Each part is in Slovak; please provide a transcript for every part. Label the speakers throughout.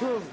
Speaker 1: chose.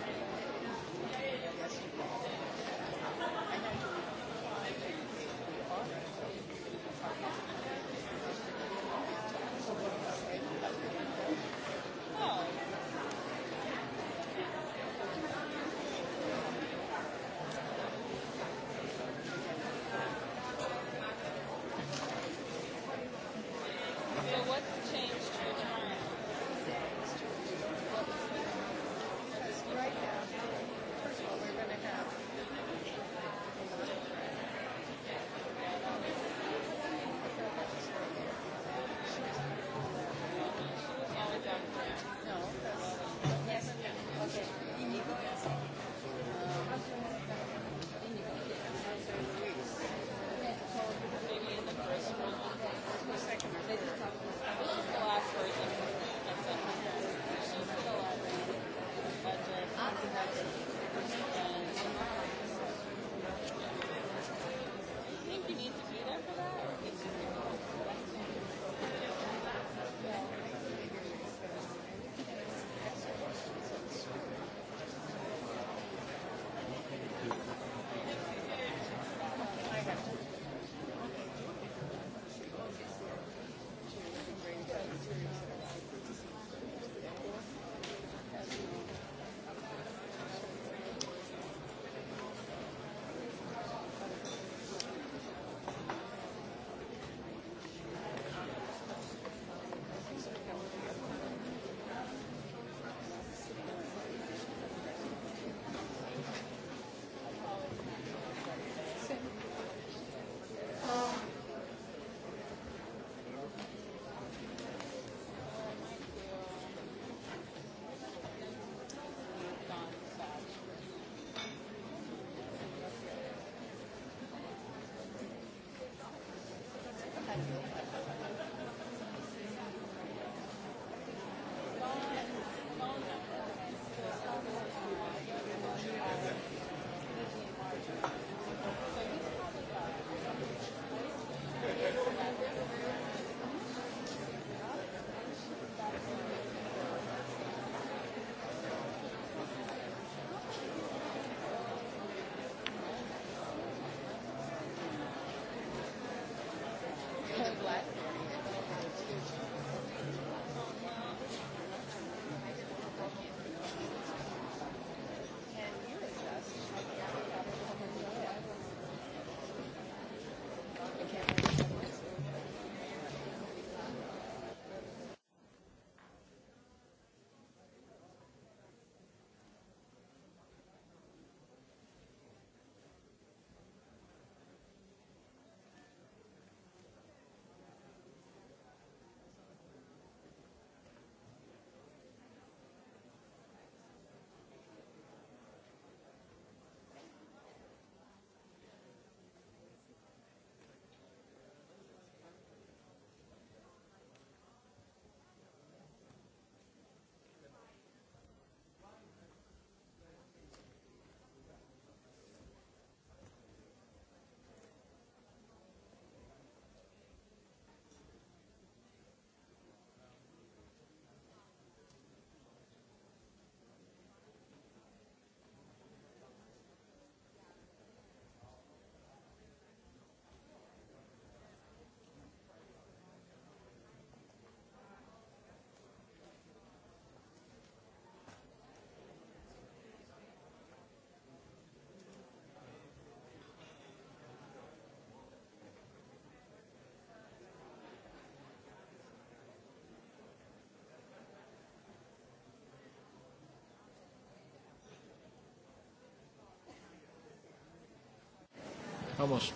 Speaker 2: Vamos.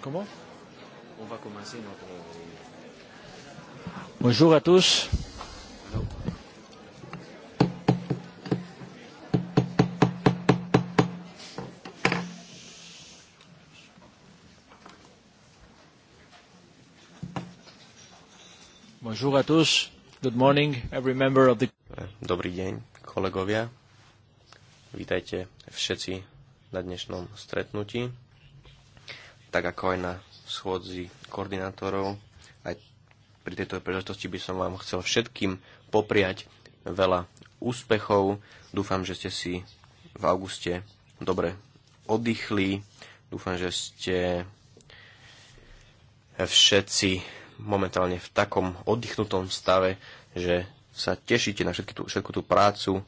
Speaker 2: Comment
Speaker 3: On va commencer notre.
Speaker 2: Bonjour à tous.
Speaker 3: Bonjour à tous. Good morning, every member of the... Dobrý deň, kolegovia, Vítajte všetci na dnešnom stretnutí, tak ako aj na schôdzi koordinátorov. Aj pri tejto príležitosti by som vám chcel všetkým popriať veľa úspechov. Dúfam, že ste si v auguste dobre oddychli. Dúfam, že ste všetci momentálne v takom oddychnutom stave, že sa tešíte na všetky tú, všetku tú prácu,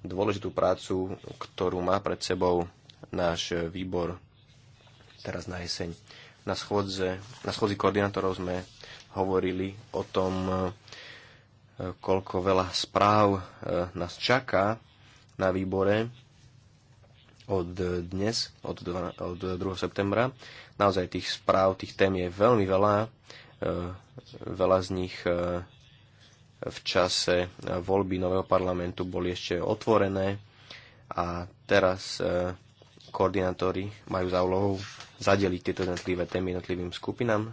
Speaker 3: dôležitú prácu, ktorú má pred sebou náš výbor teraz na jeseň. Na, schodze, na schodzi koordinátorov sme hovorili o tom, koľko veľa správ eh, nás čaká na výbore od dnes, od, 2, od 2. septembra. Naozaj tých správ, tých tém je veľmi veľa. Eh, veľa z nich eh, v čase e, voľby nového parlamentu boli ešte otvorené a teraz e, koordinátori majú za úlohu zadeliť tieto jednotlivé témy jednotlivým skupinám,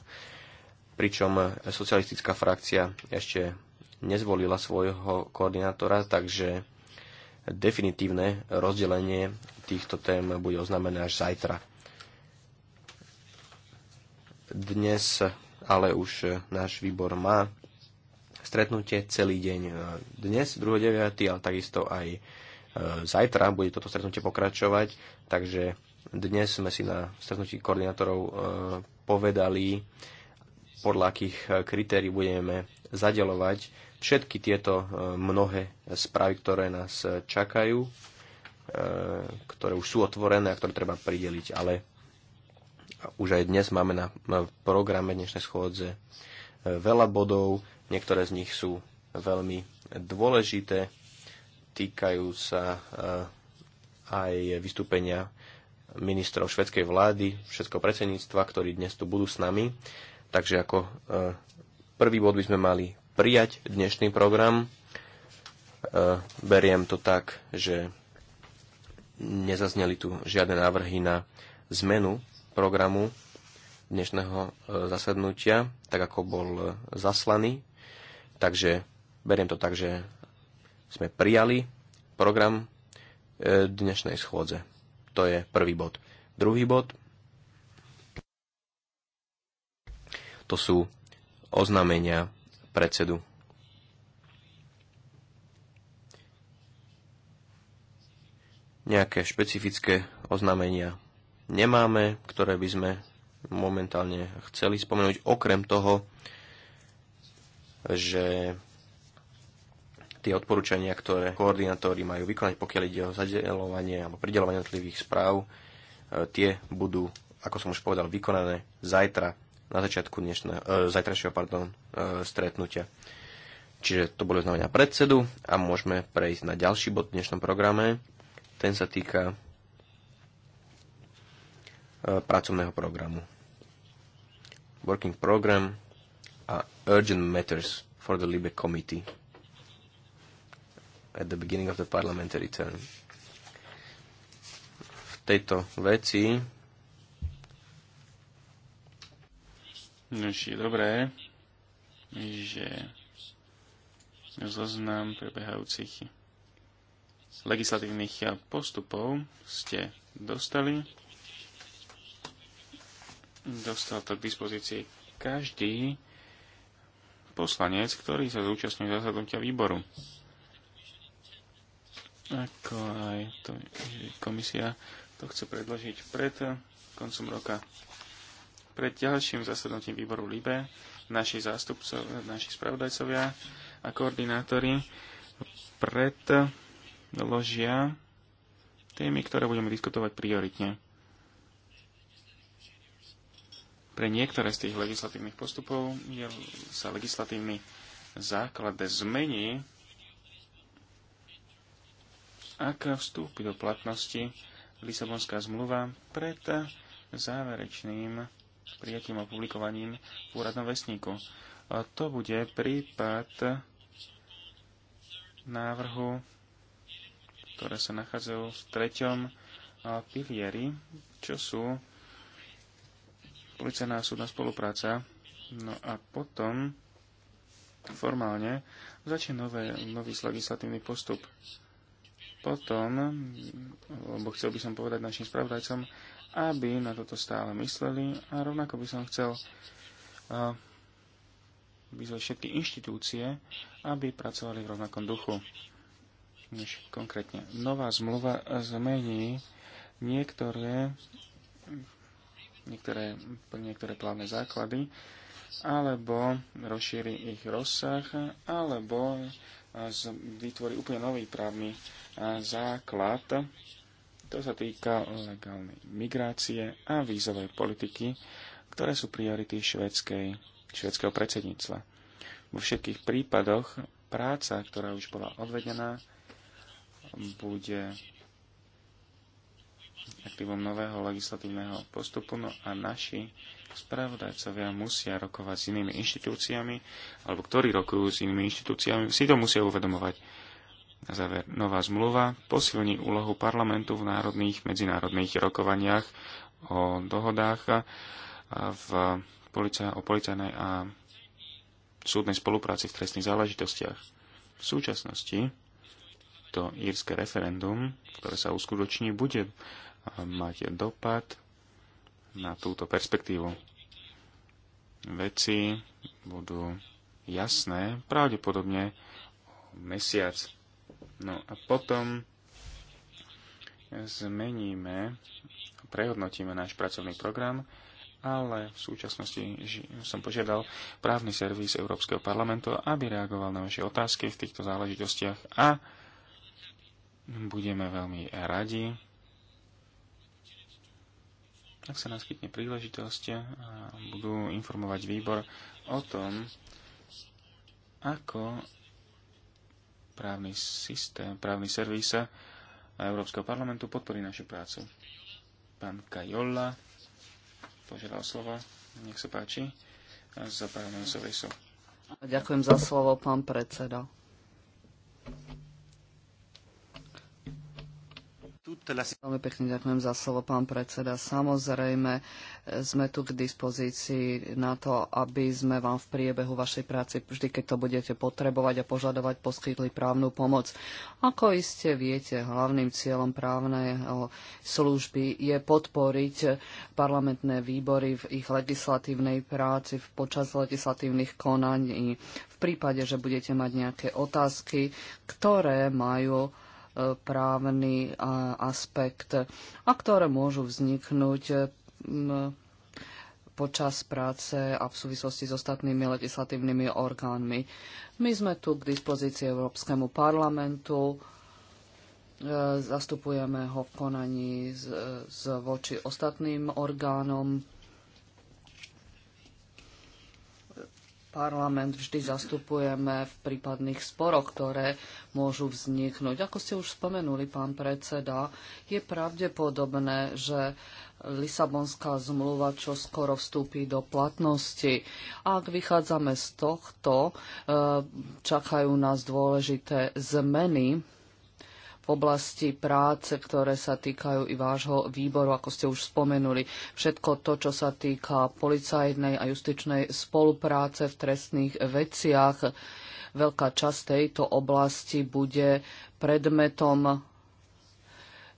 Speaker 3: pričom socialistická frakcia ešte nezvolila svojho koordinátora, takže definitívne rozdelenie týchto tém bude oznámené až zajtra. Dnes ale už e, náš výbor má stretnutie celý deň e, dnes, 2.9., ale takisto aj e, zajtra bude toto stretnutie pokračovať, takže dnes sme si na stretnutí koordinátorov e, povedali, podľa akých kritérií budeme zadelovať všetky tieto mnohé správy, ktoré nás čakajú, ktoré už sú otvorené a ktoré treba prideliť, ale už aj dnes máme na programe dnešnej schôdze veľa bodov, Niektoré z nich sú veľmi dôležité, týkajú sa eh, aj vystúpenia ministrov švedskej vlády, všetko predsedníctva, ktorí dnes tu budú s nami. Takže ako eh, prvý bod by sme mali prijať dnešný program. Eh, beriem to tak, že nezazneli tu žiadne návrhy na zmenu programu dnešného zasadnutia, tak ako bol zaslaný Takže beriem to tak, že sme prijali program e, dnešnej schôdze. To je prvý bod. Druhý bod to sú oznámenia predsedu. Nejaké špecifické oznámenia nemáme, ktoré by sme momentálne chceli spomenúť. Okrem toho že tie odporúčania, ktoré koordinátori majú vykonať, pokiaľ ide o zadelovanie alebo pridelovanie jednotlivých správ, e, tie budú, ako som už povedal, vykonané zajtra na začiatku dnešného, e, zajtrajšieho pardon, e, stretnutia. Čiže to boli oznámenia predsedu a môžeme prejsť na ďalší bod v dnešnom programe. Ten sa týka e, pracovného programu. Working program uh, urgent matters for the Libe Committee at the beginning of the parliamentary term. V tejto veci
Speaker 2: No je dobré, že zoznam prebehajúcich legislatívnych postupov ste dostali. Dostal to k dispozícii každý poslanec, ktorý sa zúčastňuje zasadnutia výboru. Ako aj to, komisia to chce predložiť pred koncom roka. Pred ďalším zasadnutím výboru LIBE naši zástupcov, naši spravodajcovia a koordinátori predložia témy, ktoré budeme diskutovať prioritne. Pre niektoré z tých legislatívnych postupov je, sa legislatívny základ zmení, ak vstúpi do platnosti Lisabonská zmluva pred záverečným prijatím a publikovaním v úradnom vesníku. A to bude prípad návrhu, ktoré sa nachádzajú v treťom pilieri, čo sú policajná a súdna spolupráca. No a potom formálne začne nové, nový legislatívny postup. Potom, lebo chcel by som povedať našim spravodajcom, aby na toto stále mysleli a rovnako by som chcel uh, vyzvať všetky inštitúcie, aby pracovali v rovnakom duchu. Než konkrétne nová zmluva zmení niektoré niektoré, niektoré právne základy, alebo rozšíri ich rozsah, alebo vytvorí úplne nový právny základ. To sa týka legálnej migrácie a vízovej politiky, ktoré sú priority švedskej, švedského predsedníctva. Vo všetkých prípadoch práca, ktorá už bola odvedená, bude aktívom nového legislatívneho postupu, no a naši spravodajcovia musia rokovať s inými inštitúciami, alebo ktorí rokujú s inými inštitúciami, si to musia uvedomovať. Na záver, nová zmluva posilní úlohu parlamentu v národných medzinárodných rokovaniach o dohodách v policaj, o policajnej a súdnej spolupráci v trestných záležitostiach. V súčasnosti to írske referendum, ktoré sa uskutoční, bude mať dopad na túto perspektívu. Veci budú jasné, pravdepodobne mesiac. No a potom zmeníme, prehodnotíme náš pracovný program, ale v súčasnosti som požiadal právny servis Európskeho parlamentu, aby reagoval na vaše otázky v týchto záležitostiach a budeme veľmi radi, ak sa naskytne príležitosť a budú informovať výbor o tom, ako právny systém, právny servis Európskeho parlamentu podporí našu prácu. Pán Kajola požiadal slova. Nech sa páči. Za právneho servisu.
Speaker 1: Ďakujem za slovo, pán predseda. Veľmi pekne ďakujem za slovo, pán predseda. Samozrejme, sme tu k dispozícii na to, aby sme vám v priebehu vašej práce, vždy keď to budete potrebovať a požadovať, poskytli právnu pomoc. Ako iste viete, hlavným cieľom právnej služby je podporiť parlamentné výbory v ich legislatívnej práci počas legislatívnych konaní. V prípade, že budete mať nejaké otázky, ktoré majú právny aspekt a ktoré môžu vzniknúť počas práce a v súvislosti s ostatnými legislatívnymi orgánmi. My sme tu k dispozícii Európskemu parlamentu, e, zastupujeme ho v konaní z, z voči ostatným orgánom parlament vždy zastupujeme v prípadných sporoch, ktoré môžu vzniknúť. Ako ste už spomenuli, pán predseda, je pravdepodobné, že Lisabonská zmluva čo skoro vstúpi do platnosti. Ak vychádzame z tohto, eh, čakajú nás dôležité zmeny v oblasti práce, ktoré sa týkajú i vášho výboru, ako ste už spomenuli. Všetko to, čo sa týka policajnej a justičnej spolupráce v trestných veciach, veľká časť tejto oblasti bude predmetom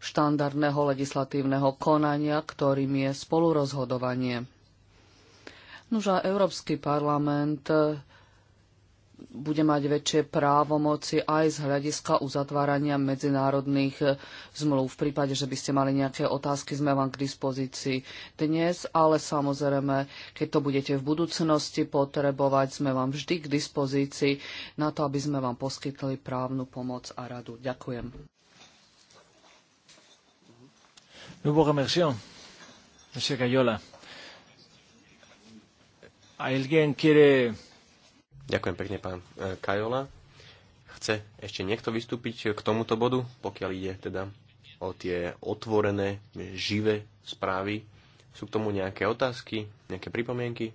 Speaker 1: štandardného legislatívneho konania, ktorým je spolurozhodovanie. Nuža Európsky parlament bude mať väčšie právomoci aj z hľadiska uzatvárania medzinárodných eh, zmluv. V prípade, že by ste mali nejaké otázky, sme vám k dispozícii dnes, ale samozrejme, keď to budete v budúcnosti potrebovať, sme vám vždy k dispozícii na to, aby sme vám poskytli právnu pomoc a radu. Ďakujem.
Speaker 3: ¿Alguien quiere Ďakujem pekne, pán e, Kajola. Chce ešte niekto vystúpiť k tomuto bodu, pokiaľ ide teda o tie otvorené, živé správy? Sú k tomu nejaké otázky, nejaké pripomienky?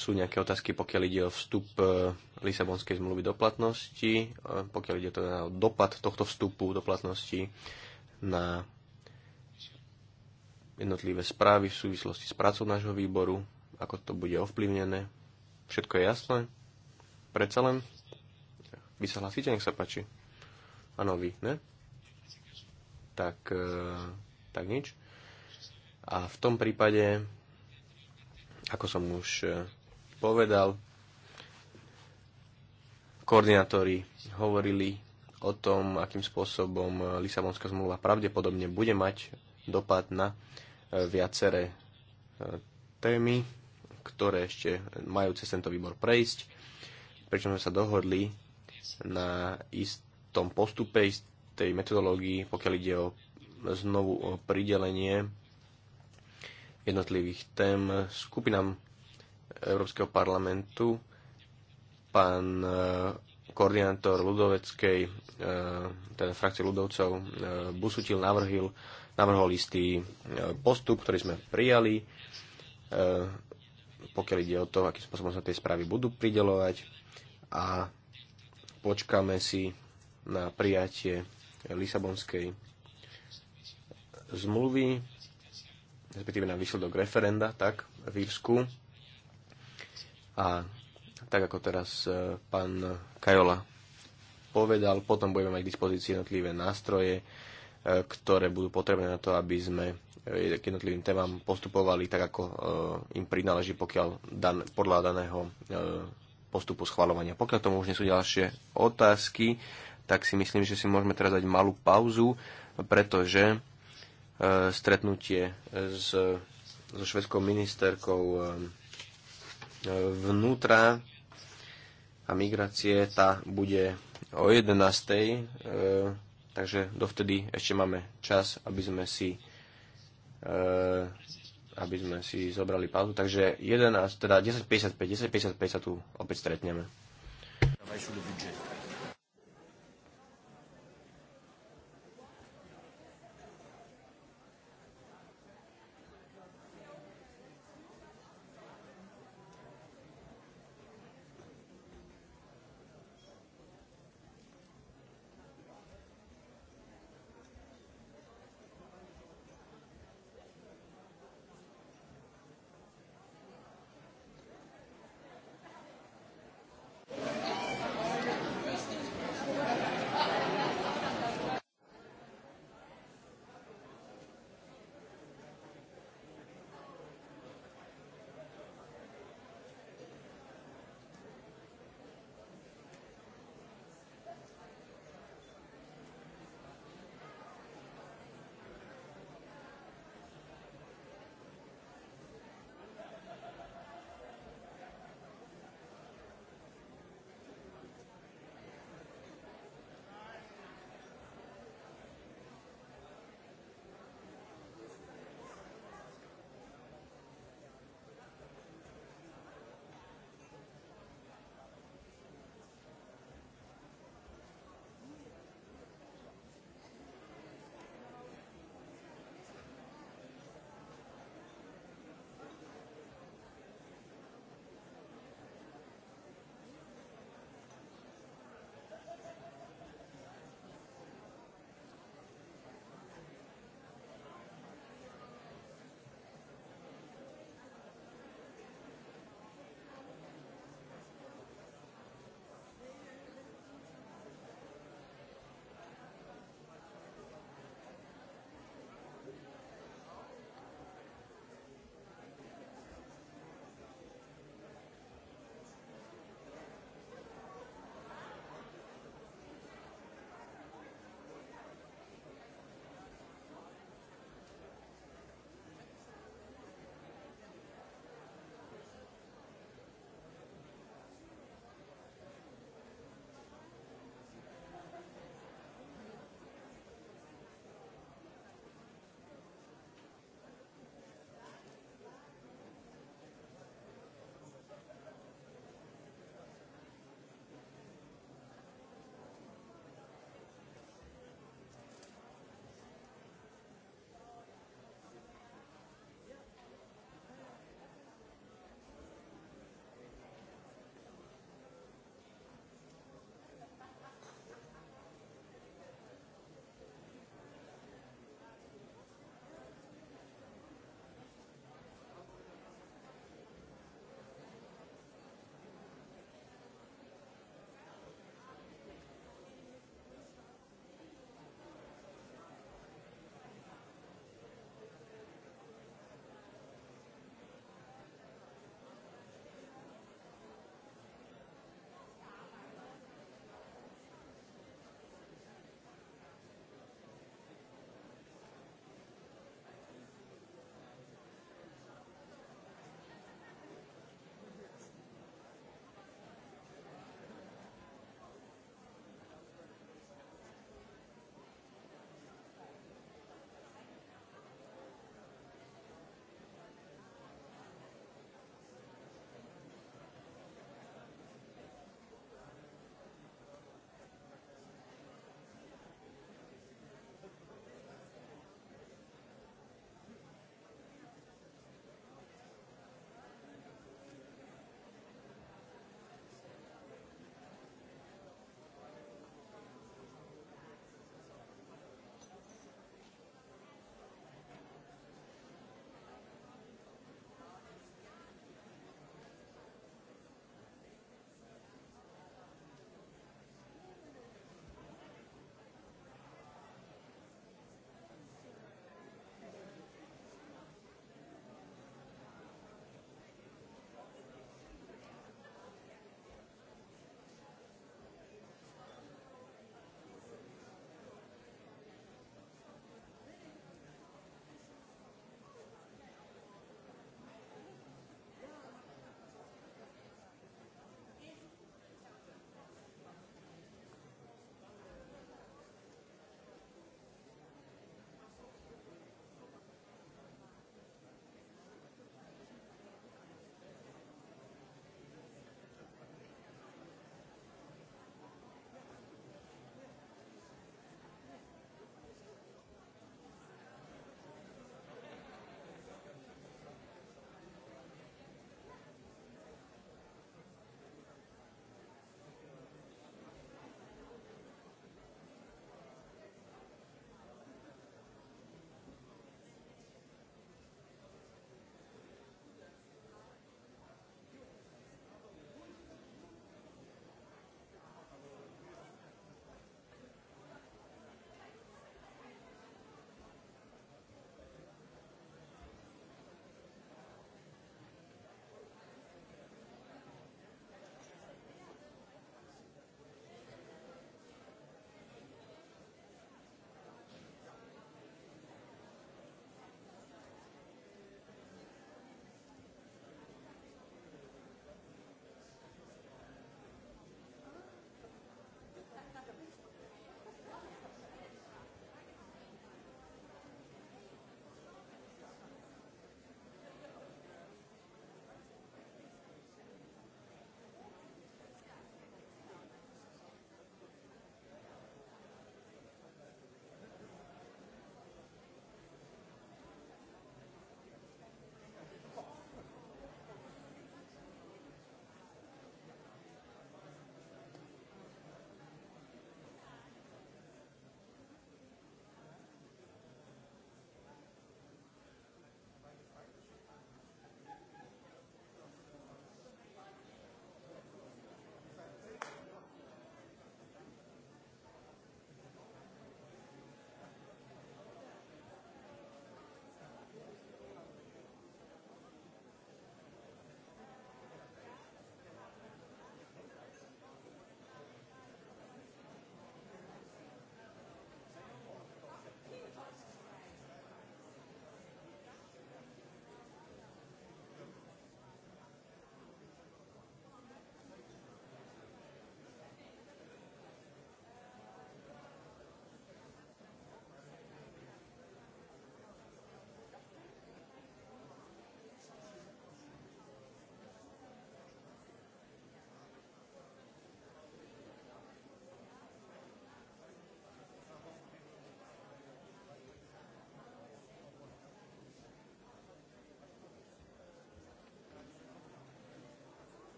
Speaker 3: sú nejaké otázky, pokiaľ ide o vstup e, Lisabonskej zmluvy do platnosti, e, pokiaľ ide teda o dopad tohto vstupu do platnosti na jednotlivé správy v súvislosti s prácou nášho výboru, ako to bude ovplyvnené. Všetko je jasné? Predsa len? Vy sa hlasíte, nech sa páči. Áno, vy, ne? Tak, e, tak nič. A v tom prípade, ako som už e, povedal, koordinátori hovorili o tom, akým spôsobom e, Lisabonská zmluva pravdepodobne bude mať dopad na viaceré e, témy, ktoré ešte majú cez tento výbor prejsť, prečo sme sa dohodli na istom postupe, istej metodológii, pokiaľ ide o znovu o pridelenie jednotlivých tém skupinám Európskeho parlamentu. Pán e, koordinátor ľudoveckej, e, teda frakcie ľudovcov, Busutil navrhil navrhol istý e, postup, ktorý sme prijali, e, pokiaľ ide o to, akým spôsobom sa tie správy budú pridelovať a počkáme si na prijatie Lisabonskej zmluvy, respektíve na výsledok referenda, tak v Írsku. A tak ako teraz e, pán Kajola povedal, potom budeme mať k dispozícii jednotlivé nástroje, ktoré budú potrebné na to, aby sme eh, k jednotlivým témam postupovali tak, ako eh, im prináleží pokiaľ dan, podľa daného eh, postupu schvalovania. Pokiaľ tomu už nie sú ďalšie otázky, tak si myslím, že si môžeme teraz dať malú pauzu, pretože stretnutie s, so švedskou ministerkou vnútra a migrácie, tá bude o 11. Takže dovtedy ešte máme čas, aby sme si e, aby sme si zobrali pauzu. Takže 11, teda 10.55, 10.55 sa tu opäť stretneme. Dávaj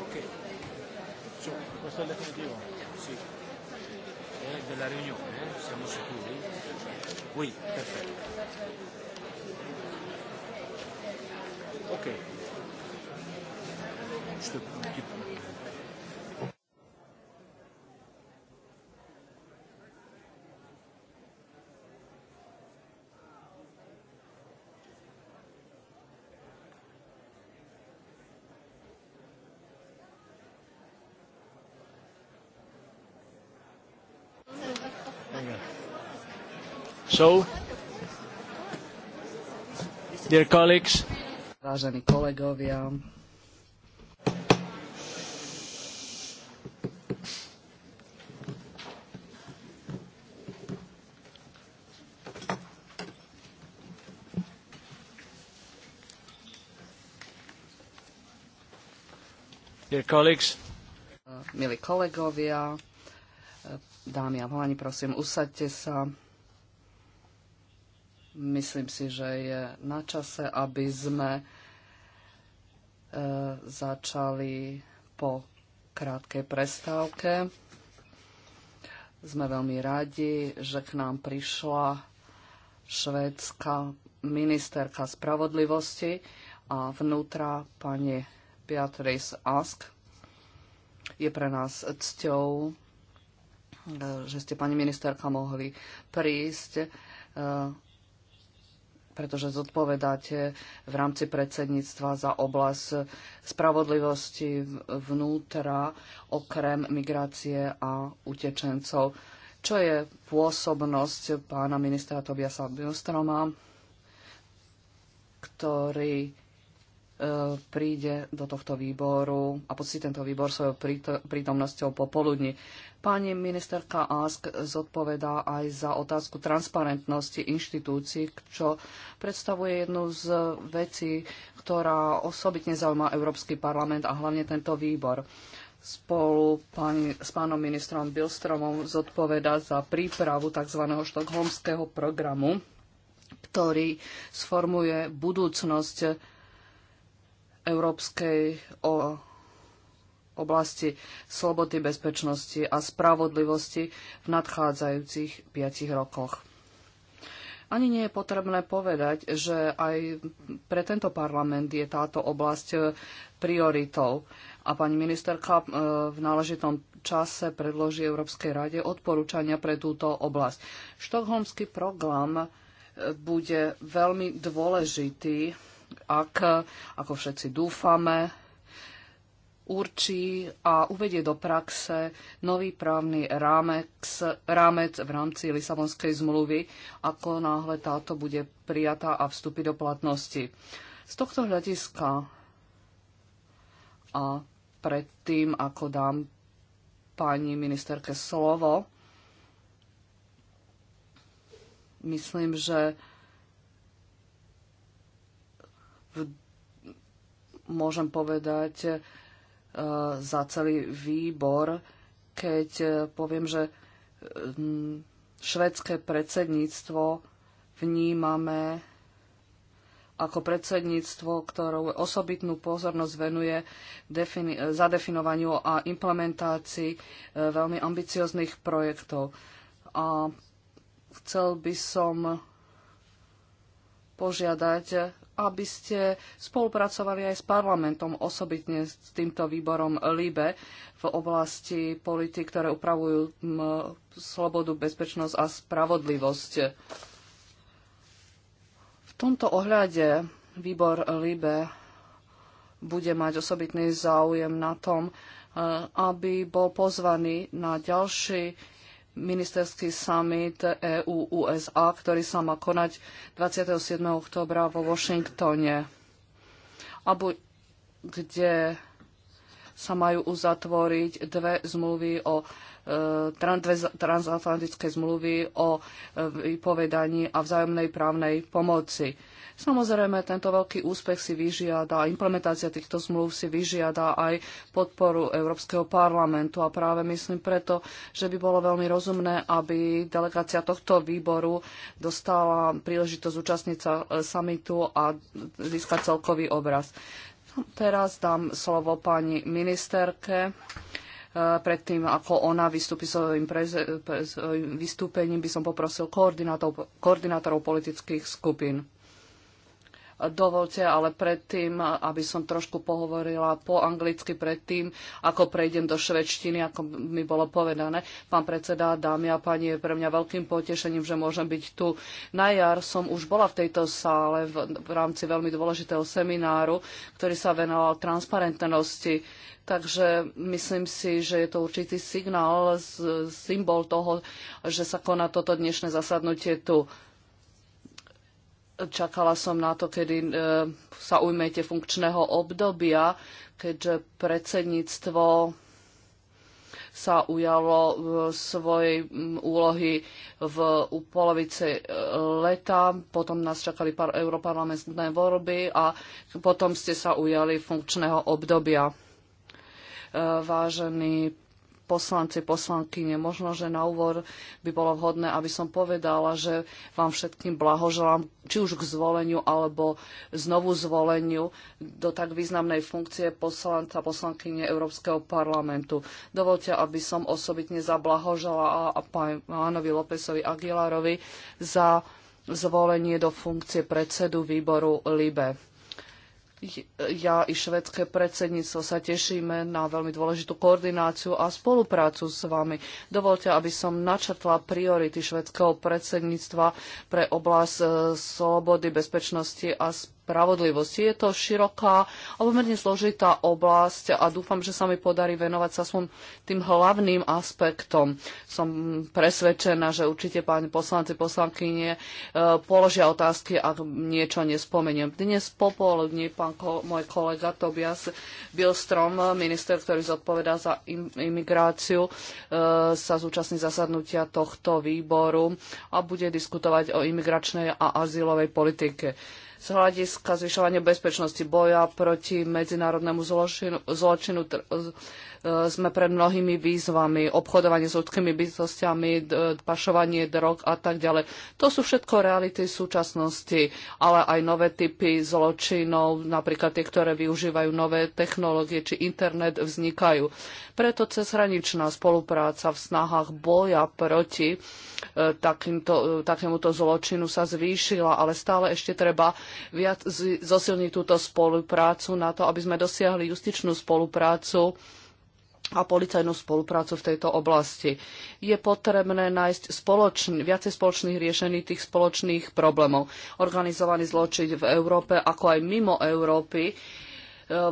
Speaker 3: Ok,
Speaker 2: so, questo è il definitivo? Sì. Eh, della riunione, eh? siamo sicuri? Oui, perfetto. Ok. Je te prends un petit peu.
Speaker 1: So, dear colleagues, Vážení kolegovia, Dear colleagues, Milí kolegovia, dámy a páni, prosím, usaďte sa. Myslím si, že je na čase, aby sme e, začali po krátkej prestávke. Sme veľmi radi, že k nám prišla švédska ministerka spravodlivosti a vnútra pani Beatrice Ask. Je pre nás cťou, e, že ste pani ministerka mohli prísť e, pretože zodpovedáte v rámci predsedníctva za oblasť spravodlivosti vnútra, okrem migrácie a utečencov. Čo je pôsobnosť pána ministra Tobiasa Bilstroma, ktorý príde do tohto výboru a pocití tento výbor svojou prítomnosťou popoludní. Pani ministerka Ask zodpovedá aj za otázku transparentnosti inštitúcií, čo predstavuje jednu z vecí, ktorá osobitne zaujíma Európsky parlament a hlavne tento výbor. Spolu pani, s pánom ministrom Bilstromom zodpovedá za prípravu tzv. štokholmského programu, ktorý sformuje budúcnosť európskej oblasti slobody, bezpečnosti a spravodlivosti v nadchádzajúcich piatich rokoch. Ani nie je potrebné povedať, že aj pre tento parlament je táto oblasť prioritou. A pani ministerka e, v náležitom čase predloží Európskej rade odporúčania pre túto oblasť. Štokholmský program e, bude veľmi dôležitý ak, ako všetci dúfame, určí a uvedie do praxe nový právny rámec, rámec v rámci Lisabonskej zmluvy, ako náhle táto bude prijatá a vstúpi do platnosti. Z tohto hľadiska a predtým, ako dám pani ministerke slovo, myslím, že môžem povedať e, za celý výbor, keď e, poviem, že e, švedské predsedníctvo vnímame ako predsedníctvo, ktorou osobitnú pozornosť venuje zadefinovaniu a implementácii veľmi ambicioznych projektov. A chcel by som požiadať, aby ste spolupracovali aj s parlamentom, osobitne s týmto výborom LIBE v oblasti politik, ktoré upravujú slobodu, bezpečnosť a spravodlivosť. V tomto ohľade výbor LIBE bude mať osobitný záujem na tom, e, aby bol pozvaný na ďalší ministerský summit EU-USA, ktorý sa má konať 27. oktobra vo Washingtone, abu, kde sa majú uzatvoriť dve zmluvy o e, transatlantické zmluvy o e, vypovedaní a vzájomnej právnej pomoci. Samozrejme, tento veľký úspech si vyžiada, implementácia týchto zmluv si vyžiada aj podporu Európskeho parlamentu a práve myslím preto, že by bolo veľmi rozumné, aby delegácia tohto výboru dostala príležitosť účastniť sa e, samitu a získať celkový obraz. No, teraz dám slovo pani ministerke. E, predtým, ako ona vystúpi svojim vystúpením, by som poprosil koordinátorov politických skupín. Dovolte ale predtým, aby som trošku pohovorila po anglicky predtým, ako prejdem do švedštiny, ako mi bolo povedané. Pán predseda, dámy a páni, je pre mňa veľkým potešením, že môžem byť tu. Na jar som už bola v tejto sále v, v rámci veľmi dôležitého semináru, ktorý sa venoval transparentnosti Takže myslím si, že je to určitý signál, symbol toho, že sa koná toto dnešné zasadnutie tu. Čakala som na to, kedy e, sa ujmete funkčného obdobia, keďže predsedníctvo sa ujalo e, svojej úlohy v polovici e, leta, potom nás čakali par europarlamentné voľby a potom ste sa ujali funkčného obdobia. Vážený poslanci, poslankyne. Možno, že na úvor by bolo vhodné, aby som povedala, že vám všetkým blahoželám, či už k zvoleniu, alebo znovu zvoleniu do tak významnej funkcie poslanca, poslankyne Európskeho parlamentu. Dovolte, aby som osobitne zablahožala a pánovi Lópezovi Aguilarovi za zvolenie do funkcie predsedu výboru LIBE ja i švedské predsedníctvo sa tešíme na veľmi dôležitú koordináciu a spoluprácu s vami. Dovolte, aby som načrtla priority švedského predsedníctva pre oblasť e, slobody, bezpečnosti a spolupráce spravodlivosti. Je to široká a pomerne zložitá oblasť a dúfam, že sa mi podarí venovať sa svojim tým hlavným aspektom. Som presvedčená, že určite páni poslanci, poslankyne e, položia otázky, ak niečo nespomeniem. Dnes popoludní pán ko- môj kolega Tobias Bilstrom, minister, ktorý zodpovedá za im- imigráciu, e, sa zúčastní zasadnutia tohto výboru a bude diskutovať o imigračnej a azylovej politike z hľadiska zvyšovania bezpečnosti boja proti medzinárodnému zločinu, zločinu Eh, sme pred mnohými výzvami, obchodovanie s ľudskými bytostiami, pašovanie drog a tak ďalej. To sú všetko reality súčasnosti, ale aj nové typy zločinov, napríklad tie, ktoré využívajú nové technológie či internet, vznikajú. Preto cezhraničná spolupráca v snahách boja proti eh, takýmto, eh, takémuto zločinu sa zvýšila, ale stále ešte treba viac zosilniť túto spoluprácu na to, aby sme dosiahli justičnú spoluprácu a policajnú spoluprácu v tejto oblasti. Je potrebné nájsť spoločný, viacej spoločných riešení tých spoločných problémov. Organizovaný zločin v Európe, ako aj mimo Európy, e,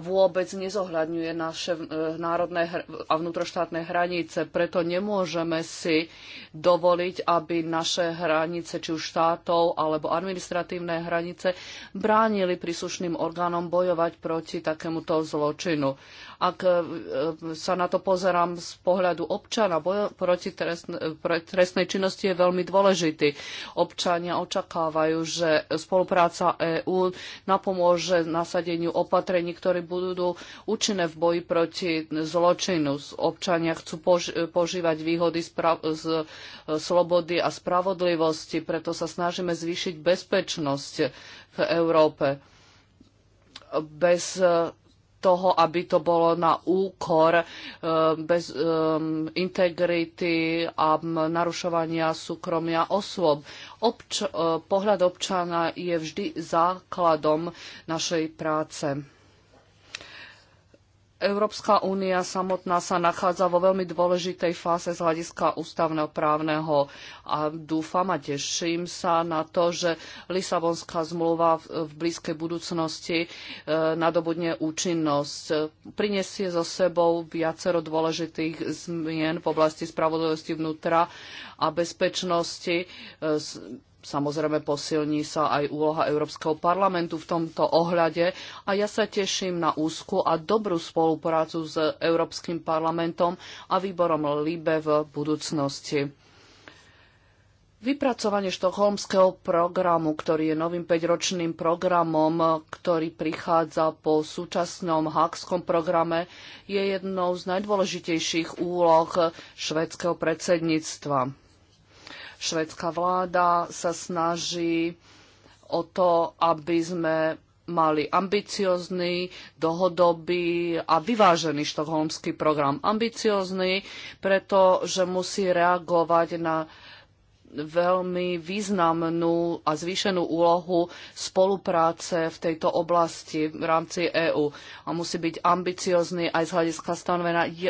Speaker 1: vôbec nezohľadňuje naše e, národné a vnútroštátne hranice. Preto nemôžeme si dovoliť, aby naše hranice, či už štátov alebo administratívne hranice, bránili príslušným orgánom bojovať proti takémuto zločinu ak e, e, sa na to pozerám z pohľadu občana, boj proti e, trestnej činnosti je veľmi dôležitý. Občania očakávajú, že spolupráca EÚ napomôže nasadeniu opatrení, ktoré budú účinné v boji proti zločinu. Občania chcú požívať výhody z slobody a spravodlivosti, preto sa snažíme zvýšiť bezpečnosť v Európe. Bez toho, aby to bolo na úkor eh, bez eh, integrity a narušovania súkromia osôb. Obč- eh, pohľad občana je vždy základom našej práce. Európska únia samotná sa nachádza vo veľmi dôležitej fáze z hľadiska ústavného právneho a dúfam a teším sa na to, že Lisabonská zmluva v blízkej budúcnosti e, nadobudne účinnosť. Prinesie so sebou viacero dôležitých zmien v oblasti spravodlivosti vnútra a bezpečnosti e, Samozrejme posilní sa aj úloha Európskeho parlamentu v tomto ohľade a ja sa teším na úzku a dobrú spoluprácu s Európskym parlamentom a výborom LIBE v budúcnosti. Vypracovanie štokholmského programu, ktorý je novým 5-ročným programom, ktorý prichádza po súčasnom hákskom programe, je jednou z najdôležitejších úloh švedského predsedníctva Švedská vláda sa snaží o to, aby sme mali ambiciozný, dlhodobý a vyvážený štokholmský program. Ambiciozný, pretože musí reagovať na uh, veľmi významnú a zvýšenú úlohu spolupráce v tejto oblasti v rámci EÚ a musí byť ambiciozný aj z hľadiska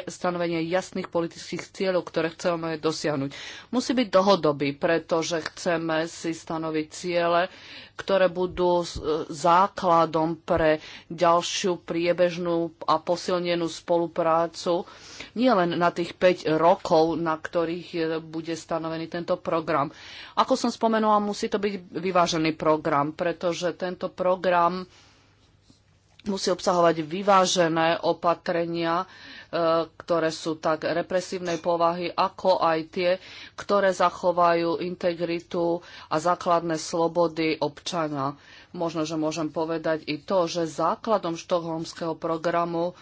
Speaker 1: stanovenia jasných politických cieľov, ktoré chceme dosiahnuť. Musí byť dlhodobý, pretože chceme si stanoviť ciele, ktoré budú e, základom pre ďalšiu priebežnú a posilnenú spoluprácu nielen na tých 5 rokov, na ktorých e, bude stanovený tento program, program. Ako som spomenula, musí to byť vyvážený program, pretože tento program musí obsahovať vyvážené opatrenia, e, ktoré sú tak represívnej povahy, ako aj tie, ktoré zachovajú integritu a základné slobody občana. Možno, že môžem povedať i to, že základom štokholmského programu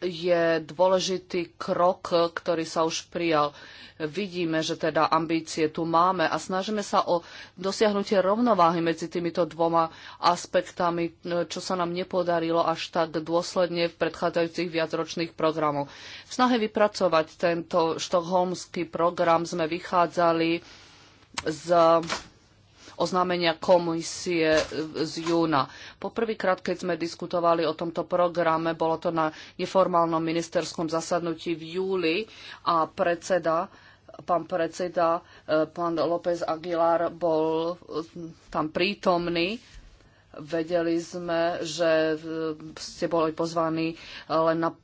Speaker 1: je dôležitý krok, ktorý sa už prijal. Vidíme, že teda ambície tu máme a snažíme sa o dosiahnutie rovnováhy medzi týmito dvoma aspektami, čo sa nám nepodarilo až tak dôsledne v predchádzajúcich viacročných programoch. V snahe vypracovať tento štokholmský program sme vychádzali z oznámenia komisie z júna. Poprvýkrát, keď sme diskutovali o tomto programe, bolo to na neformálnom ministerskom zasadnutí v júli a predseda pán predseda, eh, pán López Aguilar bol eh, tam prítomný Vedeli sme, že e, ste boli pozvaní e, len na, e,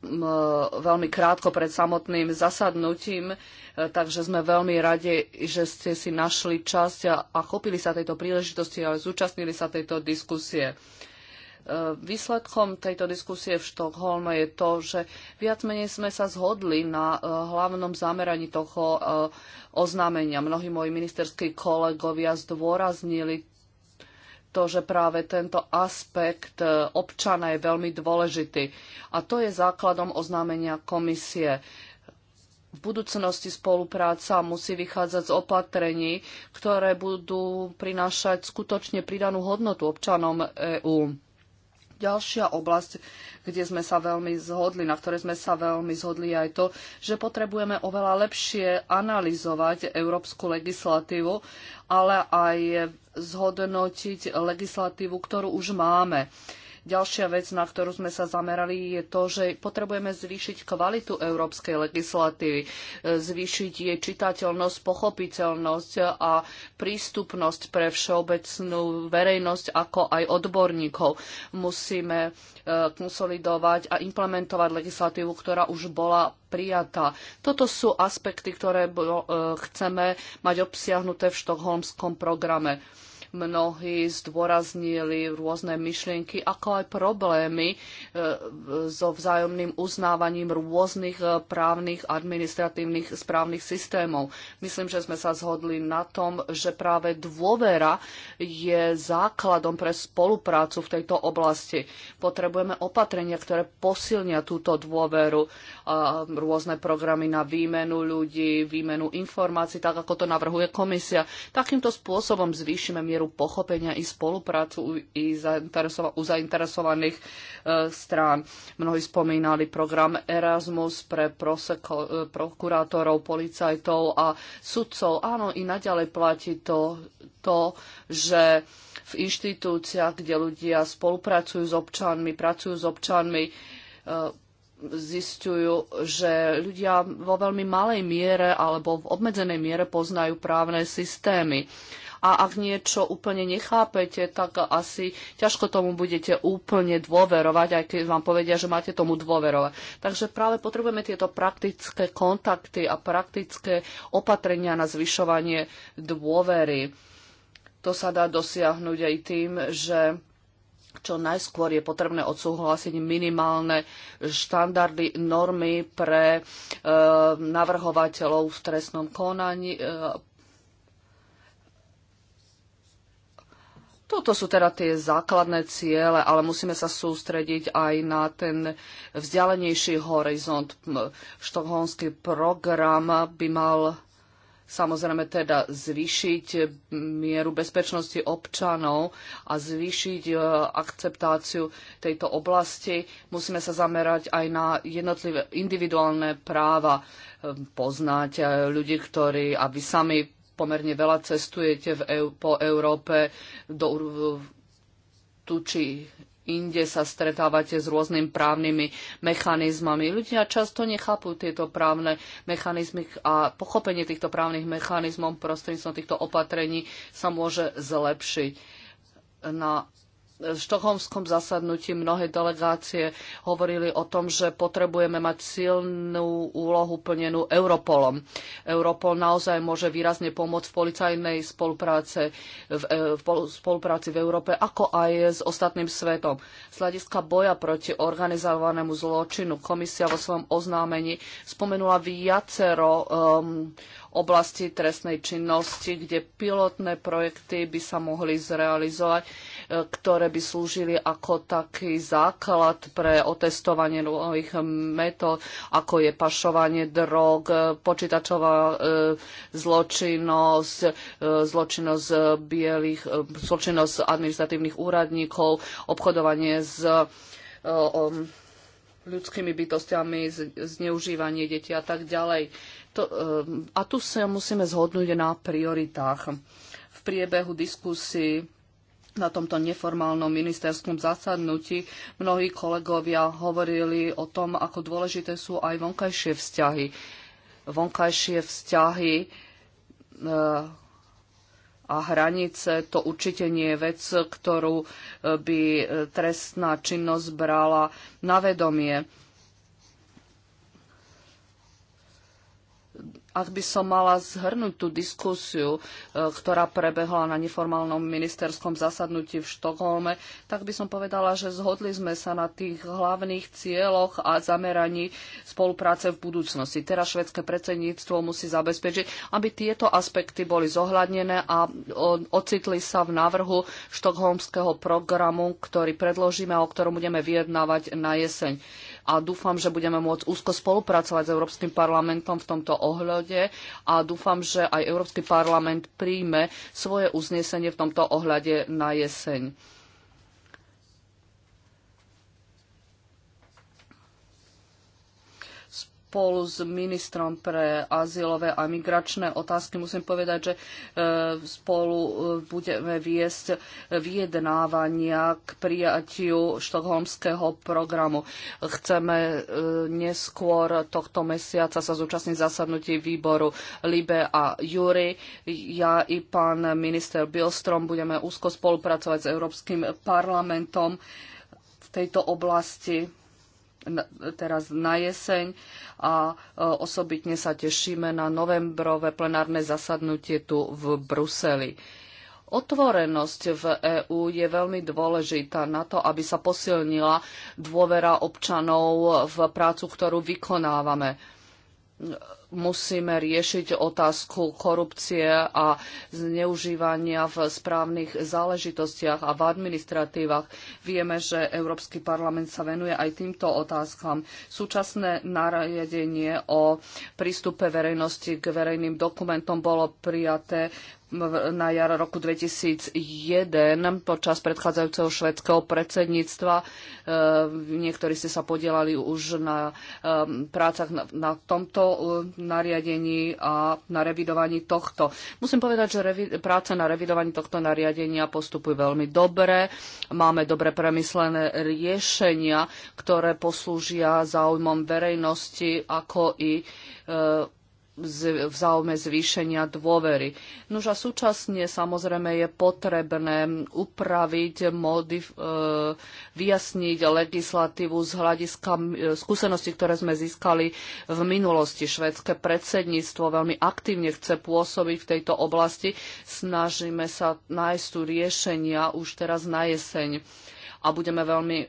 Speaker 1: veľmi krátko pred samotným zasadnutím, takže sme veľmi radi, že ste si našli čas a, a chopili sa tejto príležitosti a zúčastnili sa tejto diskusie. Výsledkom tejto diskusie v Štokholme je to, že viac menej sme sa zhodli na hlavnom zameraní toho oznámenia. Mnohí moji ministerskí kolegovia zdôraznili to, že práve tento aspekt e, občana je veľmi dôležitý. A to je základom oznámenia komisie. V budúcnosti spolupráca musí vychádzať z opatrení, ktoré budú prinášať skutočne pridanú hodnotu občanom EÚ. Ďalšia oblasť, kde sme sa veľmi zhodli, na ktorej sme sa veľmi zhodli, aj to, že potrebujeme oveľa lepšie analyzovať európsku legislatívu, ale aj zhodnotiť legislatívu, ktorú už máme. Ďalšia vec, na ktorú sme sa zamerali, je to, že potrebujeme zvýšiť kvalitu európskej legislatívy, e, zvýšiť jej čitateľnosť, pochopiteľnosť a prístupnosť pre všeobecnú verejnosť, ako aj odborníkov. Musíme e, konsolidovať a implementovať legislatívu, ktorá už bola prijatá. Toto sú aspekty, ktoré e, chceme mať obsiahnuté v štokholmskom programe mnohí zdôraznili rôzne myšlienky, ako aj problémy e, so vzájomným uznávaním rôznych e, právnych, administratívnych, správnych systémov. Myslím, že sme sa zhodli na tom, že práve dôvera je základom pre spoluprácu v tejto oblasti. Potrebujeme opatrenia, ktoré posilnia túto dôveru, e, rôzne programy na výmenu ľudí, výmenu informácií, tak ako to navrhuje komisia. Takýmto spôsobom zvýšime mieru mieru pochopenia i spoluprácu i u e, strán. Mnohí spomínali program Erasmus pre proseko, e, prokurátorov, policajtov a sudcov. Áno, i naďalej platí to, to že v inštitúciách, kde ľudia spolupracujú s občanmi, pracujú s občanmi, e, zistujú, že ľudia vo veľmi malej miere alebo v obmedzenej miere poznajú právne systémy. A ak niečo úplne nechápete, tak asi ťažko tomu budete úplne dôverovať, aj keď vám povedia, že máte tomu dôverovať. Takže práve potrebujeme tieto praktické kontakty a praktické opatrenia na zvyšovanie dôvery. To sa dá dosiahnuť aj tým, že čo najskôr je potrebné odsúhlasiť minimálne štandardy, normy pre e, navrhovateľov v trestnom konaní. E, toto sú teda tie základné ciele, ale musíme sa sústrediť aj na ten vzdialenejší horizont. Štokholmský program by mal samozrejme teda zvýšiť mieru bezpečnosti občanov a zvýšiť e, akceptáciu tejto oblasti. Musíme sa zamerať aj na jednotlivé individuálne práva, e, poznať e, ľudí, ktorí, a vy sami pomerne veľa cestujete v, po Európe do tu či inde sa stretávate s rôznymi právnymi mechanizmami. Ľudia často nechápu tieto právne mechanizmy a pochopenie týchto právnych mechanizmov prostredníctvom týchto opatrení sa môže zlepšiť. Na štokholmskom zasadnutí mnohé delegácie hovorili o tom, že potrebujeme mať silnú úlohu plnenú Europolom. Europol naozaj môže výrazne pomôcť v policajnej spolupráce v, e, v spolupráci v Európe, ako aj s ostatným svetom. Z hľadiska boja proti organizovanému zločinu komisia vo svojom oznámení spomenula viacero um, oblasti trestnej činnosti, kde pilotné projekty by sa mohli zrealizovať ktoré by slúžili ako taký základ pre otestovanie nových metód, ako je pašovanie drog, počítačová e, zločinnosť, e, zločinnosť bielých, e, zločinnosť administratívnych úradníkov, obchodovanie s ľudskými bytostiami, zneužívanie detí a tak ďalej. To, a tu sa musíme zhodnúť na prioritách. V priebehu diskusí na tomto neformálnom ministerskom zasadnutí mnohí kolegovia hovorili o tom, ako dôležité sú aj vonkajšie vzťahy. Vonkajšie vzťahy e, a hranice to určite nie je vec, ktorú e, by e, trestná činnosť brala na vedomie ak by som mala zhrnúť tú diskusiu, e, ktorá prebehla na neformálnom ministerskom zasadnutí v Štokholme, tak by som povedala, že zhodli sme sa na tých hlavných cieľoch a zameraní spolupráce v budúcnosti. Teraz švedské predsedníctvo musí zabezpečiť, aby tieto aspekty boli zohľadnené a ocitli sa v návrhu štokholmského programu, ktorý predložíme a o ktorom budeme vyjednávať na jeseň a dúfam, že budeme môcť úzko spolupracovať s Európskym parlamentom v tomto ohľade a dúfam, že aj Európsky parlament príjme svoje uznesenie v tomto ohľade na jeseň. spolu s ministrom pre azylové a migračné otázky musím povedať, že e, spolu e, budeme viesť vyjednávania k prijatiu štokholmského programu. Chceme e, neskôr tohto mesiaca sa zúčastniť zasadnutí výboru Libe a Jury. Ja i pán minister Bilstrom budeme úzko spolupracovať s Európskym parlamentom v tejto oblasti teraz na jeseň a e, osobitne sa tešíme na novembrové plenárne zasadnutie tu v Bruseli. Otvorenosť v EÚ je veľmi dôležitá na to, aby sa posilnila dôvera občanov v prácu, ktorú vykonávame musíme riešiť otázku korupcie a zneužívania v správnych záležitostiach a v administratívach. Vieme, že Európsky parlament sa venuje aj týmto otázkam. Súčasné nariadenie o prístupe verejnosti k verejným dokumentom bolo prijaté na jar roku 2001 počas predchádzajúceho švedského predsedníctva. E, niektorí ste sa podielali už na e, prácach na tomto e, nariadení a na revidovaní tohto. Musím povedať, že práce na revidovaní tohto nariadenia postupujú veľmi dobre. Máme dobre premyslené riešenia, ktoré poslúžia záujmom verejnosti ako i v záujme zvýšenia dôvery. Nož a súčasne samozrejme je potrebné upraviť, modif- e, vyjasniť legislatívu z hľadiska e, skúseností, ktoré sme získali v minulosti. Švedské predsedníctvo veľmi aktívne chce pôsobiť v tejto oblasti. Snažíme sa nájsť tu riešenia už teraz na jeseň a budeme veľmi e,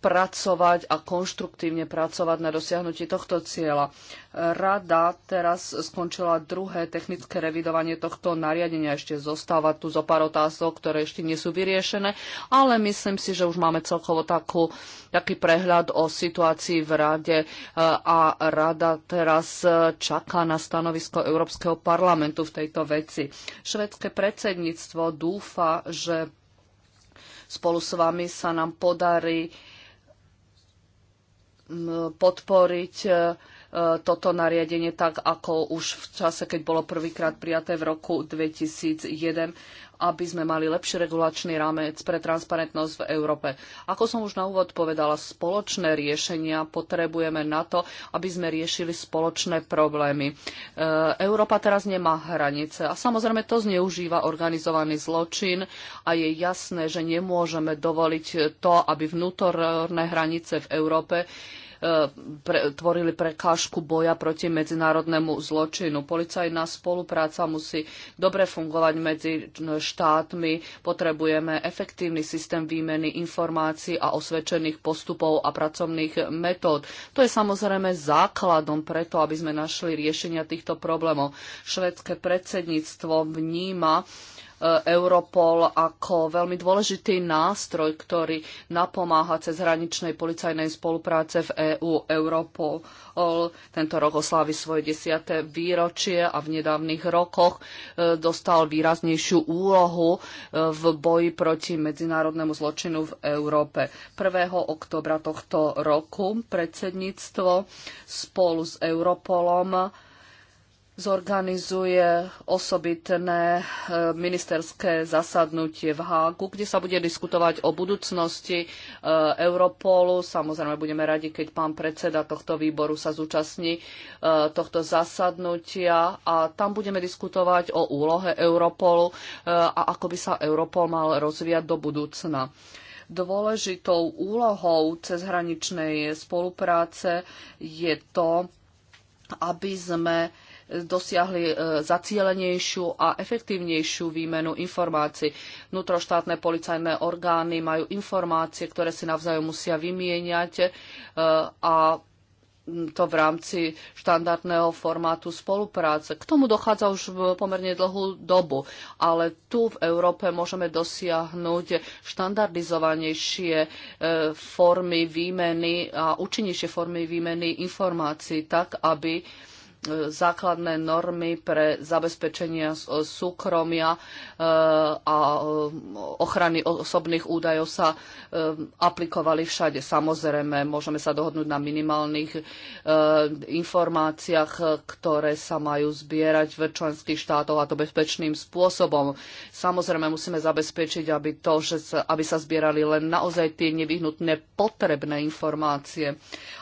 Speaker 1: pracovať a konštruktívne pracovať na dosiahnutí tohto cieľa. Rada teraz skončila druhé technické revidovanie tohto nariadenia. Ešte zostáva tu zo pár otázok, ktoré ešte nie sú vyriešené, ale myslím si, že už máme celkovo takú, taký prehľad o situácii v rade e, a rada teraz e, čaká na stanovisko Európskeho parlamentu v tejto veci. Švedské predsedníctvo dúfa, že spolu s vami sa nám podarí podporiť e, e, toto nariadenie tak, ako už v čase, keď bolo prvýkrát prijaté v roku 2001 aby sme mali lepší regulačný rámec pre transparentnosť v Európe. Ako som už na úvod povedala, spoločné riešenia potrebujeme na to, aby sme riešili spoločné problémy. E, Európa teraz nemá hranice a samozrejme to zneužíva organizovaný zločin a je jasné, že nemôžeme dovoliť to, aby vnútorné hranice v Európe E, pre, tvorili prekážku boja proti medzinárodnému zločinu. Policajná spolupráca musí dobre fungovať medzi štátmi. Potrebujeme efektívny systém výmeny informácií a osvedčených postupov a pracovných metód. To je samozrejme základom preto, aby sme našli riešenia týchto problémov. Švedské predsedníctvo vníma, E, Europol ako veľmi dôležitý nástroj, ktorý napomáha cez hraničnej policajnej spolupráce v EÚ. EU. Europol tento rok oslávi svoje desiaté výročie a v nedávnych rokoch e, dostal výraznejšiu úlohu e, v boji proti medzinárodnému zločinu v Európe. 1. oktobra tohto roku predsedníctvo spolu s Europolom zorganizuje osobitné e, ministerské zasadnutie v Hágu, kde sa bude diskutovať o budúcnosti e, Europolu. Samozrejme, budeme radi, keď pán predseda tohto výboru sa zúčastní e, tohto zasadnutia a tam budeme diskutovať o úlohe Europolu a ako by sa Europol mal rozvíjať do budúcna dôležitou úlohou cezhraničnej spolupráce je to, aby sme dosiahli e, zacielenejšiu a efektívnejšiu výmenu informácií. Vnútroštátne policajné orgány majú informácie, ktoré si navzájom musia vymieňať e, a to v rámci štandardného formátu spolupráce. K tomu dochádza už v pomerne dlhú dobu, ale tu v Európe môžeme dosiahnuť štandardizovanejšie e, formy výmeny a účinnejšie formy výmeny informácií, tak aby základné normy pre zabezpečenie súkromia e, a e, ochrany osobných údajov sa e, aplikovali všade. Samozrejme, môžeme sa dohodnúť na minimálnych informáciách, ktoré sa majú zbierať v členských štátoch a to bezpečným spôsobom. Samozrejme, musíme zabezpečiť, aby, to, že sa, aby sa zbierali len naozaj tie nevyhnutné potrebné informácie.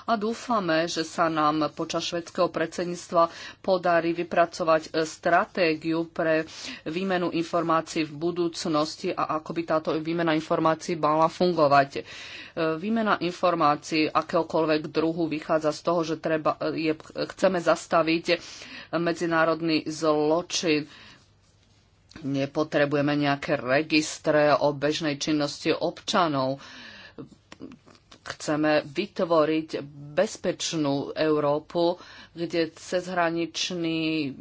Speaker 1: A dúfame, že sa nám počas švedského predsedníctva poľnohospodárstva podarí vypracovať e, stratégiu pre výmenu informácií v budúcnosti a ako by táto výmena informácií mala fungovať. E, výmena informácií akéhokoľvek druhu vychádza z toho, že treba, e, je, chceme zastaviť medzinárodný zločin nepotrebujeme nejaké registre o bežnej činnosti občanov chceme vytvoriť bezpečnú Európu, kde cezhraničný mm,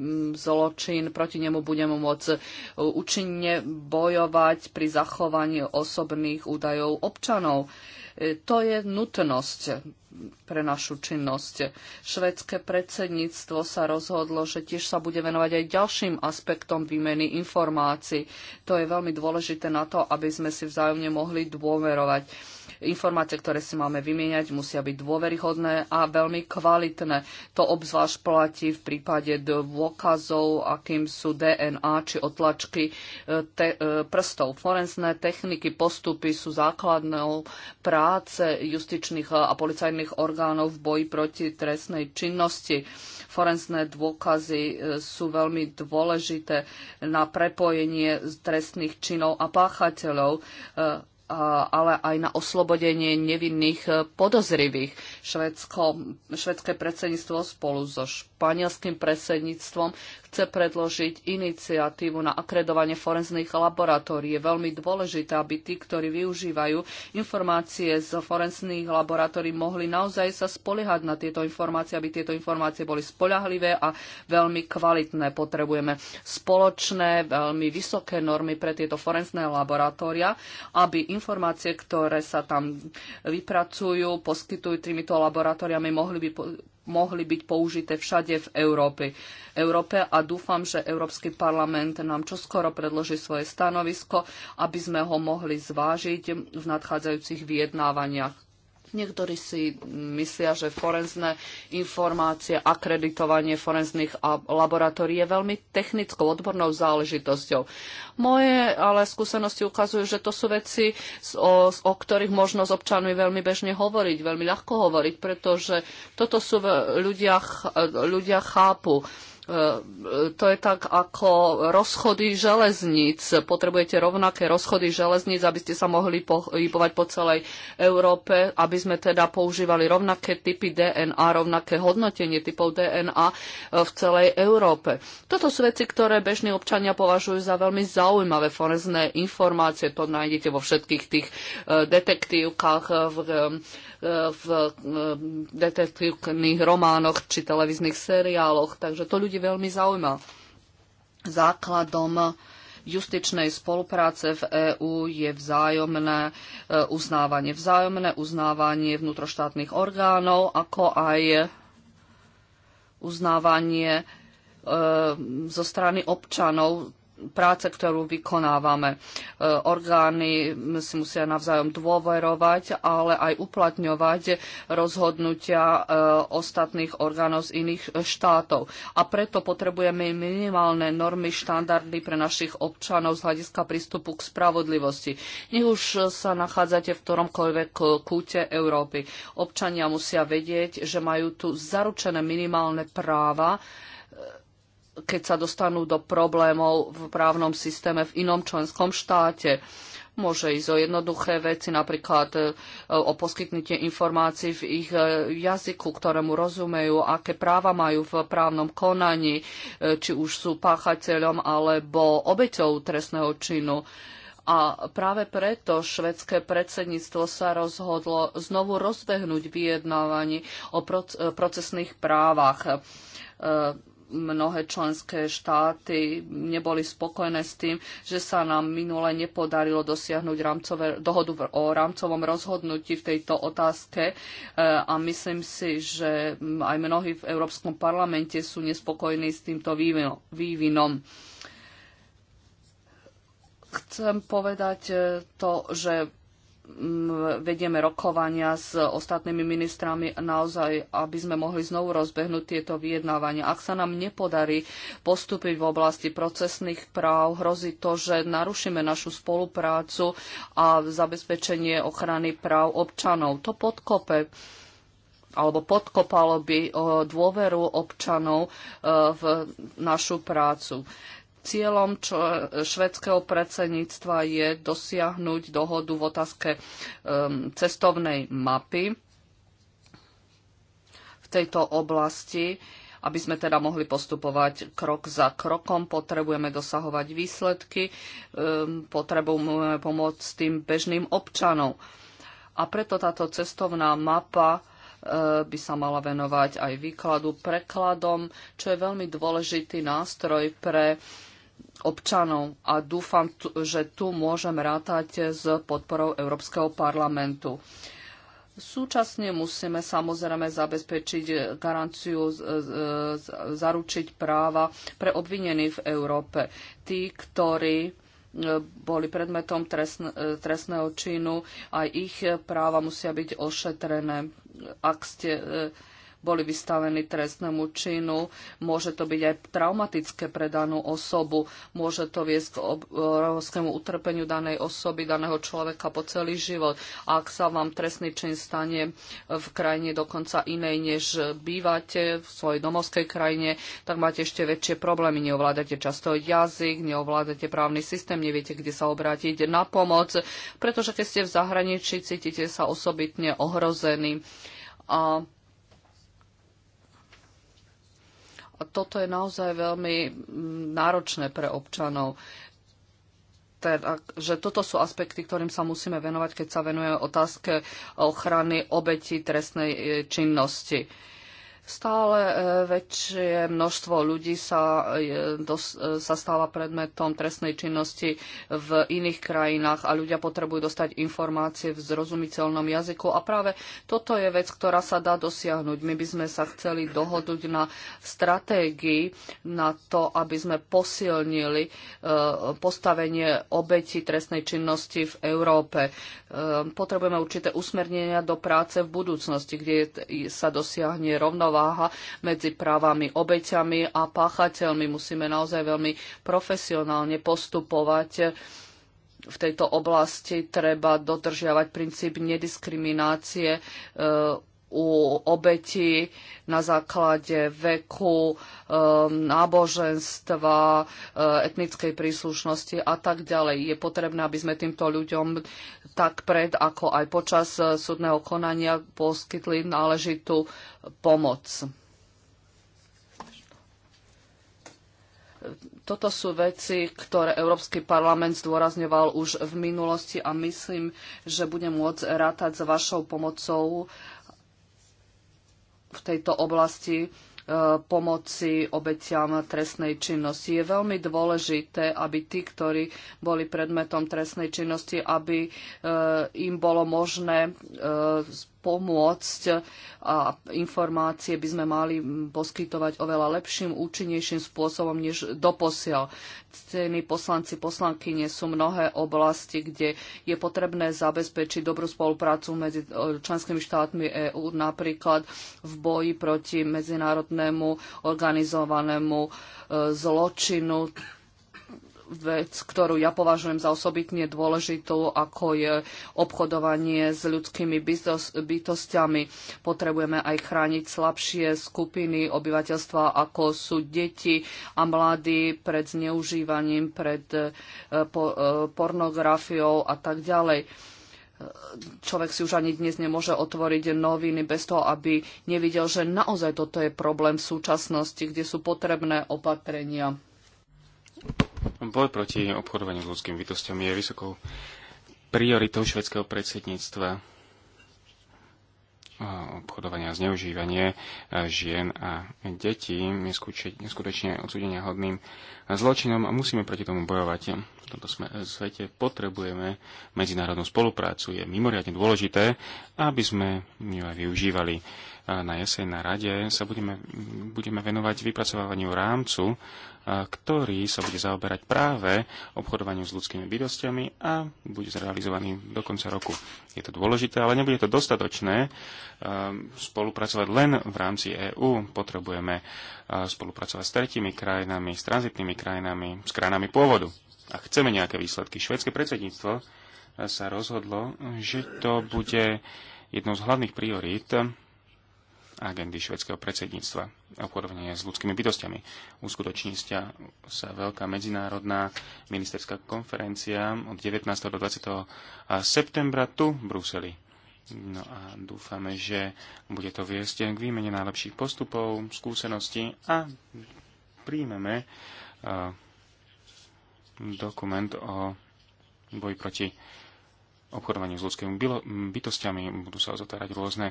Speaker 1: zločin proti nemu budeme môcť e, účinne bojovať pri zachovaní osobných údajov občanov. E, to je nutnosť pre našu činnosť. Švedské predsedníctvo sa rozhodlo, že tiež sa bude venovať aj ďalším aspektom výmeny informácií. To je veľmi dôležité na to, aby sme si vzájomne mohli dôverovať. Informácie, ktoré si máme vymieňať, musia byť dôveryhodné a veľmi kvalitné. To obzvlášť platí v prípade dôkazov, akým sú DNA či otlačky e, te- e, prstov. Forenzné techniky, postupy sú základnou práce justičných a policajných policajných orgánov v boji proti trestnej činnosti. Forenzné dôkazy e, sú veľmi dôležité na prepojenie trestných činov a páchateľov e, ale aj na oslobodenie nevinných e, podozrivých. švedské predsedníctvo spolu so španielským predsedníctvom chce predložiť iniciatívu na akredovanie forenzných laboratórií. Je veľmi dôležité, aby tí, ktorí využívajú informácie z forenzných laboratórií, mohli naozaj sa spoliehať na tieto informácie, aby tieto informácie boli spoľahlivé a veľmi kvalitné. Potrebujeme spoločné, veľmi vysoké normy pre tieto forenzné laboratória, aby informácie, ktoré sa tam vypracujú, poskytujú týmito laboratóriami, mohli by mohli byť použité všade v Európe. Európe a dúfam, že Európsky parlament nám čoskoro predloží svoje stanovisko, aby sme ho mohli zvážiť v nadchádzajúcich vyjednávaniach. Niektorí si myslia, že forenzné informácie, akreditovanie forenzných laboratórií je veľmi technickou, odbornou záležitosťou. Moje ale skúsenosti ukazujú, že to sú veci, o, o ktorých možno s občanmi veľmi bežne hovoriť, veľmi ľahko hovoriť, pretože toto sú ľudia, ľudia chápu E, to je tak ako rozchody železníc. Potrebujete rovnaké rozchody železníc, aby ste sa mohli pohybovať po celej Európe, aby sme teda používali rovnaké typy DNA, rovnaké hodnotenie typov DNA e, v celej Európe. Toto sú veci, ktoré bežní občania považujú za veľmi zaujímavé forenzné informácie. To nájdete vo všetkých tých e, detektívkach v v eh, detektívnych románoch či televíznych seriáloch. Takže to ľudí veľmi zaujíma. Základom justičnej spolupráce v EÚ je vzájomné eh, uznávanie. Vzájomné uznávanie vnútroštátnych orgánov, ako aj uznávanie eh, zo strany občanov práce, ktorú vykonávame. E, orgány si musia navzájom dôverovať, ale aj uplatňovať rozhodnutia e, ostatných orgánov z iných štátov. A preto potrebujeme minimálne normy, štandardy pre našich občanov z hľadiska prístupu k spravodlivosti. Nech už sa nachádzate v ktoromkoľvek kúte Európy. Občania musia vedieť, že majú tu zaručené minimálne práva, keď sa dostanú do problémov v právnom systéme v inom členskom štáte. Môže ísť o jednoduché veci, napríklad e, o poskytnutie informácií v ich e, jazyku, ktorému rozumejú, aké práva majú v právnom konaní, e, či už sú páchateľom alebo obeťou trestného činu. A práve preto švedské predsedníctvo sa rozhodlo znovu rozbehnúť vyjednávanie o procesných právach mnohé členské štáty neboli spokojné s tým, že sa nám minule nepodarilo dosiahnuť rámcové, dohodu o rámcovom rozhodnutí v tejto otázke e, a myslím si, že aj mnohí v Európskom parlamente sú nespokojní s týmto vývinom chcem povedať e, to, že vedieme rokovania s ostatnými ministrami naozaj, aby sme mohli znovu rozbehnúť tieto vyjednávania. Ak sa nám nepodarí postúpiť v oblasti procesných práv, hrozí to, že narušíme našu spoluprácu a zabezpečenie ochrany práv občanov. To podkope alebo podkopalo by dôveru občanov e, v našu prácu. Cieľom švedského predsedníctva je dosiahnuť dohodu v otázke um, cestovnej mapy v tejto oblasti. Aby sme teda mohli postupovať krok za krokom, potrebujeme dosahovať výsledky, um, potrebujeme pomôcť tým bežným občanom. A preto táto cestovná mapa uh, by sa mala venovať aj výkladu, prekladom, čo je veľmi dôležitý nástroj pre občanov a dúfam, že tu môžem rátať s podporou Európskeho parlamentu. Súčasne musíme samozrejme zabezpečiť garanciu, zaručiť práva pre obvinených v Európe. Tí, ktorí e, boli predmetom e, trestného činu, aj ich práva musia byť ošetrené. Ak ste e, boli vystavení trestnému činu. Môže to byť aj traumatické pre danú osobu. Môže to viesť k obrovskému utrpeniu danej osoby, daného človeka po celý život. Ak sa vám trestný čin stane v krajine dokonca inej, než bývate v svojej domovskej krajine, tak máte ešte väčšie problémy. Neovládate často jazyk, neovládate právny systém, neviete, kde sa obrátiť na pomoc, pretože keď ste v zahraničí, cítite sa osobitne ohrození. A A toto je naozaj veľmi mm, náročné pre občanov. Teda, že toto sú aspekty, ktorým sa musíme venovať, keď sa venujeme otázke ochrany obeti trestnej e, činnosti. Stále e, väčšie množstvo ľudí sa, e, dos, e, sa stáva predmetom trestnej činnosti v iných krajinách a ľudia potrebujú dostať informácie v zrozumiteľnom jazyku. A práve toto je vec, ktorá sa dá dosiahnuť. My by sme sa chceli dohodnúť na stratégii na to, aby sme posilnili postavenie obeti trestnej činnosti v Európe. Potrebujeme určité usmernenia do práce v budúcnosti, kde sa dosiahne rovnováha rovnováha medzi právami obeťami a páchateľmi. Musíme naozaj veľmi profesionálne postupovať v tejto oblasti treba dodržiavať princíp nediskriminácie e, u obeti na základe veku, um, náboženstva, uh, etnickej príslušnosti a tak ďalej. Je potrebné, aby sme týmto ľuďom tak pred, ako aj počas uh, súdneho konania poskytli náležitú pomoc. Toto sú veci, ktoré Európsky parlament zdôrazňoval už v minulosti a myslím, že budem môcť rátať s vašou pomocou v tejto oblasti e, pomoci obetiam trestnej činnosti. Je veľmi dôležité, aby tí, ktorí boli predmetom trestnej činnosti, aby e, im bolo možné e, pomôcť a informácie by sme mali poskytovať oveľa lepším, účinnejším spôsobom než doposiaľ. Cení poslanci, poslanky nie sú mnohé oblasti, kde je potrebné zabezpečiť dobrú spoluprácu medzi e, členskými štátmi EÚ, napríklad v boji proti medzinárodnému organizovanému e, zločinu vec, ktorú ja považujem za osobitne dôležitú, ako je obchodovanie s ľudskými bytostiami. Potrebujeme aj chrániť slabšie skupiny obyvateľstva, ako sú deti a mladí pred zneužívaním, pred e, e, pornografiou a tak ďalej človek si už ani dnes nemôže otvoriť noviny bez toho, aby nevidel, že naozaj toto je problém v súčasnosti, kde sú potrebné opatrenia.
Speaker 2: Boj proti obchodovaniu s ľudskými bytostiami je vysokou prioritou švedského predsedníctva obchodovania a zneužívanie žien a detí je skutočne odsudenia hodným zločinom a musíme proti tomu bojovať. V tomto svete potrebujeme medzinárodnú spoluprácu. Je mimoriadne dôležité, aby sme ju aj využívali na jeseň na rade sa budeme, budeme venovať vypracovávaniu rámcu, ktorý sa bude zaoberať práve obchodovaniu s ľudskými bytostiami a bude zrealizovaný do konca roku. Je to dôležité, ale nebude to dostatočné spolupracovať len v rámci EÚ. Potrebujeme spolupracovať s tretími krajinami, s tranzitnými krajinami, s krajinami pôvodu. A chceme nejaké výsledky. Švedské predsedníctvo sa rozhodlo, že to bude jednou z hlavných priorít agendy švedského predsedníctva obchodovanie s ľudskými bytostiami. Uskutoční sa veľká medzinárodná ministerská konferencia od 19. do 20. septembra tu v Bruseli. No a dúfame, že bude to viesť k výmene najlepších postupov, skúseností a príjmeme eh, dokument o boji proti obchodovaniu s ľudskými bytostiami, budú sa zatvárať rôzne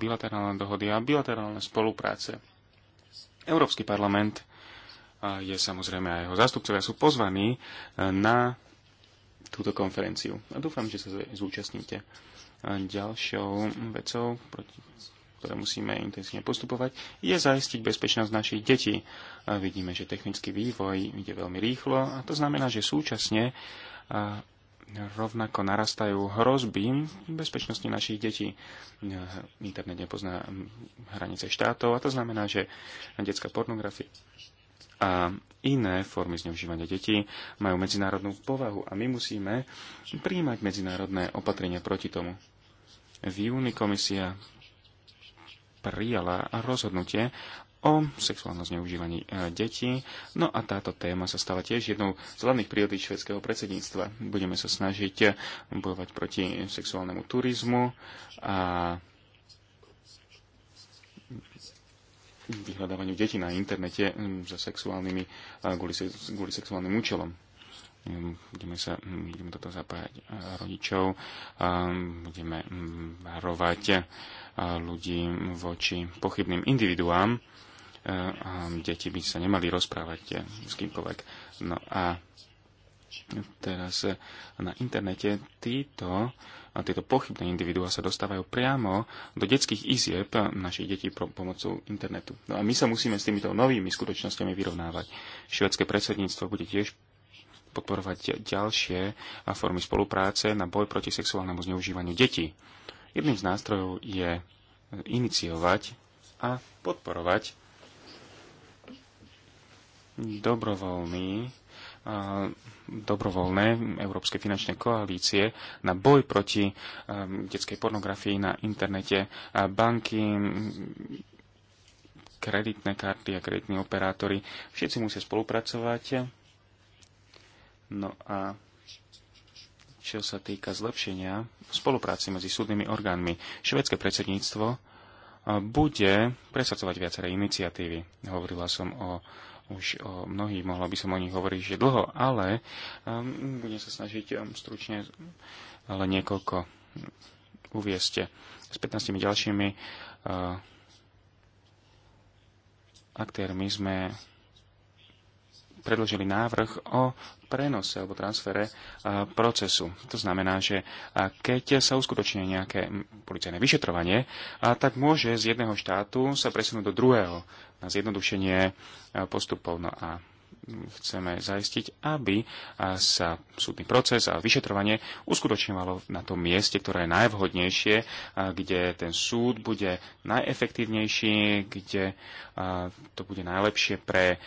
Speaker 2: bilaterálne dohody a bilaterálne spolupráce. Európsky parlament je samozrejme a jeho zástupcovia sú pozvaní e, na túto konferenciu. A dúfam, že sa zúčastníte. Ďalšou vecou, proti ktoré musíme intenzívne postupovať, je zaistiť bezpečnosť našich detí. A vidíme, že technický vývoj ide veľmi rýchlo a to znamená, že súčasne rovnako narastajú hrozby bezpečnosti našich detí. Internet nepozná hranice štátov a to znamená, že detská pornografia a iné formy zneužívania detí majú medzinárodnú povahu a my musíme príjmať medzinárodné opatrenia proti tomu. V júni komisia prijala rozhodnutie o sexuálnom zneužívaní e, detí. No a táto téma sa stala tiež jednou z hlavných priorít švedského predsedníctva. Budeme sa snažiť e, bojovať proti sexuálnemu turizmu a vyhľadávaniu detí na internete za sexuálnymi, e, kvôli, kvôli sexuálnym účelom. Hm, budeme, sa, budeme hm, toto zapájať rodičov, budeme hm, varovať ľudí voči pochybným individuám, a deti by sa nemali rozprávať eh, s kýmkoľvek. No a teraz eh, na internete títo, a tieto pochybné individuá sa dostávajú priamo do detských izieb našich detí pomocou internetu. No a my sa musíme s týmito novými skutočnosťami vyrovnávať. Švedské predsedníctvo bude tiež podporovať ďalšie formy spolupráce na boj proti sexuálnemu zneužívaniu detí. Jedným z nástrojov je iniciovať a podporovať dobrovoľný, dobrovoľné európske finančné koalície na boj proti detskej pornografii na internete. Banky, kreditné karty a kreditní operátori, všetci musia spolupracovať. No a čo sa týka zlepšenia spolupráci medzi súdnymi orgánmi, švedské predsedníctvo bude presadzovať viaceré iniciatívy. Hovorila som o už o mnohých, mohla by som o nich hovoriť že dlho, ale um, budem sa snažiť um, stručne ale niekoľko uvieste. S 15 ďalšími uh, aktérmi sme predložili návrh o prenose alebo transfere e, procesu. To znamená, že keď sa uskutočne nejaké policajné vyšetrovanie, tak môže z jedného štátu sa presunúť do druhého na zjednodušenie e, postupov. No a chceme zaistiť, aby sa súdny proces a vyšetrovanie uskutočňovalo na tom mieste, ktoré je najvhodnejšie, kde ten súd bude najefektívnejší, kde to bude najlepšie pre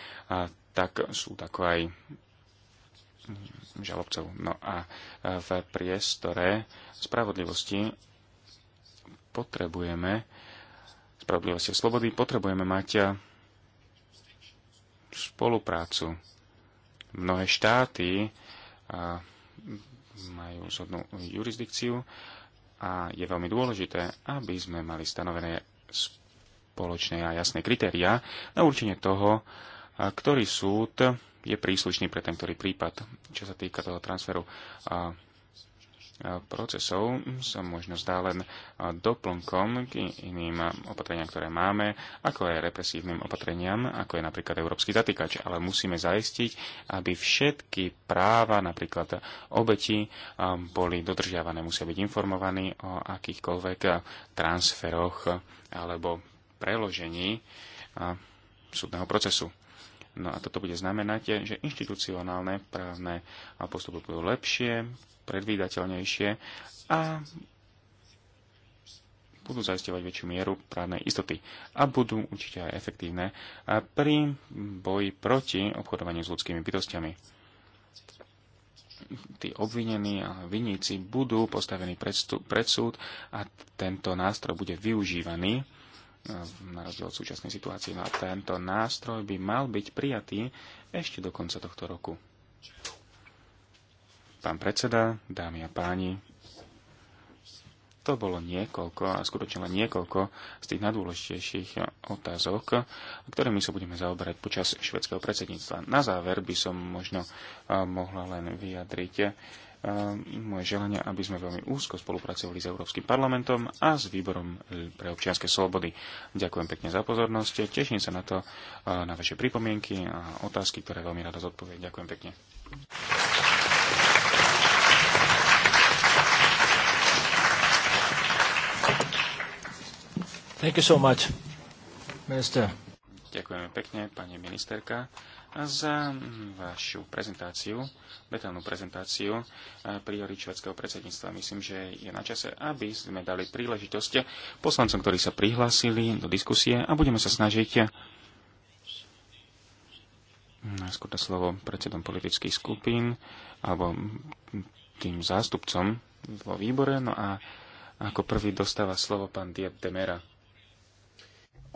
Speaker 2: tak súd ako aj mm, žalobcov. No a e, v priestore spravodlivosti potrebujeme spravodlivosti a slobody potrebujeme mať e, spoluprácu. Mnohé štáty e, majú zhodnú jurisdikciu a je veľmi dôležité, aby sme mali stanovené spoločné a jasné kritériá na určenie toho, ktorý súd je príslušný pre ten ktorý prípad, čo sa týka toho transferu procesov sa možno zdá len doplnkom k iným opatreniam, ktoré máme, ako aj represívnym opatreniam, ako je napríklad európsky zatýkač. Ale musíme zaistiť, aby všetky práva, napríklad obeti, boli dodržiavané. Musia byť informovaní o akýchkoľvek transferoch alebo preložení súdneho procesu. No a toto bude znamenať, že inštitucionálne právne postupy budú lepšie, predvídateľnejšie a budú zaistovať väčšiu mieru právnej istoty a budú určite aj efektívne pri boji proti obchodovaniu s ľudskými bytostiami. Tí obvinení a vinníci budú postavení pred súd a tento nástroj bude využívaný na rozdiel od súčasnej situácie. No a tento nástroj by mal byť prijatý ešte do konca tohto roku. Pán predseda, dámy a páni, to bolo niekoľko, a skutočne len niekoľko z tých najdôležitejších otázok, ktorými sa budeme zaoberať počas švedského predsedníctva. Na záver by som možno mohla len vyjadriť moje želanie, aby sme veľmi úzko spolupracovali s Európskym parlamentom a s Výborom pre občianske slobody. Ďakujem pekne za pozornosť, teším sa na to, na vaše pripomienky a otázky, ktoré veľmi rada zodpoviem. Ďakujem pekne. Thank you so much, minister. Ďakujeme pekne, pani ministerka za vašu prezentáciu, detálnu prezentáciu e, priory švedského predsedníctva. Myslím, že je na čase, aby sme dali príležitosť poslancom, ktorí sa prihlásili do diskusie a budeme sa snažiť najskôr to slovo predsedom politických skupín alebo tým zástupcom vo výbore. No a ako prvý
Speaker 3: dostáva slovo pán Diab Demera.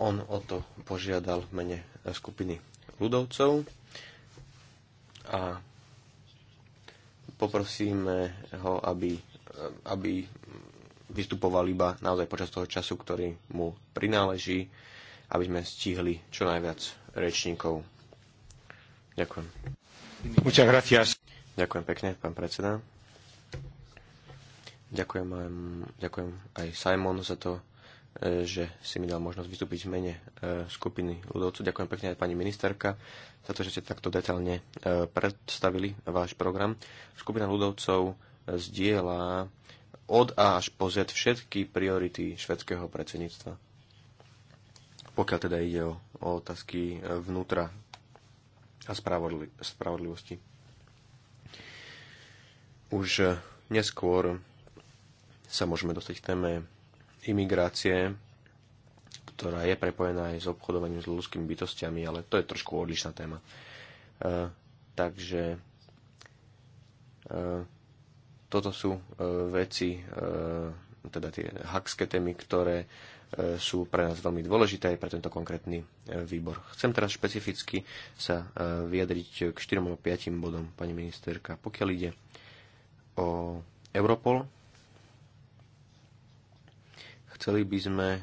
Speaker 3: On o to požiadal mene skupiny ľudovcov a poprosíme ho, aby, aby vystupoval iba naozaj počas toho času, ktorý mu prináleží, aby sme stihli čo najviac rečníkov. Ďakujem. Ďakujem pekne, pán predseda. Ďakujem, ďakujem aj Simon za to, E, že si mi dal možnosť vystúpiť v mene e, skupiny ľudovcov. Ďakujem pekne aj pani ministerka za to, že ste takto detailne e, predstavili váš program. Skupina ľudovcov zdieľa od A až po Z všetky priority švedského predsedníctva. Pokiaľ teda ide o, o otázky vnútra a spravodli spravodlivosti. Už neskôr sa môžeme dostať k téme imigrácie, ktorá je prepojená aj s obchodovaním s ľudskými bytostiami, ale to je trošku odlišná téma. E, takže e, toto sú e, veci, e, teda tie hakské témy, ktoré e, sú pre nás veľmi dôležité aj pre tento konkrétny e, výbor. Chcem teraz špecificky sa e, vyjadriť k 4 5 bodom, pani ministerka. Pokiaľ ide o Europol, Chceli by sme e,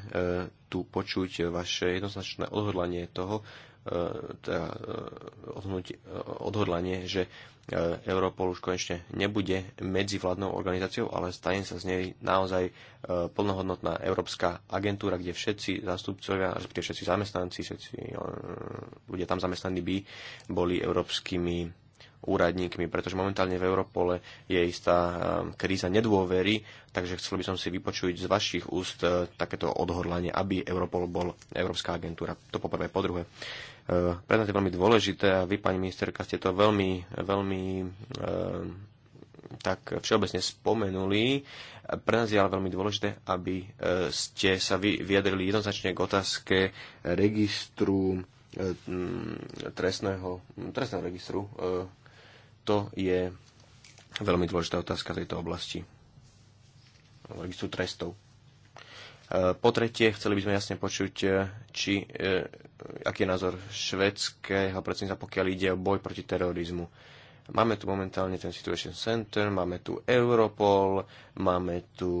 Speaker 3: tu počuť vaše jednoznačné odhodlanie toho, e, teda e, odhodlanie, že Europol už konečne nebude medzivládnou organizáciou, ale stane sa z nej naozaj plnohodnotná európska agentúra, kde všetci zástupcovia, respektíve všetci zamestnanci, všetci ľudia tam zamestnaní by boli európskymi úradníkmi, pretože momentálne v Europole je istá um, kríza nedôvery, takže chcel by som si vypočuť z vašich úst uh, takéto odhodlanie, aby Europol bol Európska agentúra. To poprvé. Po druhé, uh, pre nás je veľmi dôležité a vy, pani ministerka, ste to veľmi, veľmi uh, tak všeobecne spomenuli. Pre nás je ale veľmi dôležité, aby ste sa vyjadrili jednoznačne k otázke registru trestného, trestného registru to je veľmi dôležitá otázka tejto oblasti. Registru trestov. E, po tretie, chceli by sme jasne počuť, e, či, e, aký je názor švedského predsedníctva, pokiaľ ide o boj proti terorizmu. Máme tu momentálne ten Situation Center, máme tu Europol, máme tu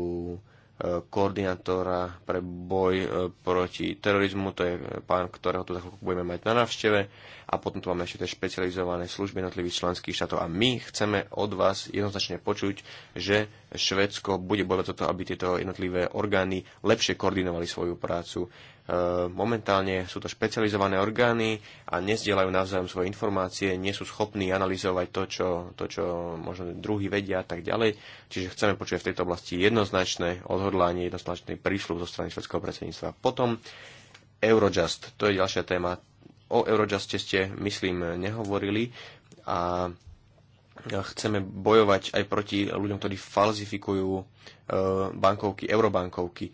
Speaker 3: koordinátora pre boj e, proti terorizmu, to je pán, ktorého tu za chvíľku budeme mať na návšteve a potom tu máme ešte tie špecializované služby jednotlivých členských štátov a my chceme od vás jednoznačne počuť, že Švedsko bude bojovať za to, aby tieto jednotlivé orgány lepšie koordinovali svoju prácu Ehm, momentálne sú to špecializované orgány a nezdielajú navzájom svoje informácie, nie sú schopní analyzovať to, čo, to, čo možno druhý vedia a tak ďalej. Čiže chceme počuť v tejto oblasti jednoznačné odhodlanie, jednoznačný prísľub zo strany švedského predsedníctva. Potom Eurojust, to je ďalšia téma. O Eurojuste ste, myslím, nehovorili a chceme bojovať aj proti ľuďom, ktorí falzifikujú ehm, bankovky, eurobankovky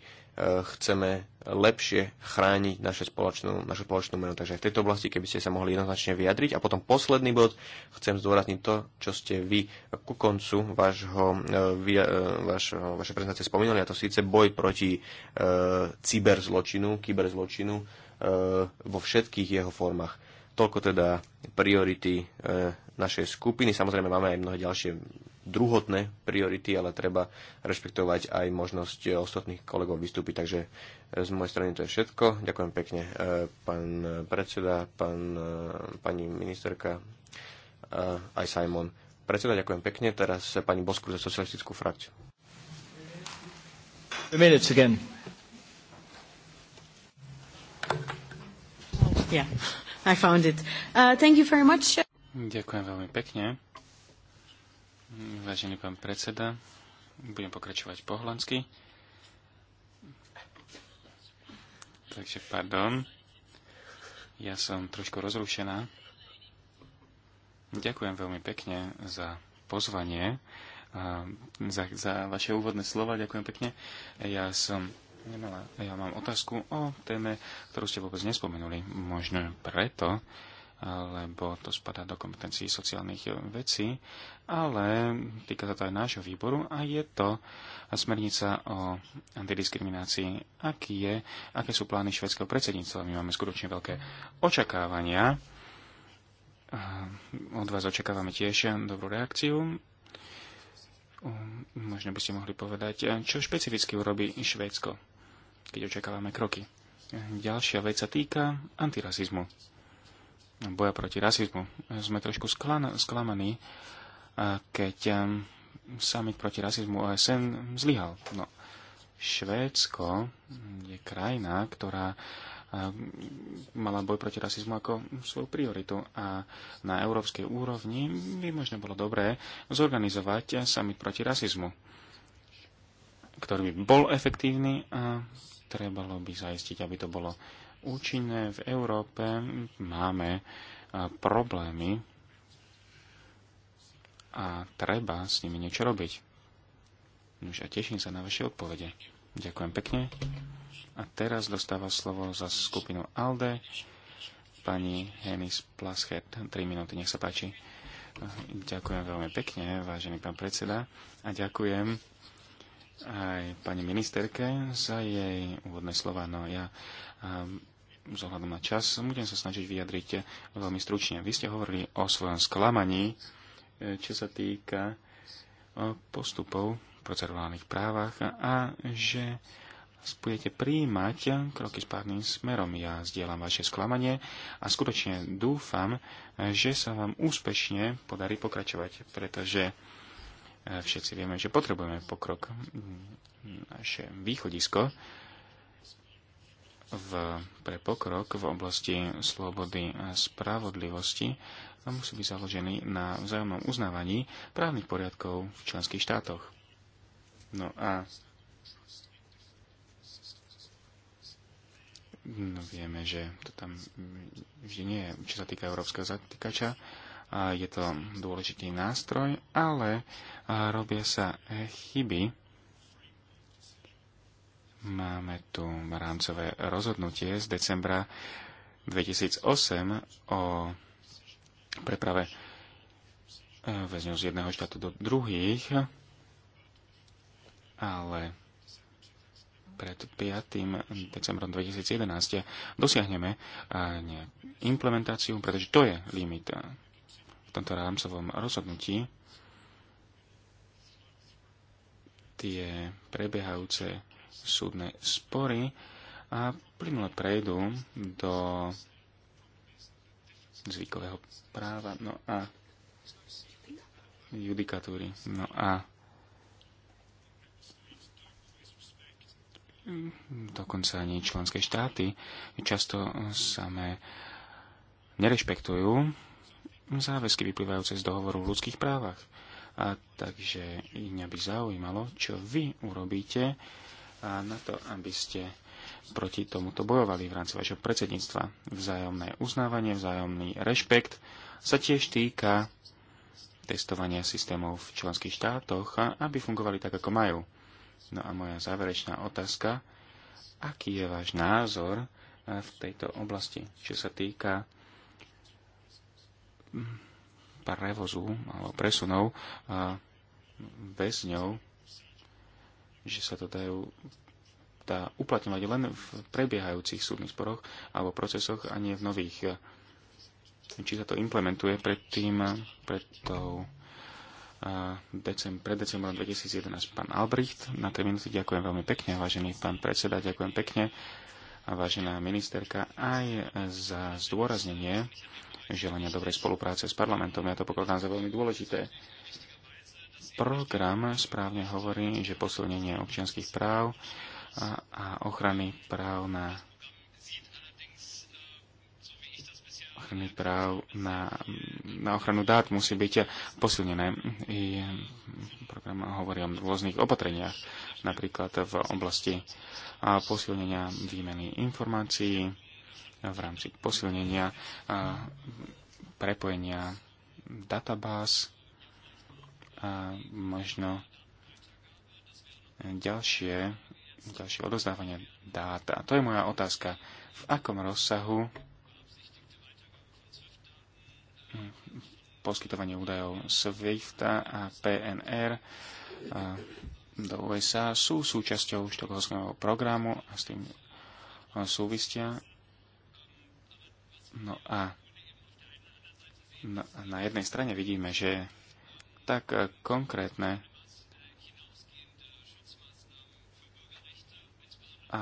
Speaker 3: chceme lepšie chrániť naše spoločnú, našu spoločnú menu. Takže aj v tejto oblasti, keby ste sa mohli jednoznačne vyjadriť. A potom posledný bod, chcem zdôrazniť to, čo ste vy ku koncu vášho, e, vy, e, vaše prezentácie spomínali, a to síce boj proti e, cyberzločinu, kyberzločinu e, vo všetkých jeho formách. Toľko teda priority e, našej skupiny. Samozrejme máme aj mnohé ďalšie druhotné priority, ale treba rešpektovať aj možnosť eh, ostatných kolegov vystúpiť. Takže eh, z mojej strany to je všetko. Ďakujem pekne, eh, pán predseda, pán, pani ministerka, aj Simon. Predseda, ďakujem pekne. Teraz pani Bosku za socialistickú frakciu. Yeah, I found it. Uh, thank you very much.
Speaker 2: Ďakujem veľmi pekne. Vážený pán predseda, budem pokračovať po holandsky. Takže pardon. Ja som trošku rozrušená. Ďakujem veľmi pekne za pozvanie, za, za vaše úvodné slova. Ďakujem pekne. Ja som nemala, ja mám otázku o téme, ktorú ste vôbec nespomenuli. Možno preto, lebo to spadá do kompetencií sociálnych eh, vecí, ale týka sa to aj nášho výboru a je to smernica o antidiskriminácii. Ak je, aké sú plány švedského predsedníctva? My máme skutočne veľké očakávania. Eh, od vás očakávame tiež dobrú reakciu. Eh, možno by ste mohli povedať, čo špecificky urobí Švédsko, keď očakávame kroky. Ďalšia vec sa týka antirasizmu boja proti rasizmu. Sme trošku sklan- sklamaní, keď um, summit proti rasizmu OSN zlyhal. No, Švédsko je krajina, ktorá um, mala boj proti rasizmu ako svoju prioritu a na európskej úrovni by možno bolo dobré zorganizovať summit proti rasizmu, ktorý by bol efektívny a trebalo by zaistiť, aby to bolo účinné v Európe, máme problémy a treba s nimi niečo robiť. Nož a teším sa na vaše odpovede. Ďakujem pekne. A teraz dostáva slovo za skupinu ALDE pani Hemis Plaschet. 3 minúty, nech sa páči. Ďakujem veľmi pekne, vážený pán predseda. A ďakujem aj pani ministerke za jej úvodné slova. No ja zohľadom na čas, budem sa snažiť vyjadriť veľmi stručne. Vy ste hovorili o svojom sklamaní, e, čo sa týka e, postupov v procedurálnych právach a že budete príjmať kroky správnym smerom. Ja zdieľam vaše sklamanie a skutočne dúfam, že sa vám úspešne podarí pokračovať, pretože e, všetci vieme, že potrebujeme pokrok. Naše východisko v, pre pokrok v oblasti slobody a spravodlivosti a musí byť založený na vzájomnom uznávaní právnych poriadkov v členských štátoch. No a no vieme, že to tam vždy nie je, čo sa týka európskeho zatýkača. je to dôležitý nástroj, ale robia sa chyby, Máme tu rámcové rozhodnutie z decembra 2008 o preprave e, väzňov z jedného štátu do druhých, ale pred 5. decembrom 2011 dosiahneme e, implementáciu, pretože to je limit v tomto rámcovom rozhodnutí. Tie prebiehajúce súdne spory a plynule prejdú do zvykového práva, no a judikatúry. No a dokonca ani členské štáty často samé nerešpektujú záväzky vyplývajúce z dohovoru v ľudských právach. A takže mňa by zaujímalo, čo vy urobíte na to, aby ste proti tomuto bojovali v rámci vašho predsedníctva. Vzájomné uznávanie, vzájomný rešpekt sa tiež týka testovania systémov v členských štátoch, aby fungovali tak, ako majú. No a moja záverečná otázka, aký je váš názor v tejto oblasti, čo sa týka mm, prevozu alebo presunov väzňov že sa to dajú dá uplatňovať len v prebiehajúcich súdnych sporoch alebo procesoch a nie v nových. Či sa to implementuje pred tým, pred tou decem, pred decembrom 2011 pán Albrecht. Na tej minúty ďakujem veľmi pekne, vážený pán predseda, ďakujem pekne a vážená ministerka aj za zdôraznenie želania dobrej spolupráce s parlamentom. Ja to pokladám za veľmi dôležité program správne hovorí, že posilnenie občianských práv a, a ochrany práv na ochrany práv na, na ochranu dát musí byť posilnené. I program hovorí o rôznych opatreniach, napríklad v oblasti posilnenia výmeny informácií, v rámci posilnenia prepojenia databáz, a možno ďalšie, ďalšie odozdávanie dát. A to je moja otázka. V akom rozsahu poskytovanie údajov SWIFTA a PNR a do USA sú súčasťou štokholského programu a s tým súvisia. No a na jednej strane vidíme, že tak e, konkrétne a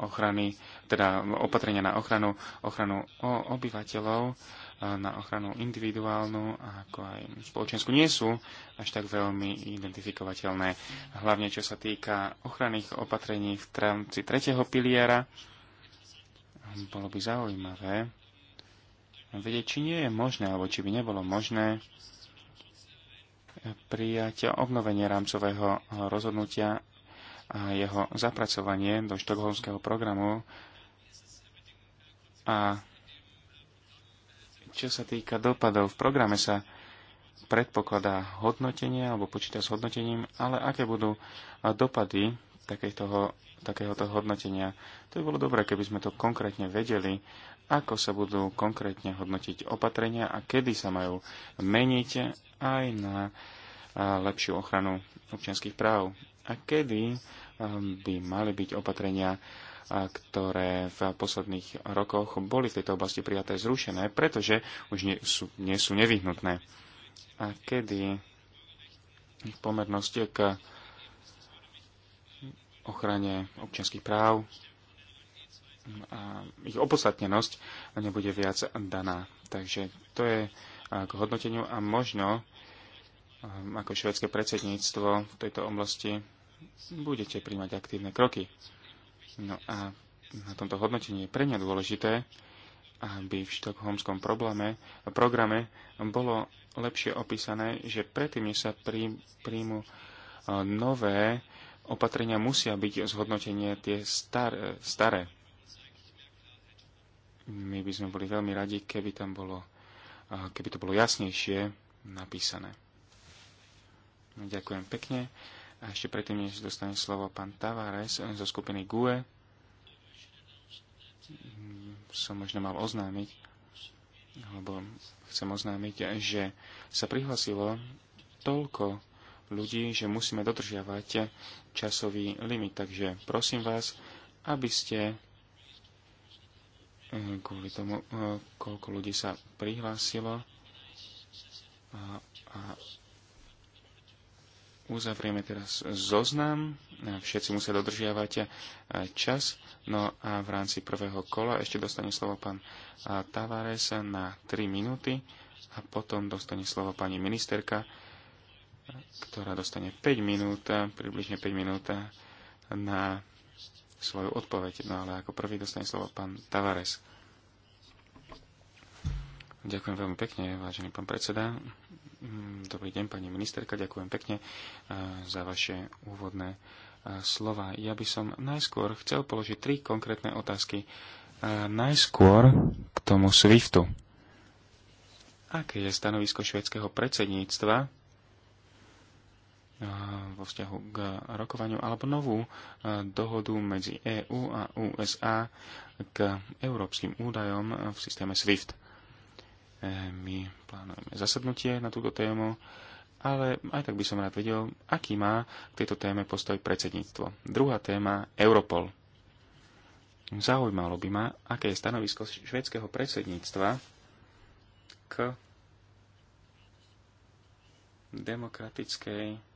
Speaker 2: ochrany, teda opatrenia na ochranu, ochranu obyvateľov, e, na ochranu individuálnu, ako aj spoločenskú, nie sú až tak veľmi identifikovateľné. Hlavne čo sa týka ochranných opatrení v rámci tretieho piliera, bolo by zaujímavé vedieť, či nie je možné, alebo či by nebolo možné prijať obnovenie rámcového rozhodnutia a jeho zapracovanie do štokholmského programu. A čo sa týka dopadov, v programe sa predpokladá hodnotenie alebo počíta s hodnotením, ale aké budú dopady takéhoto, takéhoto hodnotenia. To by bolo dobré, keby sme to konkrétne vedeli, ako sa budú konkrétne hodnotiť opatrenia a kedy sa majú meniť aj na lepšiu ochranu občianských práv. A kedy by mali byť opatrenia, ktoré v posledných rokoch boli v tejto oblasti prijaté zrušené, pretože už nie sú, nie sú nevyhnutné. A kedy v pomernosti k ochrane občianských práv a ich opodstatnenosť nebude viac daná. Takže to je k hodnoteniu a možno um, ako švedské predsedníctvo v tejto oblasti budete príjmať aktívne kroky. No a na tomto hodnotení je pre mňa dôležité, aby v štokholmskom probléme, programe bolo lepšie opísané, že predtým, než sa prí, príjmu uh, nové opatrenia, musia byť zhodnotenie tie star, staré. My by sme boli veľmi radi, keby tam bolo keby to bolo jasnejšie napísané. No, ďakujem pekne. A ešte predtým, než dostane slovo pán Tavares eh, zo skupiny GUE, som možno mal oznámiť, alebo chcem oznámiť, že sa prihlasilo toľko ľudí, že musíme dodržiavať časový limit. Takže prosím vás, aby ste Eh, kvôli tomu, eh, koľko ľudí sa prihlásilo a, a uzavrieme teraz zoznam. Eh, všetci musia dodržiavať čas. No a v rámci prvého kola ešte dostane slovo pán Tavares na 3 minúty a potom dostane slovo pani ministerka, ktorá dostane 5 minút, približne 5 minút na svoju odpoveď. No ale ako prvý dostane slovo pán Tavares. Ďakujem veľmi pekne, vážený pán predseda. Mm, dobrý deň, pani ministerka. Ďakujem pekne e, za vaše úvodné e, slova. Ja by som najskôr chcel položiť tri konkrétne otázky. E, najskôr k tomu SWIFTu. Aké je stanovisko švedského predsedníctva vo vzťahu k rokovaniu alebo novú dohodu medzi EÚ a USA k európskym údajom v systéme SWIFT. E, my plánujeme zasadnutie na túto tému, ale aj tak by som rád vedel, aký má k tejto téme postoj predsedníctvo. Druhá téma, Europol. Zaujímalo by ma, aké je stanovisko švedského predsedníctva k demokratickej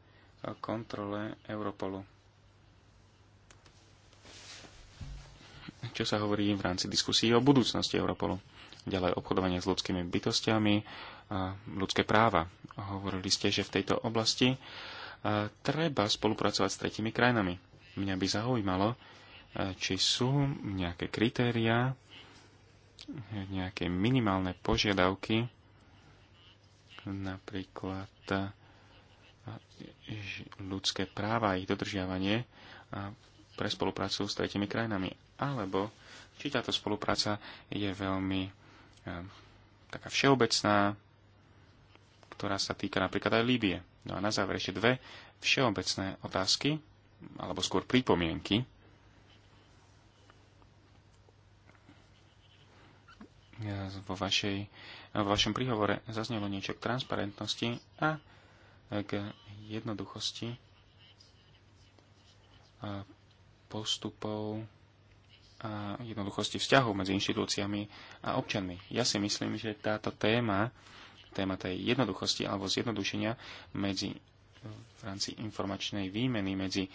Speaker 2: kontrole Europolu. Čo sa hovorí v rámci diskusí o budúcnosti Europolu. Ďalej obchodovanie s ľudskými bytostiami, a ľudské práva. Hovorili ste, že v tejto oblasti treba spolupracovať s tretimi krajinami. Mňa by zaujímalo, či sú nejaké kritériá, nejaké minimálne požiadavky, napríklad ľudské práva a ich dodržiavanie pre spoluprácu s tretimi krajinami. Alebo či táto spolupráca je veľmi e, taká všeobecná, ktorá sa týka napríklad aj Líbie. No a na záver ešte dve všeobecné otázky, alebo skôr pripomienky. Vo, vašej, vo vašom príhovore zaznelo niečo k transparentnosti a k jednoduchosti postupov a jednoduchosti vzťahov medzi inštitúciami a občanmi. Ja si myslím, že táto téma, téma tej jednoduchosti alebo zjednodušenia medzi, v rámci informačnej výmeny medzi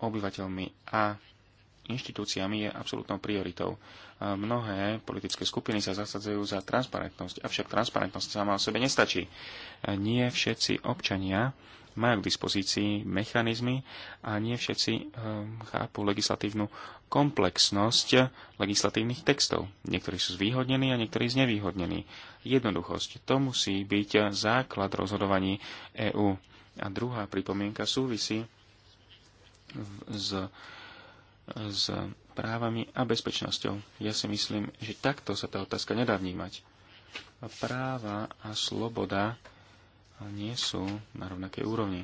Speaker 2: obyvateľmi a inštitúciami je absolútnou prioritou. Mnohé politické skupiny sa zasadzajú za transparentnosť, avšak transparentnosť sama o sebe nestačí. Nie všetci občania majú k dispozícii mechanizmy a nie všetci um, chápu legislatívnu komplexnosť legislatívnych textov. Niektorí sú zvýhodnení a niektorí znevýhodnení. Jednoduchosť. To musí byť základ rozhodovaní EÚ. A druhá pripomienka súvisí s s právami a bezpečnosťou. Ja si myslím, že takto sa tá otázka nedá vnímať. Práva a sloboda nie sú na rovnakej úrovni.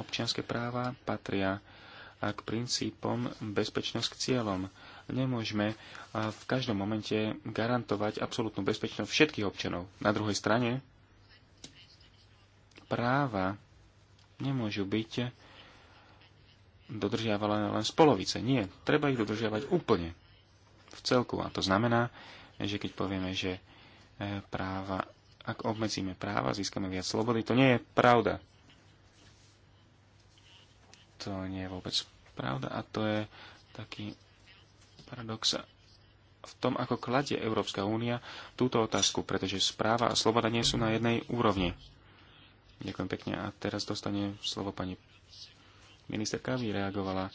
Speaker 2: Občianské práva patria k princípom bezpečnosť k cieľom. Nemôžeme v každom momente garantovať absolútnu bezpečnosť všetkých občanov. Na druhej strane práva nemôžu byť dodržiavala len z polovice. Nie, treba ich dodržiavať úplne, v celku. A to znamená, že keď povieme, že e, práva, ak obmedzíme práva, získame viac slobody, to nie je pravda. To nie je vôbec pravda a to je taký paradox v tom, ako kladie Európska únia túto otázku, pretože správa a sloboda nie sú na jednej úrovni. Ďakujem pekne. A teraz dostane slovo pani ministerka vyreagovala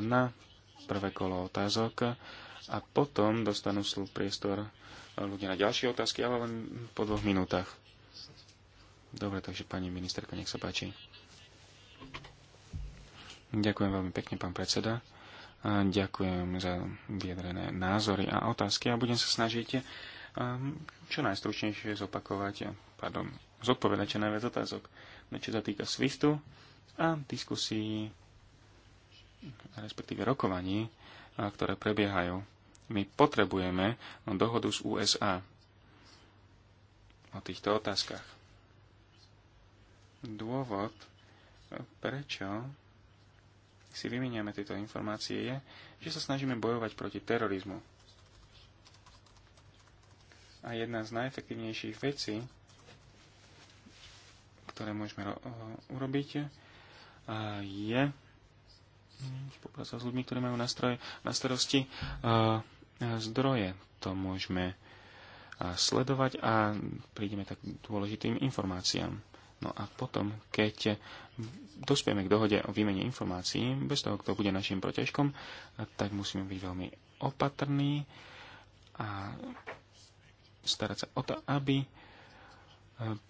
Speaker 2: na prvé kolo otázok a potom dostanú slú priestor ľudia na ďalšie otázky, ale len po dvoch minútach. Dobre, takže pani ministerka, nech sa páči. Ďakujem veľmi pekne, pán predseda. A ďakujem za vyjadrené názory a otázky a budem sa snažiť čo najstručnejšie zopakovať, pardon, zodpovedať čo najviac otázok. No, čo sa týka SWIFTu, a diskusí, respektíve rokovaní, ktoré prebiehajú. My potrebujeme dohodu z USA o týchto otázkach. Dôvod, prečo si vymeniame tieto informácie, je, že sa snažíme bojovať proti terorizmu. A jedna z najefektívnejších vecí, ktoré môžeme urobiť, je spolupráca s ľuďmi, ktorí majú stroje, na starosti zdroje. To môžeme sledovať a prídeme tak k dôležitým informáciám. No a potom, keď dospieme k dohode o výmene informácií, bez toho, kto bude našim protežkom, tak musíme byť veľmi opatrní a starať sa o to, aby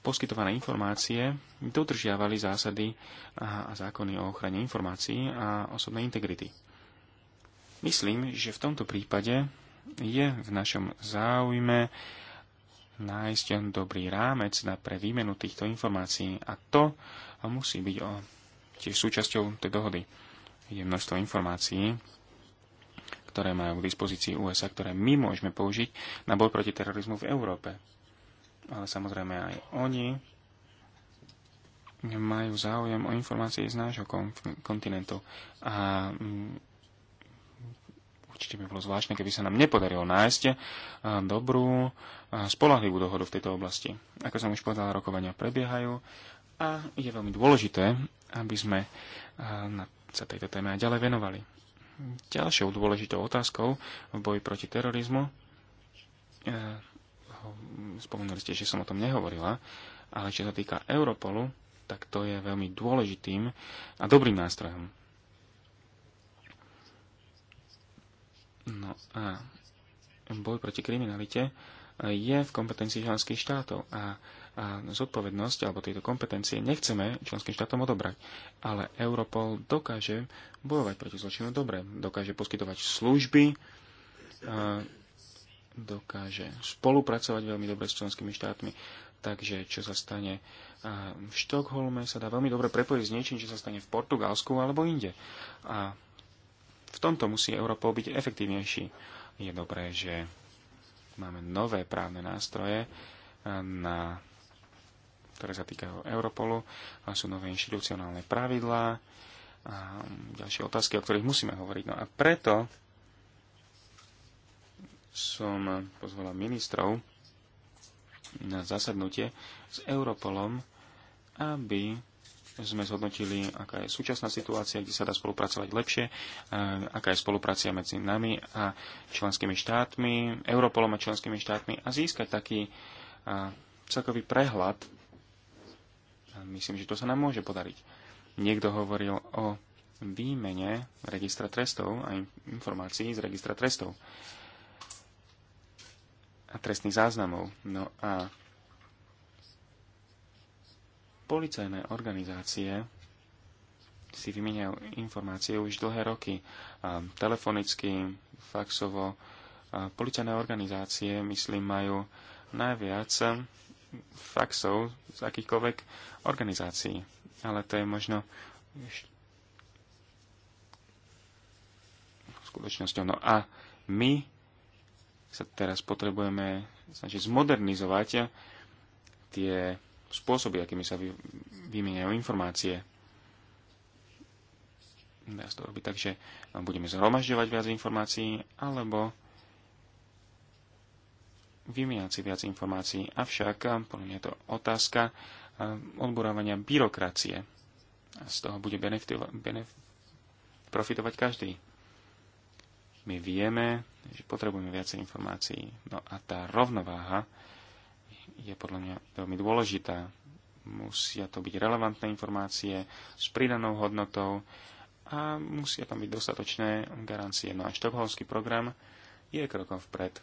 Speaker 2: poskytované informácie dodržiavali zásady a zákony o ochrane informácií a osobnej integrity. Myslím, že v tomto prípade je v našom záujme nájsť dobrý rámec na pre výmenu týchto informácií a to musí byť o, tiež súčasťou tej dohody. Je množstvo informácií, ktoré majú k dispozícii USA, ktoré my môžeme použiť na boj proti terorizmu v Európe ale samozrejme aj oni majú záujem o informácie z nášho kontinentu. A mm, určite by bolo zvláštne, keby sa nám nepodarilo nájsť dobrú, spolahlivú dohodu v tejto oblasti. Ako som už povedal, rokovania prebiehajú a je veľmi dôležité, aby sme sa tejto téme aj ďalej venovali. Ďalšou dôležitou otázkou v boji proti terorizmu spomenuli ste, že som o tom nehovorila, ale čo sa týka Europolu, tak to je veľmi dôležitým a dobrým nástrojom. No a boj proti kriminalite je v kompetencii členských štátov a, a zodpovednosť alebo tieto kompetencie nechceme členským štátom odobrať. Ale Europol dokáže bojovať proti zločinu dobre, dokáže poskytovať služby, dokáže spolupracovať veľmi dobre s členskými štátmi. Takže čo sa stane v Štokholme, sa dá veľmi dobre prepojiť s niečím, čo sa stane v Portugalsku alebo inde. A v tomto musí Európa byť efektívnejší. Je dobré, že máme nové právne nástroje, na, ktoré sa týkajú Europolu, a sú nové inštitucionálne pravidlá, a ďalšie otázky, o ktorých musíme hovoriť. No a preto som pozvala ministrov na zasadnutie s Europolom, aby sme zhodnotili, aká je súčasná situácia, kde sa dá spolupracovať lepšie, aká je spoluprácia medzi nami a členskými štátmi, Europolom a členskými štátmi a získať taký celkový prehľad. Myslím, že to sa nám môže podariť. Niekto hovoril o výmene registra trestov a informácií z registra trestov a trestných záznamov. No a policajné organizácie si vymieňajú informácie už dlhé roky. telefonicky, faxovo. policajné organizácie, myslím, majú najviac faxov z akýchkoľvek organizácií. Ale to je možno skutočnosťou. No a my sa teraz potrebujeme snažiť zmodernizovať tie spôsoby, akými sa vy, vymieňajú informácie. Dá sa to robiť tak, že budeme zhromažďovať viac informácií, alebo vymieňať si viac informácií. Avšak, podľa mňa je to otázka eh, odborávania byrokracie. A z toho bude benefitovať, benef, profitovať každý my vieme, že potrebujeme viacej informácií. No a tá rovnováha je podľa mňa veľmi dôležitá. Musia to byť relevantné informácie s pridanou hodnotou a musia tam byť dostatočné garancie. No a štokholmský program je krokom vpred.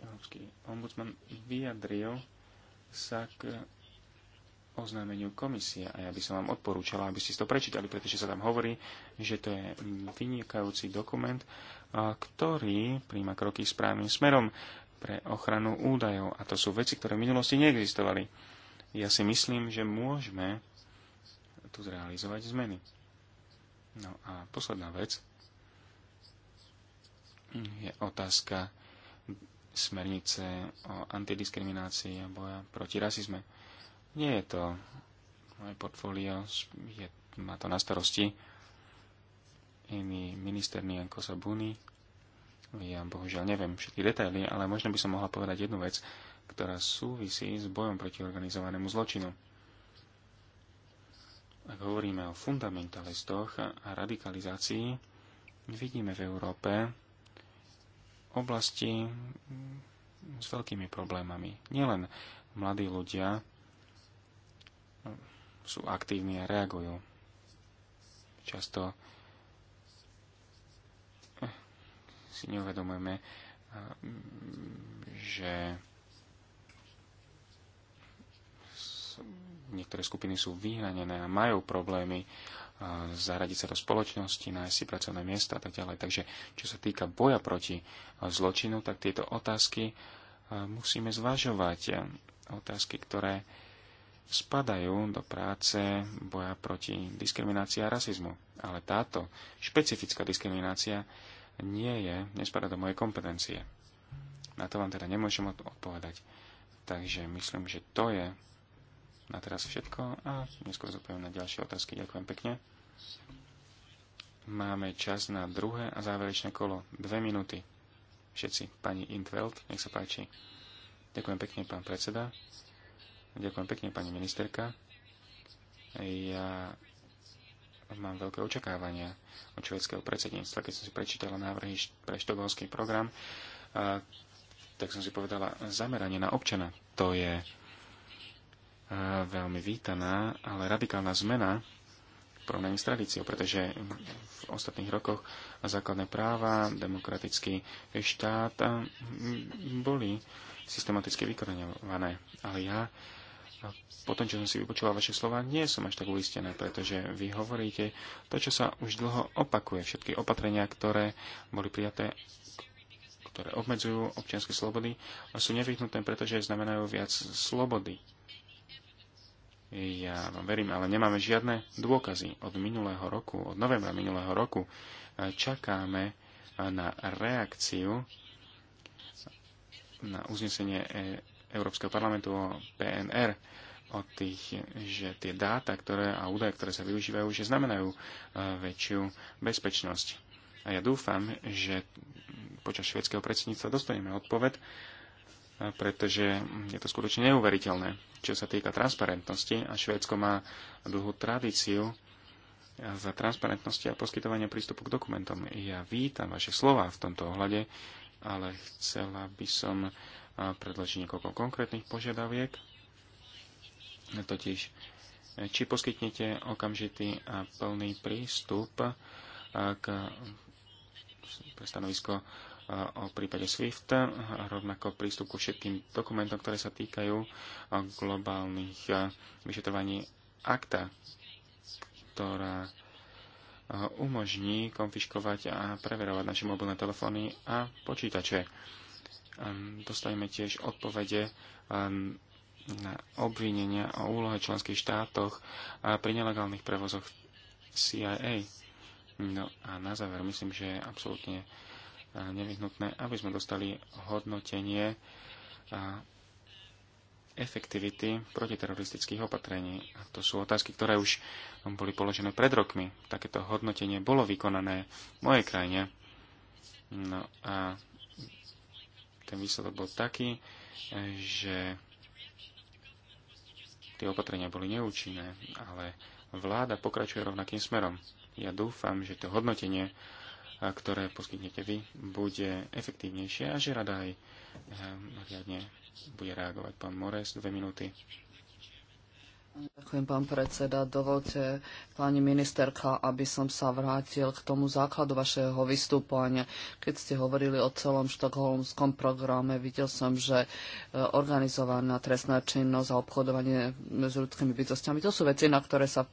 Speaker 2: Európsky ombudsman vyjadril sa k oznámeniu komisie a ja by som vám odporúčala, aby ste to prečítali, pretože sa tam hovorí, že to je vynikajúci dokument, ktorý príjma kroky správnym smerom pre ochranu údajov a to sú veci, ktoré v minulosti neexistovali. Ja si myslím, že môžeme tu zrealizovať zmeny. No a posledná vec je otázka smernice o antidiskriminácii a boja proti rasizme nie je to moje portfólio, je, má to na starosti iný minister Nianko Sabuni. Ja bohužiaľ neviem všetky detaily, ale možno by som mohla povedať jednu vec, ktorá súvisí s bojom proti organizovanému zločinu. Ak hovoríme o fundamentalistoch a radikalizácii, vidíme v Európe oblasti s veľkými problémami. Nielen mladí ľudia sú aktívni a reagujú. Často si neuvedomujeme, eh, že niektoré skupiny sú vyhranené a majú problémy eh, zaradiť sa do spoločnosti, nájsť si pracovné miesta a tak ďalej. Takže čo sa týka boja proti eh, zločinu, tak tieto otázky musíme zvažovať. Otázky, ktoré spadajú do práce boja proti diskriminácii a rasizmu. Ale táto špecifická diskriminácia nie je, nespada do mojej kompetencie. Na to vám teda nemôžem odpovedať. Takže myslím, že to je na teraz všetko a neskôr zodpoviem na ďalšie otázky. Ďakujem pekne. Máme čas na druhé a záverečné kolo. Dve minúty. Všetci, pani Intveld, nech sa páči. Ďakujem pekne, pán predseda. Ďakujem pekne, pani ministerka. Ja mám veľké očakávania od švedského predsedníctva. Keď som si prečítala návrhy pre štokholmský program, tak som si povedala, zameranie na občana, to je veľmi vítaná, ale radikálna zmena v porovnaní s tradíciou, pretože v ostatných rokoch základné práva, demokratický štát boli systematicky vykonávané. Ale ja po tom, čo som si vypočula vaše slova, nie som až tak uistená, pretože vy hovoríte to, čo sa už dlho opakuje. Všetky opatrenia, ktoré boli prijaté, ktoré obmedzujú občianske slobody, sú nevyhnutné, pretože znamenajú viac slobody. Ja vám verím, ale nemáme žiadne dôkazy od minulého roku, od novembra minulého roku. Čakáme na reakciu na uznesenie Európskeho parlamentu o PNR, o tých, že tie dáta ktoré, a údaje, ktoré sa využívajú, že znamenajú e, väčšiu bezpečnosť. A ja dúfam, že počas švedského predsedníctva dostaneme odpoved, e, pretože je to skutočne neuveriteľné. Čo sa týka transparentnosti, a Švédsko má dlhú tradíciu za transparentnosti a poskytovanie prístupu k dokumentom. Ja vítam vaše slova v tomto ohľade, ale chcela by som predloží niekoľko konkrétnych požiadaviek, totiž či poskytnete okamžitý a plný prístup k stanovisko o prípade SWIFT, rovnako prístup ku všetkým dokumentom, ktoré sa týkajú globálnych vyšetrovaní akta, ktorá umožní konfiškovať a preverovať naše mobilné telefóny a počítače. Ehm, dostaneme tiež odpovede ehm, na obvinenia o úlohe členských štátoch pri nelegálnych prevozoch CIA. No a na záver myslím, že je absolútne nevyhnutné, aby sme dostali hodnotenie efektivity protiteroristických opatrení. A to sú otázky, ktoré už boli položené pred rokmi. Takéto hodnotenie bolo vykonané v mojej krajine. No a ten výsledok bol taký, e, že tie opatrenia boli neúčinné, ale vláda pokračuje rovnakým smerom. Ja dúfam, že to hodnotenie, e, ktoré poskytnete vy, bude efektívnejšie a že rada aj e, riadne bude reagovať. Pán Mores, dve minúty.
Speaker 1: Ďakujem, pán predseda. Dovolte, pani ministerka, aby som sa vrátil k tomu základu vašeho vystúpania. Keď ste hovorili o celom štokholmskom programe, videl som, že e, organizovaná trestná činnosť a obchodovanie s ľudskými bytostiami, to sú veci, na ktoré sa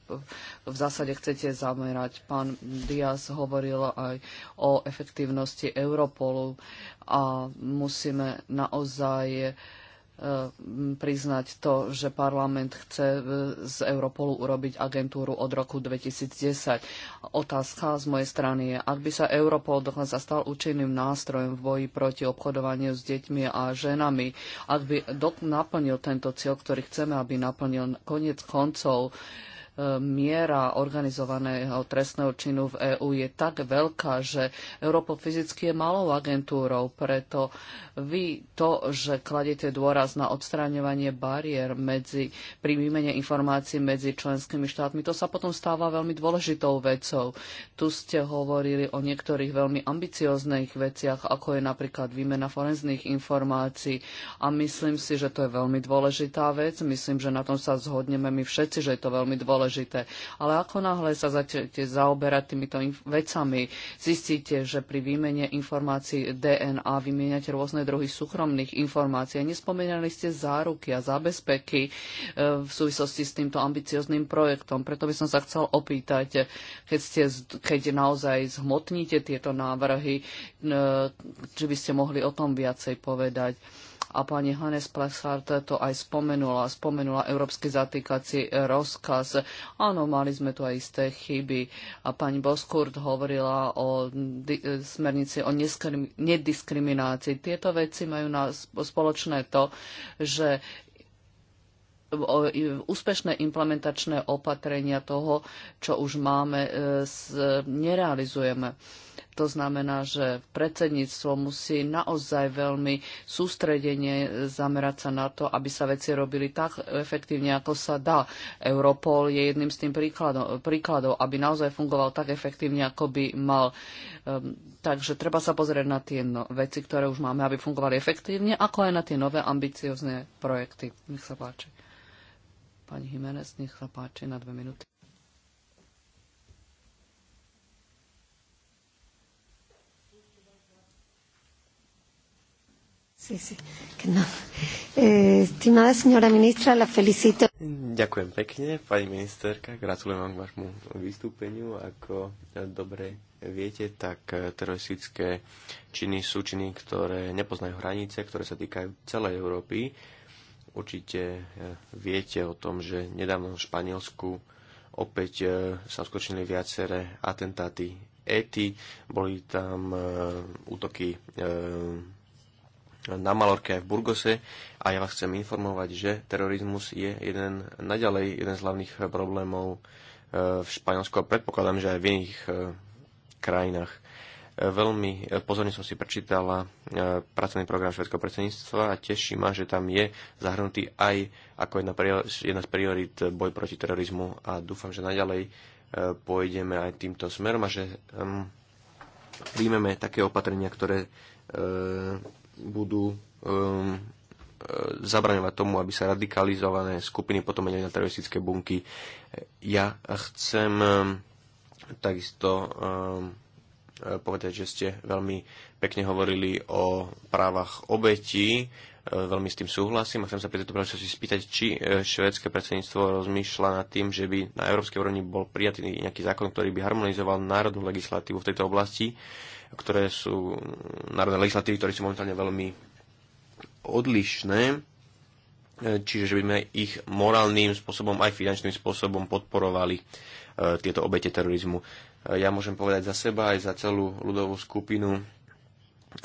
Speaker 1: v zásade chcete zamerať. Pán Diaz hovoril aj o efektívnosti Europolu a musíme naozaj E, priznať to, že parlament chce e, z Europolu urobiť agentúru od roku 2010. Otázka z mojej strany je, ak by sa Europol dokonca stal účinným nástrojom v boji proti obchodovaniu s deťmi a ženami, ak by naplnil tento cieľ, ktorý chceme, aby naplnil koniec koncov, uh, miera organizovaného trestného činu v EÚ je tak veľká, že Europol fyzicky je malou agentúrou, preto vy to, že kladete dôraz na odstráňovanie bariér medzi, pri výmene informácií medzi členskými štátmi, to sa potom stáva veľmi dôležitou vecou. Tu ste hovorili o niektorých veľmi ambicióznych veciach, ako je napríklad výmena forenzných informácií a myslím si, že to je veľmi dôležitá vec. Myslím, že na tom sa zhodneme my všetci, že je to veľmi dôležité dôležité. Ale ako náhle sa začnete zaoberať týmito vecami, zistíte, že pri výmene informácií DNA vymieňate rôzne druhy súkromných informácií. Nespomínali ste záruky a zábezpeky e, v súvislosti s týmto ambiciozným projektom. Preto by som sa chcel opýtať, keď, ste, keď naozaj zhmotníte tieto návrhy, či e, by ste mohli o tom viacej povedať a pani Hannes Plessart to aj spomenula, spomenula Európsky zatýkací rozkaz. Áno, mali sme tu aj isté chyby a pani Boskurt hovorila o smernici o nediskriminácii. Tieto veci majú na spoločné to, že úspešné implementačné opatrenia toho, čo už máme, e, nerealizujeme. To znamená, že predsedníctvo musí naozaj veľmi sústredenie zamerať sa na to, aby sa veci robili tak efektívne, ako sa dá. Europol je jedným z tým príkladov, príkladov aby naozaj fungoval tak efektívne, ako by mal. Um, takže treba sa pozrieť na tie no, veci, ktoré už máme, aby fungovali efektívne, ako aj na tie nové ambiciozne projekty. Nech sa páči. Pani Jiménez, nech sa páči na dve minúty. Sí, sí. No. Eh, estimada señora ministra, la felicito.
Speaker 3: Ďakujem pekne, pani ministerka. Gratulujem vám k vášmu vystúpeniu. Ako dobre viete, tak teroristické činy sú činy, ktoré nepoznajú hranice, ktoré sa týkajú celej Európy. Určite eh, viete o tom, že nedávno v Španielsku opäť eh, sa skočili viaceré atentáty ETI. Boli tam eh, útoky na Malorke aj v Burgose a ja vás chcem informovať, že terorizmus je jeden, naďalej jeden z hlavných problémov e, v Španielsku a predpokladám, že aj v iných e, krajinách. E, veľmi pozorne som si prečítala pracovný program švedského predsedníctva a teší ma, že tam je zahrnutý aj ako jedna, jedna z priorit boj proti terorizmu a dúfam, že naďalej pôjdeme aj týmto smerom a že um, príjmeme také opatrenia, ktoré um, budú um, e, zabraňovať tomu, aby sa radikalizované skupiny potom menili na teroristické bunky. Ja chcem um, takisto um, e, povedať, že ste veľmi pekne hovorili o právach obetí, e, veľmi s tým súhlasím a chcem sa pri tejto príležitosti spýtať, či švédske predsedníctvo rozmýšľa nad tým, že by na európskej úrovni bol prijatý nejaký zákon, ktorý by harmonizoval národnú legislatívu v tejto oblasti, ktoré sú národné legislatívy, ktoré sú momentálne veľmi odlišné, e, čiže že by sme ich morálnym spôsobom aj finančným spôsobom podporovali e, tieto obete terorizmu. E, ja môžem povedať za seba aj za celú ľudovú skupinu,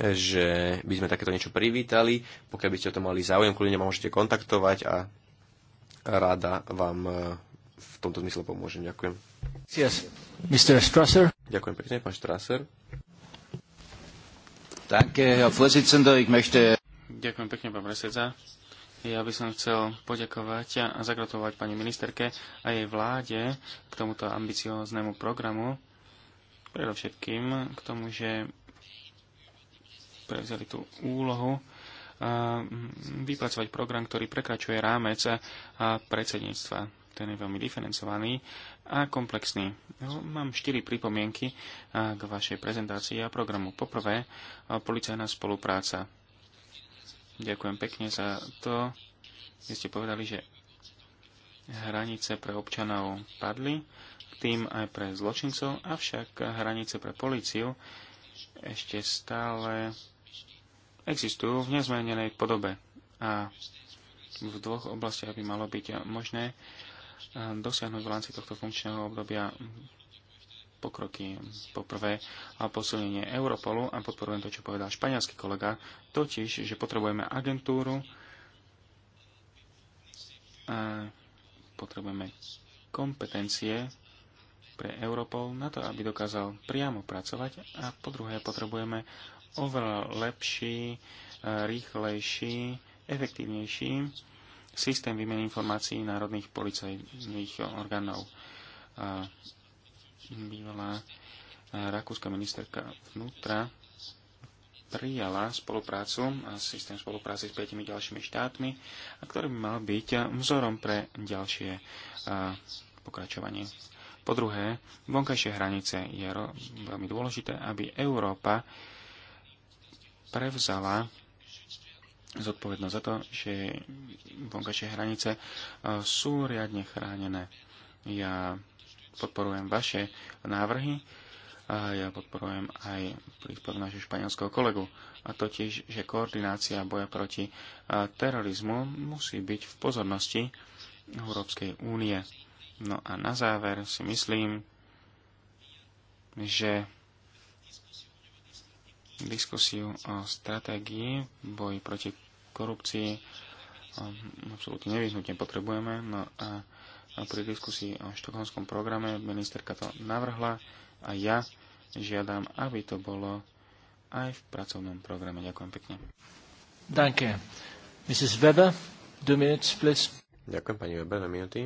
Speaker 3: že by sme takéto niečo privítali. Pokiaľ by ste o to mali záujem, kľudne ma môžete kontaktovať a rada vám v tomto zmysle pomôžem. Ďakujem. Yes. Mr. Strasser. Ďakujem pekne, pán Strasser. Ďakujem
Speaker 2: pekne, pán predseda. Ja by som chcel poďakovať a zagratulovať pani ministerke a jej vláde k tomuto ambicióznemu programu. Predovšetkým k tomu, že prevzali tú úlohu vypracovať program, ktorý prekračuje rámec a predsedníctva. Ten je veľmi diferencovaný a komplexný. No, mám štyri pripomienky eh, k vašej prezentácii a programu. Poprvé, eh, policajná spolupráca. Ďakujem pekne za to, že ste povedali, že hranice pre občanov padli, tým aj pre zločincov, avšak hranice pre políciu ešte stále existujú v nezmenenej podobe. A v dvoch oblastiach by malo byť možné uh, dosiahnuť v rámci tohto funkčného obdobia pokroky. Poprvé a posilnenie Europolu a podporujem to, čo povedal španielský kolega, totiž, že potrebujeme agentúru, a potrebujeme kompetencie pre Europol na to, aby dokázal priamo pracovať a po druhé potrebujeme oveľa lepší, rýchlejší, efektívnejší systém výmeny informácií národných policajných orgánov. Bývalá rakúska ministerka vnútra prijala spoluprácu a systém spolupráce s piatimi ďalšími štátmi, a ktorý by mal byť vzorom pre ďalšie pokračovanie. Po druhé, vonkajšie hranice je veľmi dôležité, aby Európa prevzala zodpovednosť za to, že vonkajšie hranice eh, sú riadne chránené. Ja podporujem vaše návrhy a ja podporujem aj príspev našho španielského kolegu. A totiž, že koordinácia boja proti eh, terorizmu musí byť v pozornosti Európskej únie. No a na záver si myslím, že diskusiu o stratégii boji proti korupcii um, absolútne nevyhnutne potrebujeme. No a, pri diskusii o štokholmskom programe ministerka to navrhla a ja žiadam, aby to bolo aj v pracovnom programe. Ďakujem pekne.
Speaker 3: Danke. Mrs. Weber, two minutes, please. Ďakujem pani Weber, dve minúty.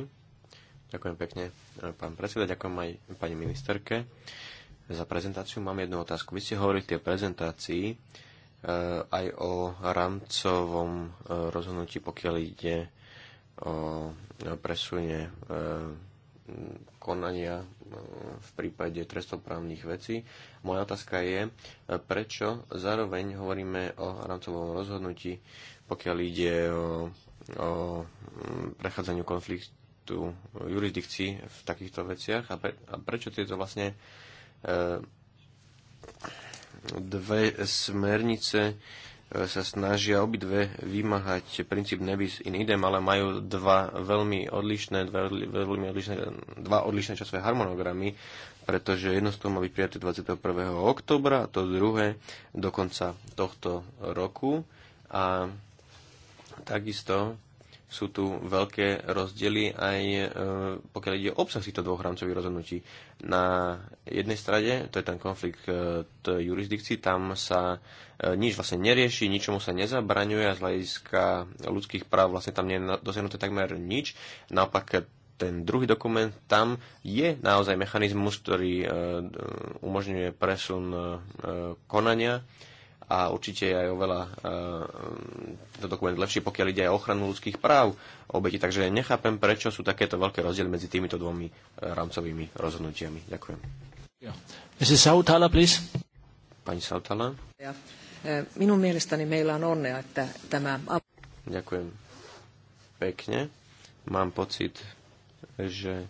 Speaker 3: Ďakujem pekne, eh, pán predseda, ďakujem aj pani ministerke za prezentáciu. Mám jednu otázku. Vy ste hovorili v tej prezentácii e, aj o rámcovom e, rozhodnutí, pokiaľ ide o presune e, konania v prípade trestoprávnych vecí. Moja otázka je, prečo zároveň hovoríme o rámcovom rozhodnutí, pokiaľ ide o, o prechádzaniu konfliktu jurisdikcií v takýchto veciach a, pre, a prečo tieto vlastne Ehm, dve smernice e, sa snažia obidve vymáhať princíp nebis in idem, ale majú dva veľmi odlišné, dva, veľmi odlišné, dva odlišné časové harmonogramy, pretože jedno z toho má byť prijaté 21. oktobra, to druhé do konca tohto roku. A takisto sú tu veľké rozdiely aj e, pokiaľ ide o obsah týchto dvoch rámcových rozhodnutí. Na jednej strane, to je ten konflikt e, jurisdikcií, tam sa e, nič vlastne nerieši, ničomu sa nezabraňuje a z hľadiska ľudských práv vlastne tam nie je dosiahnuté takmer nič. Naopak ten druhý dokument, tam je naozaj mechanizmus, ktorý umožňuje presun konania a určite je aj oveľa e, to dokument lepší, pokiaľ ide aj o ochranu ľudských práv obeti. Takže nechápem, prečo sú takéto veľké rozdiely medzi týmito dvomi e, rámcovými rozhodnutiami. Ďakujem. Mrs. Sautala, please. Pani Sautala.
Speaker 1: Ja. E, minun mielestäni meillä on onnea, että tämä...
Speaker 3: Ďakujem pekne. Mám pocit, že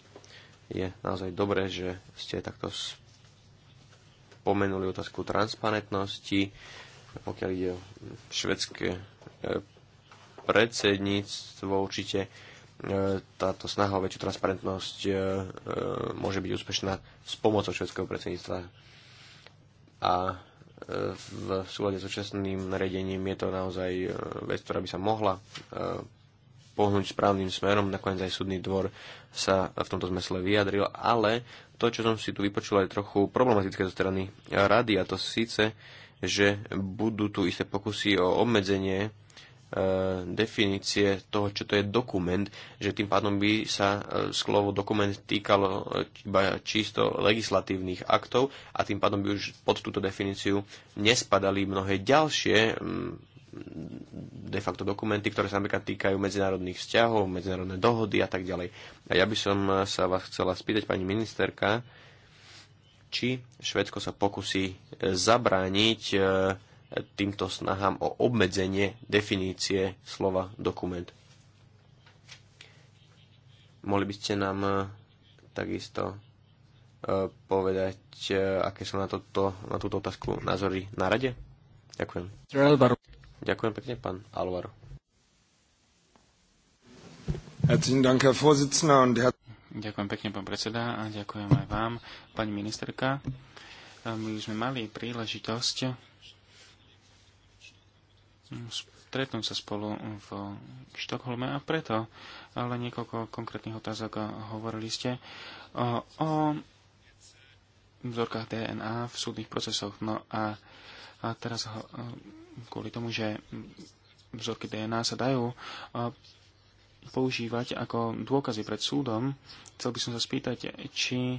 Speaker 3: je naozaj dobré, že ste takto spomenuli otázku transparentnosti pokiaľ ide o švedské e, predsedníctvo, určite e, táto snaha o väčšiu transparentnosť e, môže byť úspešná s pomocou švedského predsedníctva. A v súlade s súčasným nariadením je to naozaj vec, ktorá by sa mohla pohnúť správnym smerom. Nakoniec aj súdny dvor sa v tomto zmysle vyjadril, ale to, čo som si tu vypočul, je trochu problematické zo strany rady a to síce že budú tu isté pokusy o obmedzenie e, definície toho, čo to je dokument, že tým pádom by sa e, slovo dokument týkalo e, iba čisto legislatívnych aktov a tým pádom by už pod túto definíciu nespadali mnohé ďalšie de facto dokumenty, ktoré sa napríklad týkajú medzinárodných vzťahov, medzinárodné dohody a tak ďalej. A ja by som sa vás chcela spýtať, pani ministerka, či Švedsko sa pokusí e, zabrániť e, týmto snahám o obmedzenie definície slova dokument. Mohli by ste nám e, takisto povedať, aké sú na, toto, na túto otázku názory na rade? Ďakujem. Ďakujem pekne, pán Alvaro. Herzlichen Dank, Herr Vorsitzender.
Speaker 2: Und Herr Ďakujem pekne, pán predseda, a ďakujem aj vám, pani ministerka. My už sme mali príležitosť stretnúť sa spolu v Štokholme a preto ale niekoľko konkrétnych otázok hovorili ste o, o vzorkách DNA v súdnych procesoch. No a, a teraz ho, kvôli tomu, že vzorky DNA sa dajú používať ako dôkazy pred súdom. Chcel by som sa spýtať, či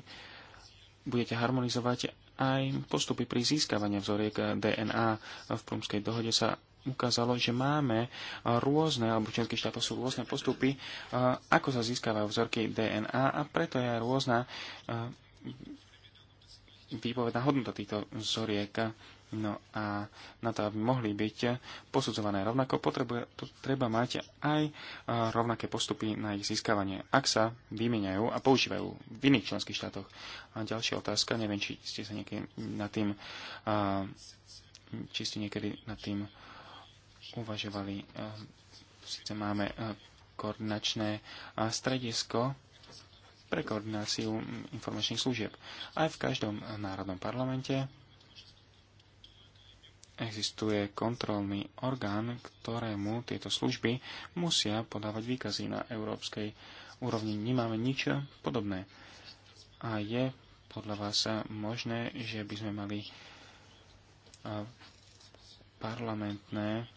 Speaker 2: budete harmonizovať aj postupy pri získavaní vzoriek DNA. V Prúmskej dohode sa ukázalo, že máme rôzne, alebo členských štátov sú rôzne postupy, eh, ako sa získavajú vzorky DNA a preto je aj rôzna eh, výpovedná hodnota týchto vzoriek. No a na to, aby mohli byť posudzované rovnako, potrebuje, treba mať aj rovnaké postupy na ich získavanie, ak sa vymieňajú a používajú v iných členských štátoch. A ďalšia otázka, neviem, či ste sa niekedy nad tým, či ste niekedy nad tým uvažovali. Sice máme koordinačné stredisko, pre koordináciu informačných služieb. Aj v každom národnom parlamente existuje kontrolný orgán, ktorému tieto služby musia podávať výkazy na európskej úrovni. Nemáme nič podobné. A je podľa vás možné, že by sme mali parlamentné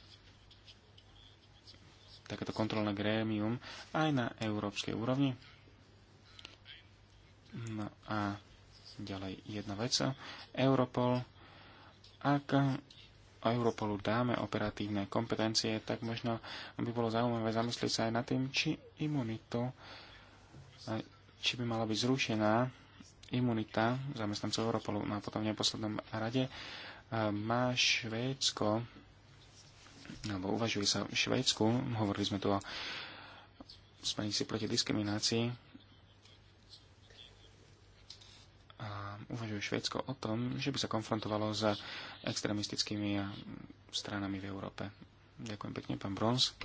Speaker 2: takéto kontrolné grémium aj na európskej úrovni. No a ďalej jedna vec. Europol, ak a Europolu dáme operatívne kompetencie, tak možno by bolo zaujímavé zamyslieť sa aj nad tým, či imunitu, či by mala byť zrušená imunita zamestnancov Europolu. na no potom v neposlednom rade eh, má Švédsko, alebo uvažuje sa v Švédsku, hovorili sme tu o smernici proti diskriminácii, uvažuje Švédsko o tom, že by sa konfrontovalo s extremistickými stranami v Európe. Ďakujem pekne, pán Brons.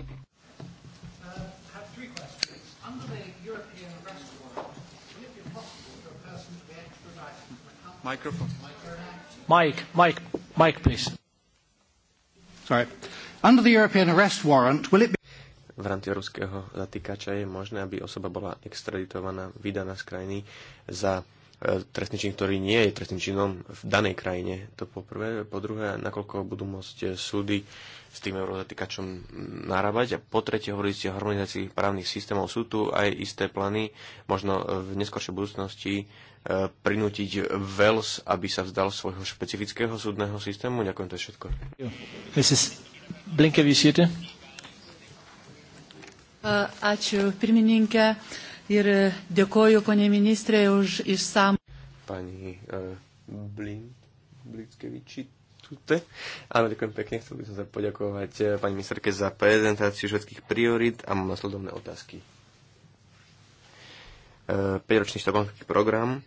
Speaker 3: v rámci ruského zatýkača je možné, aby osoba bola extraditovaná, vydaná z krajiny za E, trestný čin, ktorý nie je trestným činom v danej krajine. To po prvé. Po druhé, nakoľko budú môcť e, súdy s tým eurozatýkačom mm, narábať. A po tretie, hovoríte o harmonizácii právnych systémov. Sú tu aj isté plány, možno e, v neskôršej budúcnosti, prinútiť VELS, aby sa vzdal svojho špecifického súdneho systému? Ďakujem, to je všetko.
Speaker 2: Mrs. Blinkevičiūtė.
Speaker 1: Uh, ačiū, ir e, dėkoju, ponė ministrė, už išsam.
Speaker 3: Pani uh, Blin, tute. Áno, ďakujem pekne. Chcel by som sa poďakovať e, pani ministerke za prezentáciu všetkých priorit a mám nasledovné otázky. E, 5-ročný program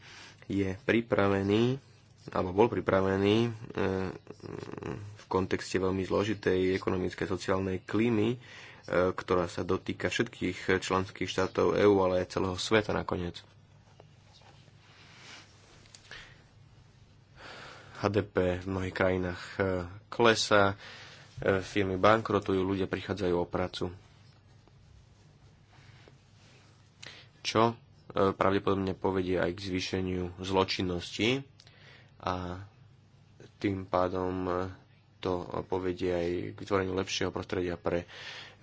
Speaker 3: je pripravený alebo bol pripravený v kontexte veľmi zložitej ekonomickej a sociálnej klímy, ktorá sa dotýka všetkých členských štátov EÚ, ale aj celého sveta nakoniec. HDP v mnohých krajinách e, klesá, e, firmy bankrotujú, ľudia prichádzajú o prácu. Čo e, pravdepodobne povedie aj k zvýšeniu zločinnosti a tým pádom to povedie aj k vytvoreniu lepšieho prostredia pre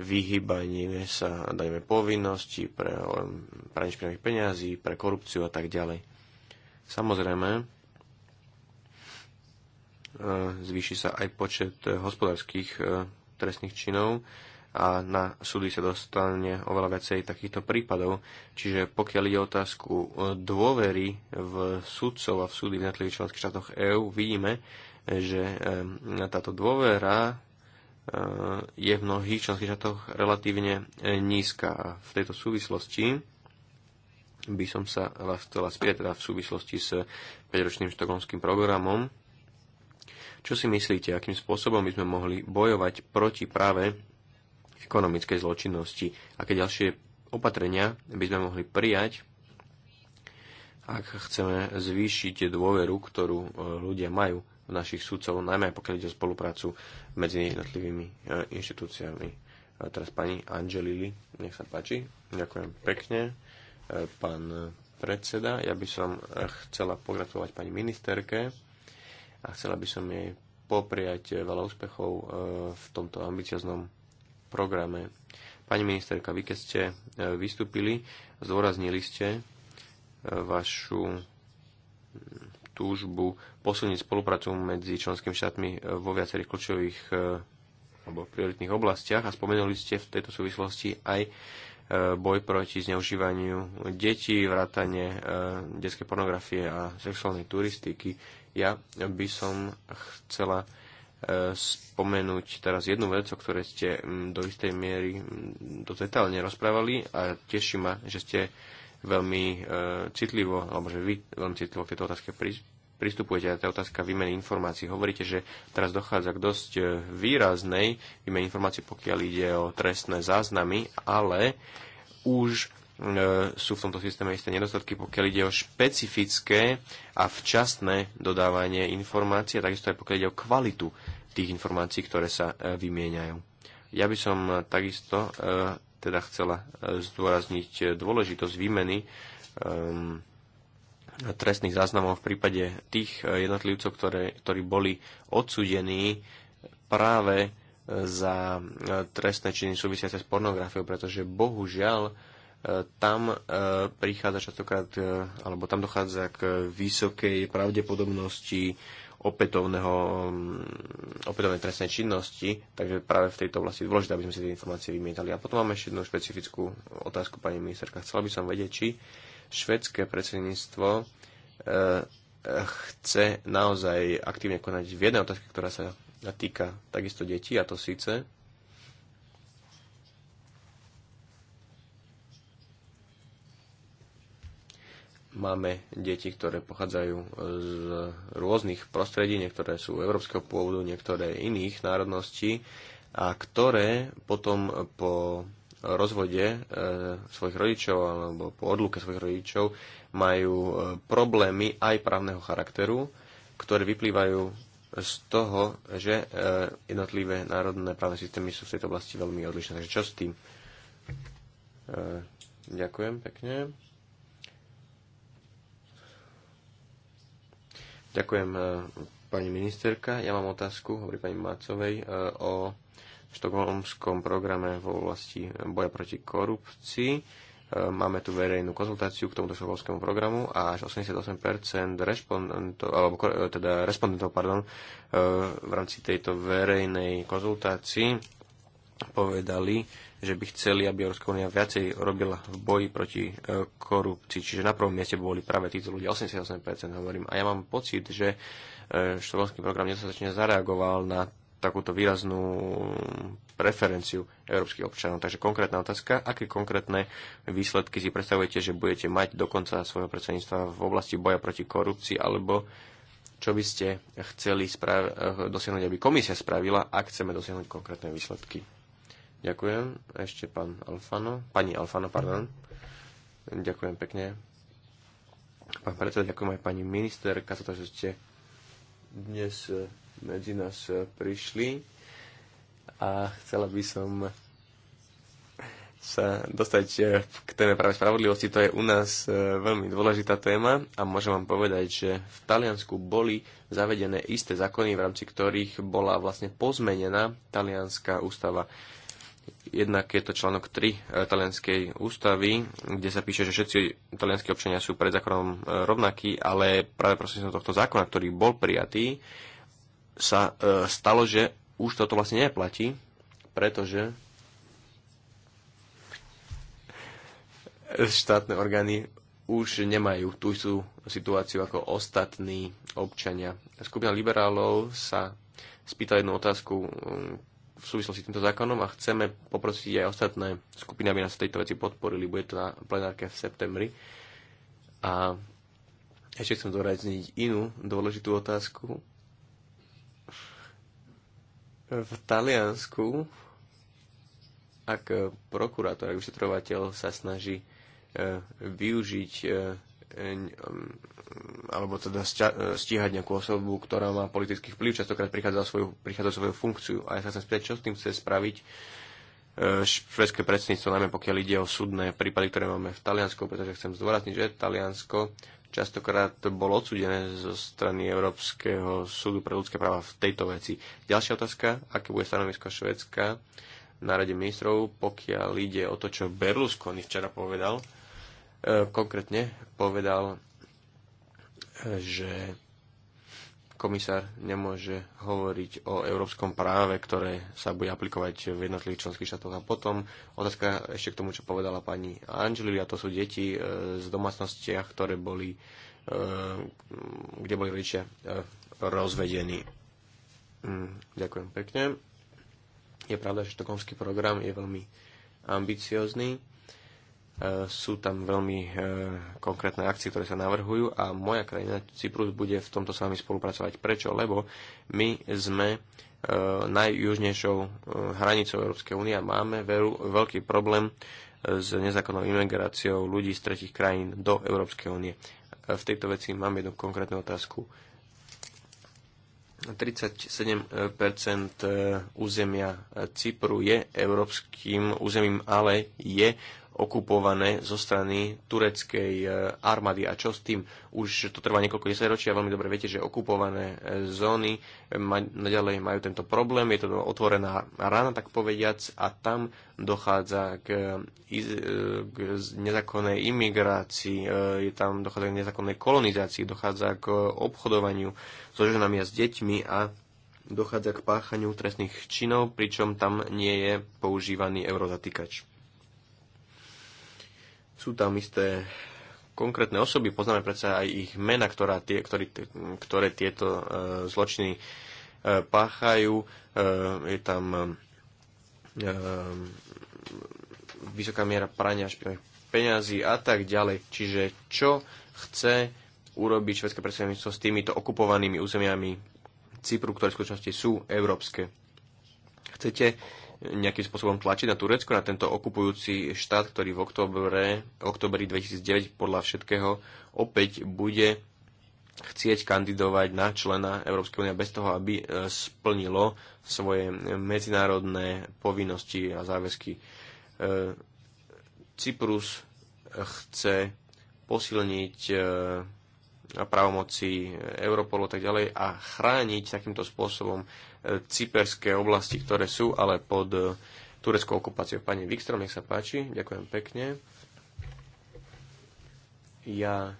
Speaker 3: vyhybanie sa dajme povinnosti pre um, pranie špinavých peňazí, pre korupciu a tak ďalej. Samozrejme, e, zvýši sa aj počet e, hospodárskych e, trestných činov a na súdy sa dostane oveľa viacej takýchto prípadov. Čiže pokiaľ ide otázku dôvery v sudcov a v súdy v jednotlivých členských štátoch EÚ, vidíme, že táto dôvera je v mnohých členských štátoch relatívne e, nízka. A v tejto súvislosti by som sa vás chcela spýtať, teda v súvislosti s 5-ročným štokholmským programom. Čo si myslíte, akým spôsobom by sme mohli bojovať proti práve ekonomickej zločinnosti? Aké ďalšie opatrenia by sme mohli prijať, ak chceme zvýšiť dôveru, ktorú e, ľudia majú našich sudcov, najmä pokiaľ ide o spoluprácu medzi jednotlivými e, inštitúciami. A teraz pani Angelili, nech sa páči. Ďakujem pekne. E, pán predseda, ja by som e, chcela pogratulovať pani ministerke a chcela by som jej popriať veľa úspechov v tomto ambicioznom programe. Pani ministerka, vy keď ste vystúpili, zdôraznili ste vašu túžbu posilniť spoluprácu medzi členskými štátmi eh, vo viacerých kľúčových eh, alebo prioritných oblastiach a spomenuli ste v tejto súvislosti aj eh, boj proti zneužívaniu detí, vrátanie detskej pornografie a sexuálnej turistiky. Ja by som chcela spomenúť teraz jednu vec, o ktorej ste mm, do istej miery mm, dosť detálne rozprávali a teší ma, že ste veľmi e, citlivo, alebo že vy veľmi citlivo k tejto otázke pristupujete a tá otázka výmeny informácií. Hovoríte, že teraz dochádza k dosť e, výraznej výmene informácií, pokiaľ ide o trestné záznamy, ale už e, sú v tomto systéme isté nedostatky, pokiaľ ide o špecifické a včasné dodávanie informácií a takisto aj pokiaľ ide o kvalitu tých informácií, ktoré sa e, vymieňajú. Ja by som takisto teda chcela e, zdôrazniť e, dôležitosť výmeny ehm, trestných záznamov v prípade tých e, jednotlivcov, ktoré, ktorí boli odsudení práve za trestné činy súvisiace s pornografiou, pretože bohužiaľ tam prichádza častokrát, alebo tam dochádza k vysokej pravdepodobnosti opätovného, mm, opätovnej trestnej činnosti, takže práve v tejto oblasti je dôležité, aby sme si tie informácie vymietali. A potom máme ešte jednu špecifickú otázku, pani ministerka. Chcela by som vedieť, či švedské predsedníctvo e, chce naozaj aktívne konať v jednej otázke, ktorá sa týka takisto detí, a to síce Máme deti, ktoré pochádzajú z rôznych prostredí, niektoré sú európskeho pôvodu, niektoré iných národností a ktoré potom po rozvode e, svojich rodičov alebo po odluke svojich rodičov majú e, problémy aj právneho charakteru, ktoré vyplývajú z toho, že e, jednotlivé národné právne systémy sú v tejto oblasti veľmi odlišné. Takže čo s tým? Ďakujem pekne. Ďakujem e, pani ministerka. Ja mám otázku, hovorí pani Mácovej, e, o štokholmskom programe v oblasti boja proti korupcii. E, máme tu verejnú konzultáciu k tomuto štokholmskému programu a až 88% respondentov, alebo teda respondentov, pardon, v rámci tejto verejnej konzultácii povedali, že by chceli, aby Európska únia viacej robila v boji proti e, korupcii. Čiže na prvom mieste boli práve títo ľudia, 88% hovorím. A ja mám pocit, že e, štokholmský program nedostatočne zareagoval na takúto výraznú preferenciu európskych občanov. Takže konkrétna otázka, aké konkrétne výsledky si predstavujete, že budete mať do konca svojho predsedníctva v oblasti boja proti korupcii, alebo čo by ste chceli e, dosiahnuť, aby komisia spravila, ak chceme dosiahnuť konkrétne výsledky? Ďakujem. A ešte pán Alfano. Pani Alfano, pardon. Ďakujem pekne. Pán predseda, ďakujem aj pani ministerka za to, že ste dnes eh, medzi nás eh, prišli. A chcela by som sa dostať eh, k téme práve spravodlivosti. To je u nás veľmi dôležitá téma a môžem vám povedať, že v Taliansku boli zavedené isté zákony, v rámci ktorých bola vlastne pozmenená talianská ústava. Jednak je to článok 3 e, talianskej ústavy, kde sa píše, že všetci talianskí občania sú pred zákonom e, rovnakí, ale práve prostredníctvom tohto zákona, ktorý bol prijatý, sa e, stalo, že už toto vlastne neplatí, pretože štátne orgány už nemajú tú istú situáciu ako ostatní občania. Skupina liberálov sa spýtala jednu otázku, v súvislosti s týmto zákonom a chceme poprosiť aj ostatné skupiny, aby nás v tejto veci podporili. Bude to na plenárke v septembri. A ešte chcem dorazniť inú dôležitú otázku. V Taliansku, ak prokurátor, ak vyšetrovateľ sa snaží e, využiť e, Ehm, ehm, alebo teda e, stíhať nejakú osobu, ktorá má politický vplyv, častokrát prichádza o svoju, prichádza o svoju funkciu. A ja sa chcem spýtať, čo s tým chce spraviť e, švedské predsedníctvo, najmä pokiaľ ide o súdne prípady, ktoré máme v Taliansku, pretože chcem zdôrazniť, že Taliansko častokrát bolo odsudené zo strany Európskeho súdu pre ľudské práva v tejto veci. Ďalšia otázka, aké bude stanovisko Švedska na rade ministrov, pokiaľ ide o to, čo Berlusconi včera povedal, E, konkrétne povedal, e, že komisár nemôže hovoriť o európskom práve, ktoré sa bude aplikovať v jednotlivých členských štátoch. A potom otázka ešte k tomu, čo povedala pani Angelili, a to sú deti e, z domácnostiach, ktoré boli, kde boli rodičia rozvedení. Mm, ďakujem pekne. Je pravda, že štokholmský program je veľmi ambiciózny E, sú tam veľmi e, konkrétne akcie, ktoré sa navrhujú a moja krajina Cyprus bude v tomto s vami spolupracovať. Prečo? Lebo my sme e, najjužnejšou hranicou Európskej únie a máme veľký problém s nezákonnou imigráciou ľudí z tretich krajín do Európskej únie. V tejto veci mám jednu konkrétnu otázku. 37 územia Cypru je európskym územím, ale je okupované zo strany tureckej e, armády. A čo s tým? Už to trvá niekoľko desaťročí a veľmi dobre viete, že okupované e, zóny e, naďalej majú tento problém. Je to otvorená rána, tak povediac, a tam dochádza k, k nezákonnej imigrácii, je tam dochádza k nezákonnej kolonizácii, dochádza k obchodovaniu so ženami a s deťmi a dochádza k páchaniu trestných činov, pričom tam nie je používaný eurozatýkač. Sú tam isté konkrétne osoby, poznáme predsa aj ich mena, ktorá tie, ktorý, ktoré tieto e, zločiny e, páchajú. E, je tam e, e, vysoká miera prania špinavých peňazí a tak ďalej. Čiže čo chce urobiť švedské predstavenstvo s týmito okupovanými územiami Cypru, ktoré v skutočnosti sú európske. Chcete nejakým spôsobom tlačiť na Turecko, na tento okupujúci štát, ktorý v oktobre, oktobri 2009 podľa všetkého opäť bude chcieť kandidovať na člena Európskej únie bez toho, aby e, splnilo svoje medzinárodné povinnosti a záväzky. E, Cyprus chce posilniť e, právomoci Europolu a tak ďalej a chrániť takýmto spôsobom cyperské oblasti, ktoré sú ale pod e, tureckou okupáciou. Pani Wikstrom, nech sa páči. Ďakujem pekne. Ja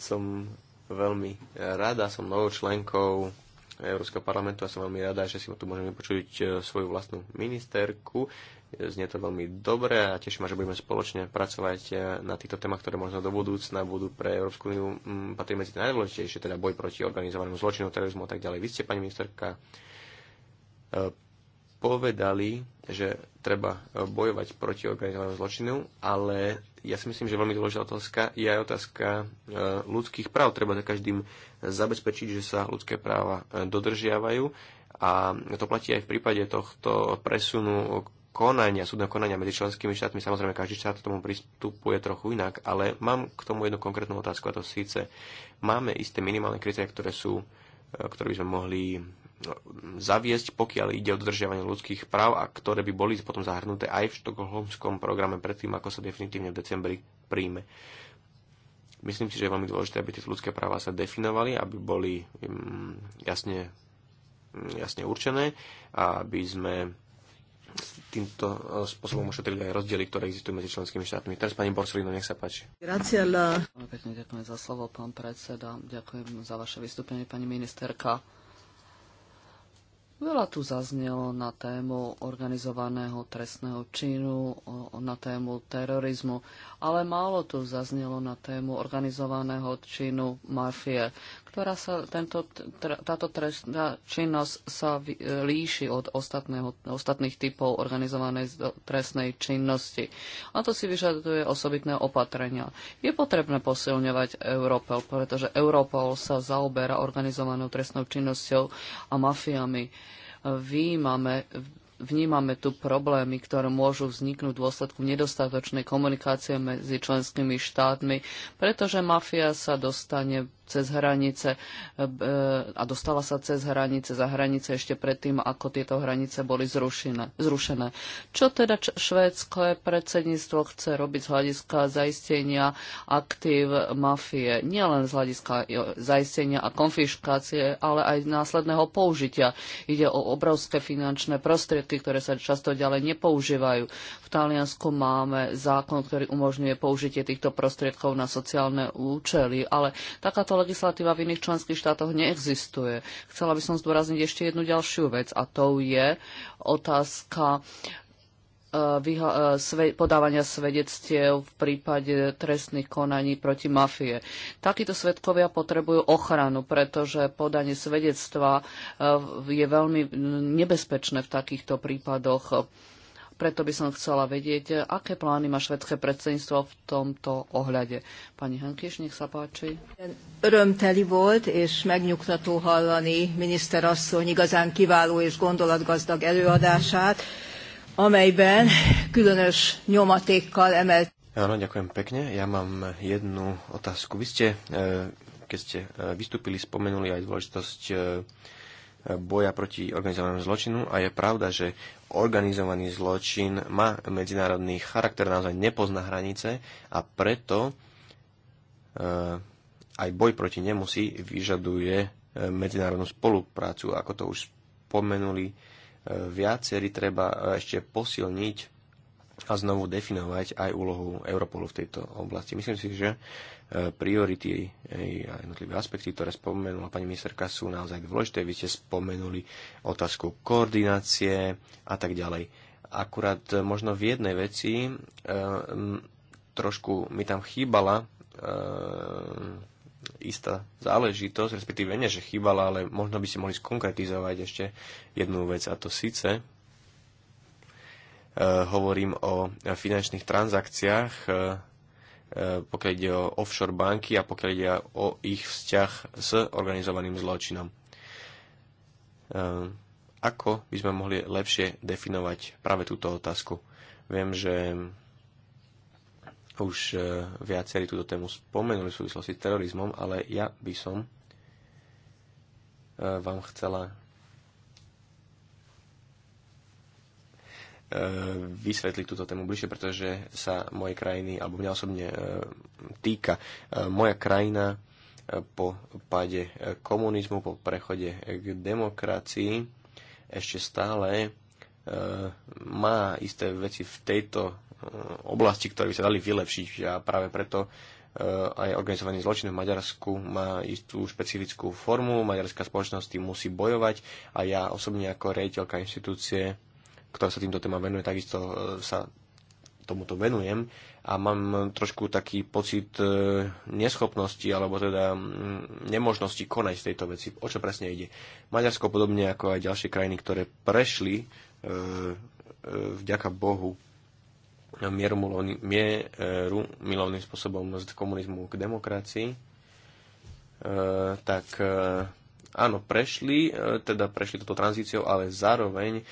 Speaker 3: som veľmi rada, som novou členkou Európskeho parlamentu a som veľmi rada, že si tu môžeme počuť e, svoju vlastnú ministerku. Znie to veľmi dobre a teším ma, že budeme spoločne pracovať e, na týchto témach, ktoré možno do budúcna budú pre Európsku úniu patrí medzi tie najdôležitejšie, teda boj proti organizovanému zločinu, terorizmu a tak ďalej. Vy ste, pani ministerka, e, povedali, že treba e, bojovať proti organizovanému zločinu, ale ja si myslím, že veľmi dôležitá otázka je aj otázka ľudských práv. Treba za každým zabezpečiť, že sa ľudské práva dodržiavajú a to platí aj v prípade tohto presunu, konania, súdneho konania medzi členskými štátmi. Samozrejme, každý štát k tomu pristupuje trochu inak, ale mám k tomu jednu konkrétnu otázku a to síce máme isté minimálne kritéria, ktoré sú e, ktoré by sme mohli no, zaviesť, pokiaľ ide o dodržiavanie ľudských práv a ktoré by boli potom zahrnuté aj v štokholmskom programe predtým, ako sa definitívne v decembri príjme. Myslím si, že je veľmi dôležité, aby tieto ľudské práva sa definovali, aby boli mm, jasne, mm, jasne určené a aby sme týmto e, spôsobom ušetrili teda aj rozdiely, ktoré existujú medzi členskými štátmi. Teraz pani Borsolino, nech sa
Speaker 1: páči. Pekne ďakujem za slovo, pán predseda. Ďakujem za vaše vystúpenie, pani ministerka. Veľa tu zaznelo na tému organizovaného trestného činu, na tému terorizmu, ale málo tu zaznelo na tému organizovaného činu mafie ktorá sa tento, táto trestná činnosť sa líši od ostatných typov organizovanej trestnej činnosti. A to si vyžaduje osobitné opatrenia. Je potrebné posilňovať Europol, pretože Europol sa zaoberá organizovanou trestnou činnosťou a mafiami. Výmame vnímame tu problémy, ktoré môžu vzniknúť v dôsledku nedostatočnej komunikácie medzi členskými štátmi, pretože mafia sa dostane cez hranice a dostala sa cez hranice, za hranice ešte predtým, ako tieto hranice boli zrušené. zrušené. Čo teda švédske predsedníctvo chce robiť z hľadiska zaistenia aktív mafie? Nielen z hľadiska zaistenia a konfiškácie, ale aj následného použitia. Ide o obrovské finančné prostriedky, ktoré sa často ďalej nepoužívajú. V Taliansku máme zákon, ktorý umožňuje použitie týchto prostriedkov na sociálne účely, ale takáto legislatíva v iných členských štátoch neexistuje. Chcela by som zdôrazniť ešte jednu ďalšiu vec a to je otázka e, e, podávania svedectiev v prípade trestných konaní proti mafie. Takíto svedkovia potrebujú ochranu, pretože podanie svedectva e, je veľmi nebezpečné v takýchto prípadoch preto by som chcela vedieť, aké plány má švedské predsedníctvo v tomto ohľade. Pani Hankiš, nech sa páči. Örömteli volt és megnyugtató hallani asszony igazán kiváló és gondolatgazdag előadását, amelyben különös nyomatékkal emelt.
Speaker 3: Áno, ďakujem pekne. Ja mám jednu otázku. Vy ste, eh, keď ste eh, vystúpili, spomenuli aj dôležitosť eh, boja proti organizovanému zločinu a je pravda, že organizovaný zločin má medzinárodný charakter, naozaj nepozná hranice a preto eh, aj boj proti nemu si vyžaduje eh, medzinárodnú spoluprácu. Ako to už spomenuli eh, viacerí, treba ešte posilniť a znovu definovať aj úlohu Europolu v tejto oblasti. Myslím si, že priority a jednotlivé aspekty, ktoré spomenula pani ministerka, sú naozaj dôležité. Vy ste spomenuli otázku koordinácie a tak ďalej. Akurát možno v jednej veci eh, trošku mi tam chýbala eh, istá záležitosť, respektíve nie, že chýbala, ale možno by ste mohli skonkretizovať ešte jednu vec a to síce eh, hovorím o finančných transakciách Eh, pokiaľ ide o offshore banky a pokiaľ ide o ich vzťah s organizovaným zločinom. Eh, ako by sme mohli lepšie definovať práve túto otázku? Viem, že už eh, viacerí túto tému spomenuli v súvislosti s terorizmom, ale ja by som vám chcela E, vysvetliť túto tému bližšie, pretože sa mojej krajiny, alebo mňa osobne e, týka. E, moja krajina po páde komunizmu, po prechode k demokracii ešte stále má isté veci v tejto oblasti, ktoré by sa dali vylepšiť a práve preto aj organizovaný zločin v Maďarsku má istú špecifickú formu, maďarská spoločnosť musí bojovať a ja osobne ako rejiteľka inštitúcie ktorá sa týmto témam venuje, takisto e, sa tomuto venujem a mám trošku taký pocit e, neschopnosti alebo teda nemožnosti konať tejto veci. O čo presne ide? Maďarsko podobne ako aj ďalšie krajiny, ktoré prešli e, vďaka Bohu mieru milovným spôsobom z komunizmu k demokracii, tak áno, prešli, e, teda prešli toto tranzíciou, ale zároveň e,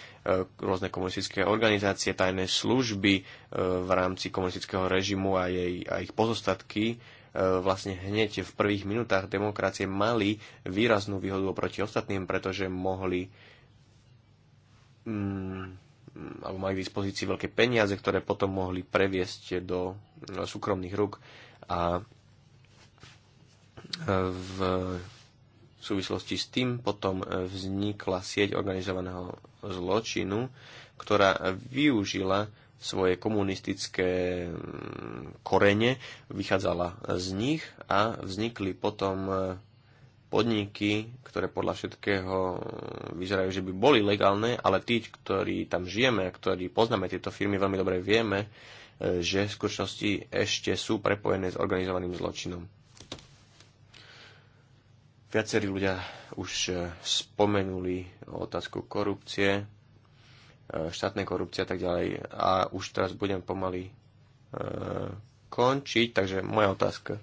Speaker 3: rôzne komunistické organizácie, tajné služby e, v rámci komunistického režimu a, jej, a ich pozostatky vlastne hneď v prvých minútach demokracie mali výraznú výhodu oproti ostatným, pretože mohli mm, alebo mali k dispozícii veľké peniaze, ktoré potom mohli previesť do súkromných rúk a v v súvislosti s tým potom e, vznikla sieť organizovaného zločinu, ktorá využila svoje komunistické mm, korene, vychádzala z nich a vznikli potom e, podniky, ktoré podľa všetkého mm, vyzerajú, že by boli legálne, ale tí, ktorí tam žijeme a ktorí poznáme tieto firmy, veľmi dobre vieme, e, že v skutočnosti ešte sú prepojené s organizovaným zločinom. Viacerí ľudia už e, spomenuli otázku korupcie, e, štátnej korupcie a tak ďalej. A už teraz budem pomaly e, končiť, takže moja otázka.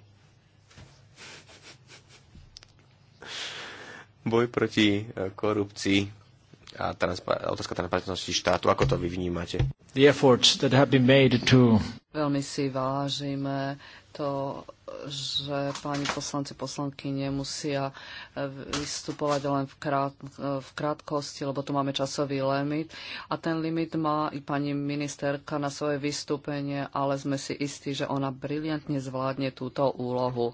Speaker 3: Boj proti korupcii a transpa- otázka transparentnosti štátu, ako to vy vnímate? The efforts that have been made to...
Speaker 1: Veľmi si vážime to, že páni poslanci, poslanky nemusia vystupovať len v, krát, v krátkosti, lebo tu máme časový limit. A ten limit má i pani ministerka na svoje vystúpenie, ale sme si istí, že ona briliantne zvládne túto úlohu.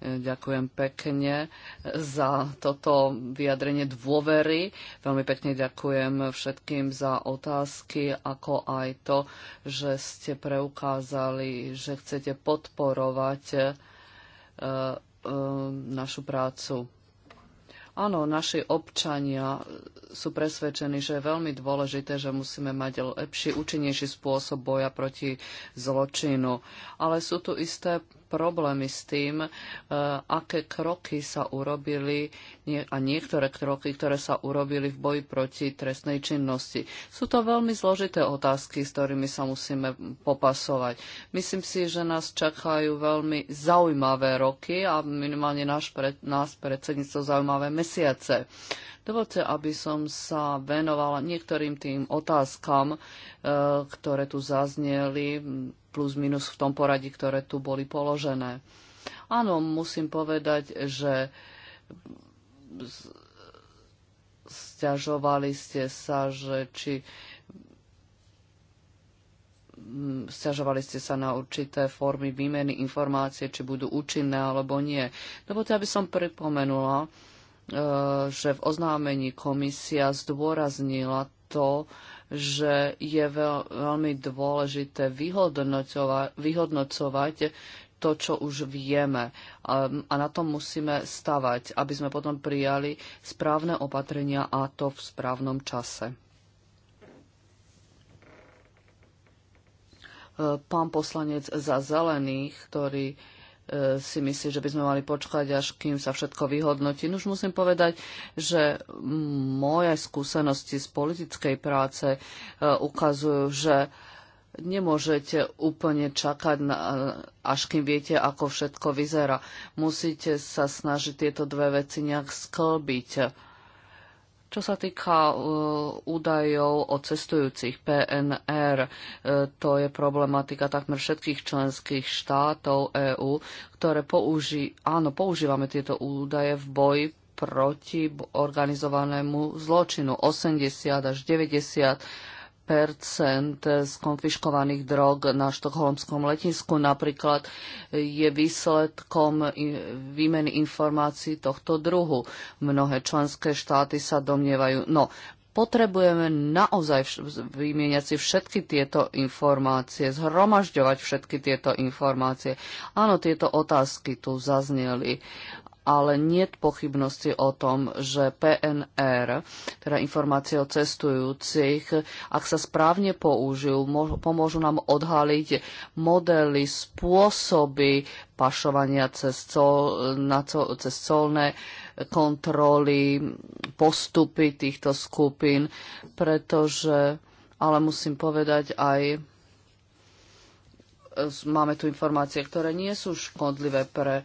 Speaker 1: Ďakujem pekne za toto vyjadrenie dôvery. Veľmi pekne ďakujem všetkým za otázky, ako aj to, že ste preukázali, že chcete podporovať e, e, našu prácu. Áno, naši občania sú presvedčení, že je veľmi dôležité, že musíme mať lepší, účinnejší spôsob boja proti zločinu. Ale sú tu isté problémy s tým, e, aké kroky sa urobili a niektoré kroky, ktoré sa urobili v boji proti trestnej činnosti. Sú to veľmi zložité otázky, s ktorými sa musíme popasovať. Myslím si, že nás čakajú veľmi zaujímavé roky a minimálne náš pred, nás predsedníctvo zaujímavé mesiace. Dovolte, aby som sa venovala niektorým tým otázkam, e, ktoré tu zazneli, plus minus v tom poradí, ktoré tu boli položené. Áno, musím povedať, že sťažovali ste sa, že či Sťažovali ste sa na určité formy výmeny informácie, či budú účinné alebo nie. Dovolte, aby som pripomenula, E, že v oznámení komisia zdôraznila to, že je veľmi dôležité vyhodnocovať, to, čo už vieme. A, a na tom musíme stavať, aby sme potom prijali správne opatrenia a to v správnom čase. E, pán poslanec za zelených, ktorý E, si myslí, že by sme mali počkať, až kým sa všetko vyhodnotí. Už musím povedať, že moje skúsenosti z politickej práce e, ukazujú, že nemôžete úplne čakať, na, až kým viete, ako všetko vyzerá. Musíte sa snažiť tieto dve veci nejak sklbiť čo sa týka e, údajov o cestujúcich PNR, e, to je problematika takmer všetkých členských štátov EÚ, ktoré použi- áno, používame tieto údaje v boji proti organizovanému zločinu. 80 až 90 z konfiškovaných drog na štokholmskom letisku napríklad je výsledkom výmeny informácií tohto druhu. Mnohé členské štáty sa domnievajú, no potrebujeme naozaj vymieňať si všetky tieto informácie, zhromažďovať všetky tieto informácie. Áno, tieto otázky tu zazneli ale nie pochybnosti o tom, že PNR, teda informácie o cestujúcich, ak sa správne použijú, pomôžu nám odhaliť modely, spôsoby pašovania cez, col, na, cez colné kontroly, postupy týchto skupín, pretože ale musím povedať aj máme tu informácie, ktoré nie sú škodlivé pre e,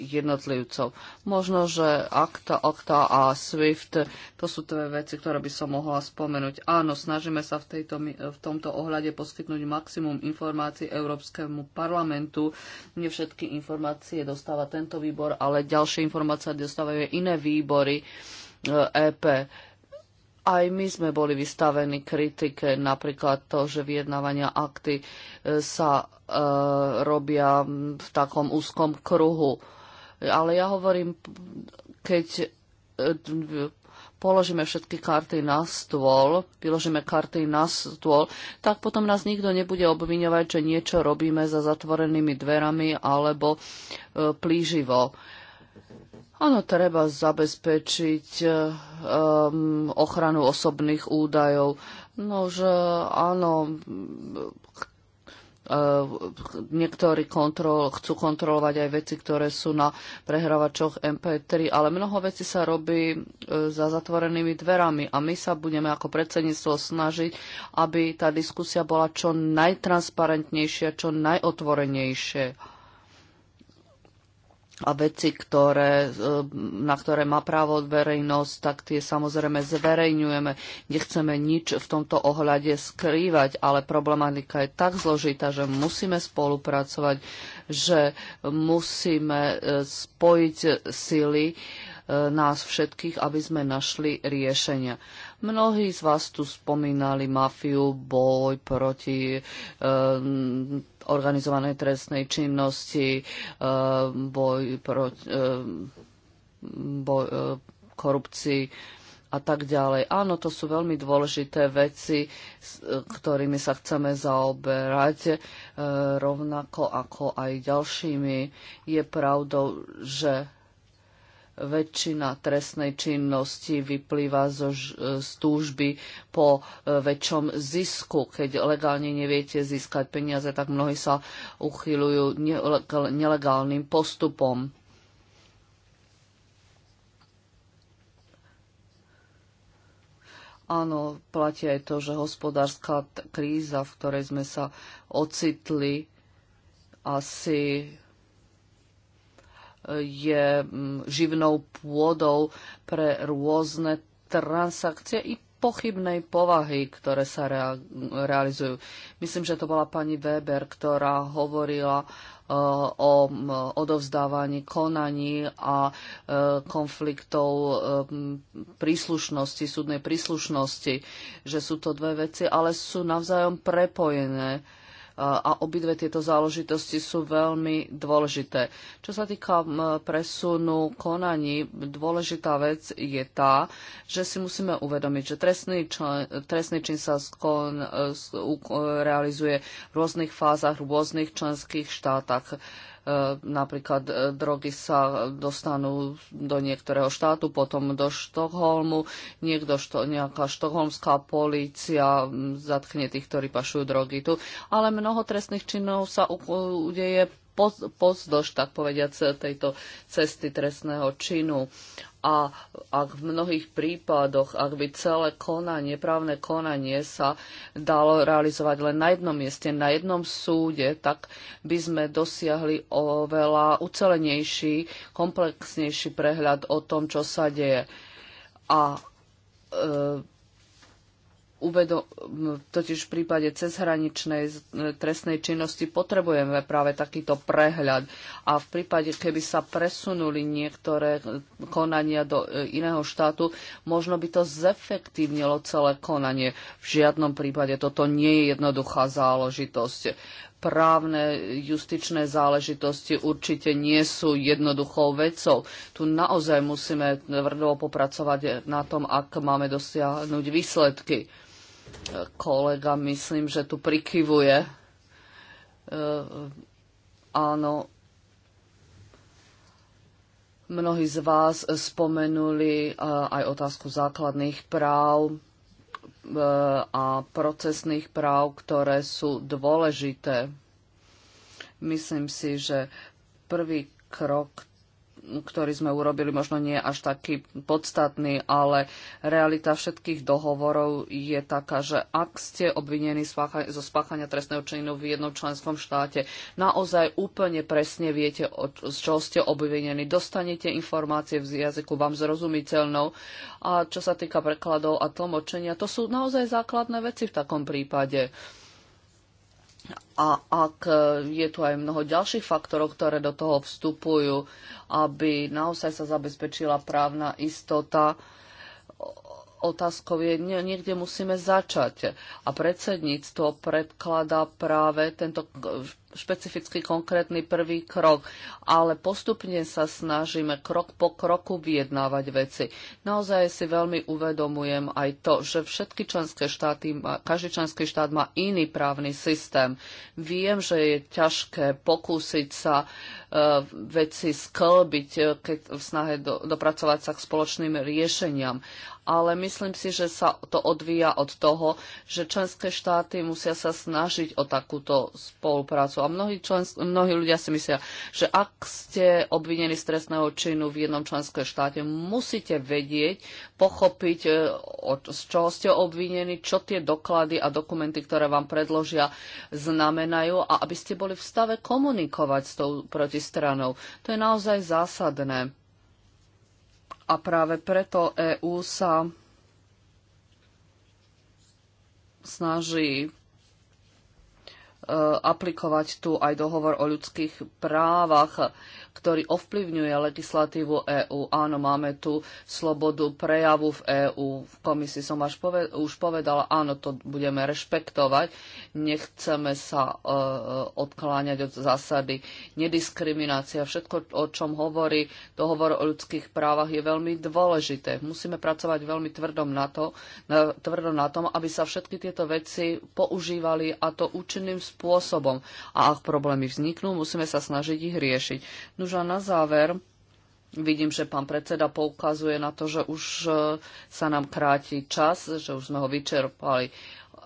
Speaker 1: jednotlivcov. Možno, že ACTA, ACTA a SWIFT, to sú dve veci, ktoré by som mohla spomenúť. Áno, snažíme sa v, tejto, v tomto ohľade poskytnúť maximum informácií Európskemu parlamentu. Nie všetky informácie dostáva tento výbor, ale ďalšie informácie dostávajú iné výbory EP e aj my sme boli vystavení kritike, napríklad to, že vyjednávania akty e, sa e, robia v takom úzkom kruhu. Ale ja hovorím, keď e, položíme všetky karty na stôl, vyložíme karty na stôl, tak potom nás nikto nebude obviňovať, že niečo robíme za zatvorenými dverami alebo e, plíživo. Áno, treba zabezpečiť um, ochranu osobných údajov. že áno, eh, niektorí kontrol, chcú kontrolovať aj veci, ktoré sú na prehrávačoch MP3, ale mnoho vecí sa robí eh, za zatvorenými dverami a my sa budeme ako predsedníctvo snažiť, aby tá diskusia bola čo najtransparentnejšia, čo najotvorenejšia a veci, ktoré, e, na ktoré má právo verejnosť, tak tie samozrejme zverejňujeme. Nechceme nič v tomto ohľade skrývať, ale problematika je tak zložitá, že musíme spolupracovať, že musíme e, spojiť sily nás všetkých, aby sme našli riešenia. Mnohí z vás tu spomínali mafiu, boj proti eh, organizovanej trestnej činnosti, eh, boj proti eh, boj, korupcii a tak ďalej. Áno, to sú veľmi dôležité veci, s ktorými sa chceme zaoberať, e, rovnako ako aj ďalšími. Je pravdou, že väčšina trestnej činnosti vyplýva zo, z túžby po e, väčšom zisku. Keď legálne neviete získať peniaze, tak mnohí sa uchyľujú nelegálnym postupom. Áno, platí aj to, že hospodárska kríza, v ktorej sme sa ocitli, asi je mm, živnou pôdou pre rôzne transakcie i pochybnej povahy, ktoré sa rea- realizujú. Myslím, že to bola pani Weber, ktorá hovorila uh, o um, odovzdávaní konaní a uh, konfliktov um, príslušnosti, súdnej príslušnosti, že sú to dve veci, ale sú navzájom prepojené a obidve tieto záležitosti sú veľmi dôležité. Čo sa týka presunu konaní, dôležitá vec je tá, že si musíme uvedomiť, že trestný, člen, trestný čin sa skon, e, realizuje v rôznych fázach, v rôznych členských štátach E, napríklad e, drogy sa dostanú do niektorého štátu, potom do Štokholmu. Niekto, što, nejaká štokholmská polícia zatkne tých, ktorí pašujú drogy tu. Ale mnoho trestných činov sa udeje pozdĺž, tak povediať, tejto cesty trestného činu a ak v mnohých prípadoch, ak by celé konanie, právne konanie sa dalo realizovať len na jednom mieste, na jednom súde, tak by sme dosiahli oveľa ucelenejší, komplexnejší prehľad o tom, čo sa deje. A e, uvedo- totiž v prípade cezhraničnej e, trestnej činnosti potrebujeme práve takýto prehľad. A v prípade, keby sa presunuli niektoré konania do e, iného štátu, možno by to zefektívnilo celé konanie. V žiadnom prípade toto nie je jednoduchá záležitosť právne justičné záležitosti určite nie sú jednoduchou vecou. Tu naozaj musíme tvrdo popracovať na tom, ak máme dosiahnuť výsledky. Kolega, myslím, že tu prikyvuje. E, áno, mnohí z vás spomenuli e, aj otázku základných práv E, a procesných práv, ktoré sú dôležité. Myslím si, že prvý krok ktorý sme urobili, možno nie až taký podstatný, ale realita všetkých dohovorov je taká, že ak ste obvinení zo spáchania trestného činu v jednom členskom štáte, naozaj úplne presne viete, z čoho ste obvinení. Dostanete informácie v jazyku vám zrozumiteľnou. A čo sa týka prekladov a tlmočenia, to sú naozaj základné veci v takom prípade a ak e, je tu aj mnoho ďalších faktorov, ktoré do toho vstupujú, aby naozaj sa zabezpečila právna istota otázkou je, niekde musíme začať. A predsedníctvo predkladá práve tento špecifický konkrétny prvý krok, ale postupne sa snažíme krok po kroku vyjednávať veci. Naozaj si veľmi uvedomujem aj to, že všetky členské štáty, každý členský štát má iný právny systém. Viem, že je ťažké pokúsiť sa e, veci sklbiť, keď v snahe dopracovať sa k spoločným riešeniam ale myslím si, že sa to odvíja od toho, že členské štáty musia sa snažiť o takúto spoluprácu. A mnohí, člensk- mnohí ľudia si myslia, že ak ste obvinení z trestného činu v jednom členskom štáte, musíte vedieť, pochopiť, e, z čoho ste obvinení, čo tie doklady a dokumenty, ktoré vám predložia, znamenajú a aby ste boli v stave komunikovať s tou protistranou. To je naozaj zásadné a práve preto EÚ sa snaží e, aplikovať tu aj dohovor o ľudských právach ktorý ovplyvňuje legislatívu EÚ. Áno, máme tu slobodu prejavu v EÚ. V komisii som až poved- už povedala, áno, to budeme rešpektovať. Nechceme sa e, odkláňať od zásady nediskriminácia. Všetko, o čom hovorí dohovor o ľudských právach, je veľmi dôležité. Musíme pracovať veľmi tvrdom na to, na, tvrdom na tom, aby sa všetky tieto veci používali a to účinným spôsobom. A ak problémy vzniknú, musíme sa snažiť ich riešiť. No už a na záver. Vidím, že pán predseda poukazuje na to, že už e, sa nám kráti čas, že už sme ho vyčerpali.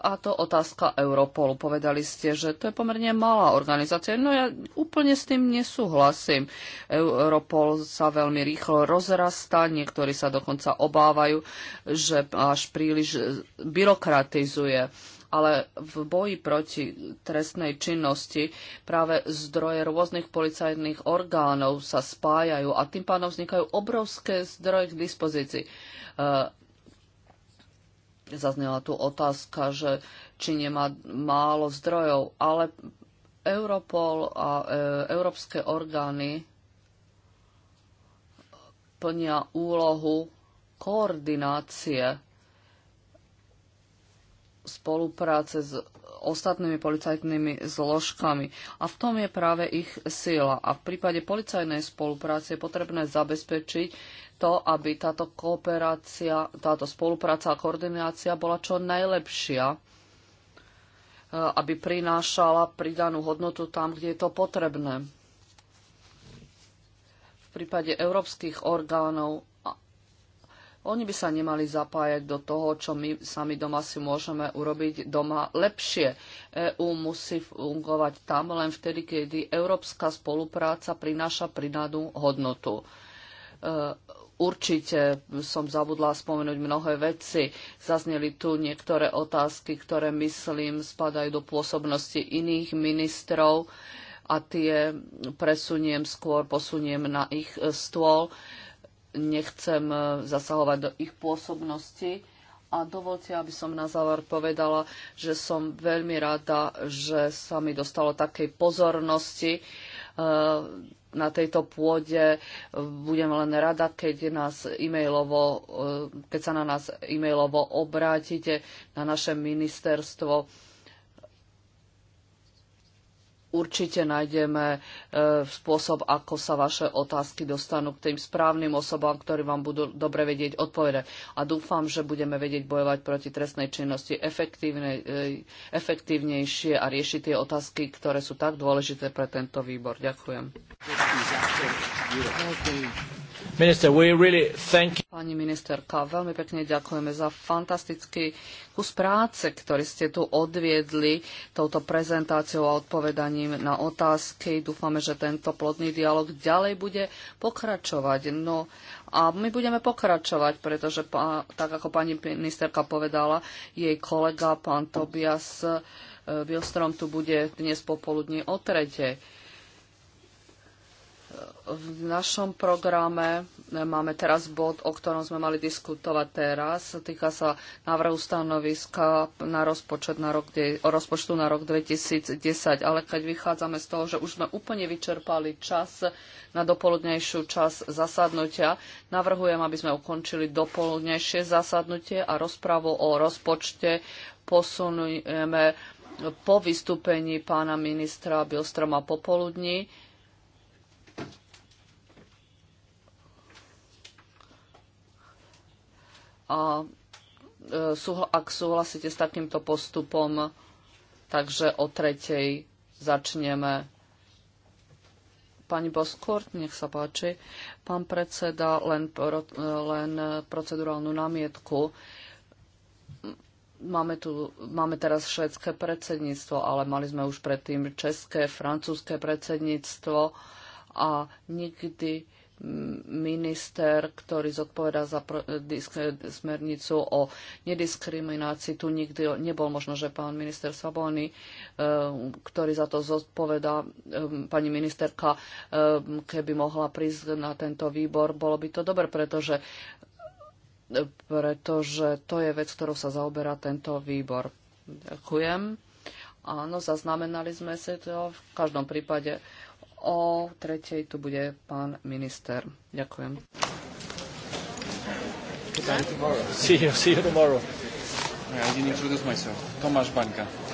Speaker 1: A to otázka Europolu. Povedali ste, že to je pomerne malá organizácia. No ja úplne s tým nesúhlasím. Europol sa veľmi rýchlo rozrastá, niektorí sa dokonca obávajú, že až príliš byrokratizuje ale v boji proti trestnej činnosti práve zdroje rôznych policajných orgánov sa spájajú a tým pádom vznikajú obrovské zdroje k dispozícii. E, zaznela tu otázka, že či nemá málo zdrojov, ale Europol a e, európske orgány plnia úlohu koordinácie spolupráce s ostatnými policajtnými zložkami. A v tom je práve ich sila. A v prípade policajnej spolupráce je potrebné zabezpečiť to, aby táto kooperácia, táto spolupráca a koordinácia bola čo najlepšia, eh, aby prinášala pridanú hodnotu tam, kde je to potrebné. V prípade európskych orgánov oni by sa nemali zapájať do toho, čo my sami doma si môžeme urobiť doma lepšie. EÚ musí fungovať tam len vtedy, kedy európska spolupráca prináša prinadú hodnotu. E, určite som zabudla spomenúť mnohé veci. Zazneli tu niektoré otázky, ktoré myslím spadajú do pôsobnosti iných ministrov a tie presuniem skôr, posuniem na ich stôl. E, nechcem e, zasahovať do ich pôsobnosti. A dovolte, aby som na záver povedala, že som veľmi rada, že sa mi dostalo takej pozornosti e, na tejto pôde. Budem len rada, keď, nás e-mailovo, e, keď sa na nás e-mailovo obrátite, na naše ministerstvo určite nájdeme e, spôsob, ako sa vaše otázky dostanú k tým správnym osobám, ktorí vám budú dobre vedieť odpovedať. A dúfam, že budeme vedieť bojovať proti trestnej činnosti e, efektívnejšie a riešiť tie otázky, ktoré sú tak dôležité pre tento výbor. Ďakujem. Minister, we really thank you. Pani ministerka, veľmi pekne ďakujeme za fantastický kus práce, ktorý ste tu odviedli touto prezentáciou a odpovedaním na otázky. Dúfame, že tento plodný dialog ďalej bude pokračovať. No a my budeme pokračovať, pretože tak ako pani ministerka povedala, jej kolega pán Tobias Bilstrom eh, tu bude dnes popoludní o tretej v našom programe máme teraz bod, o ktorom sme mali diskutovať teraz. Týka sa návrhu stanoviska na rozpočet na rok, rozpočtu na rok 2010. Ale keď vychádzame z toho, že už sme úplne vyčerpali čas na dopoludnejšiu čas zasadnutia, navrhujem, aby sme ukončili dopoludnejšie zasadnutie a rozpravu o rozpočte posunujeme po vystúpení pána ministra Bilstroma popoludní a e, ak súhlasíte s takýmto postupom, takže o tretej začneme. Pani Boskort, nech sa páči. Pán predseda, len, pro, len procedurálnu námietku. Máme, tu, máme teraz švedské predsedníctvo, ale mali sme už predtým české, francúzske predsedníctvo a nikdy minister, ktorý zodpovedá za eh, eh, smernicu o nediskriminácii. Tu nikdy nebol možno, že pán minister Sabony, eh, ktorý za to zodpovedá pani ministerka, keby mohla prísť na tento výbor, bolo by to dobre, pretože pretože to je vec, ktorou sa zaoberá tento výbor. Ďakujem. Áno, zaznamenali sme si to. V každom prípade O tretej tu bude pán minister. Ďakujem.
Speaker 2: See you, see you tomorrow. Yeah, I didn't introduce myself. Tomáš Banka.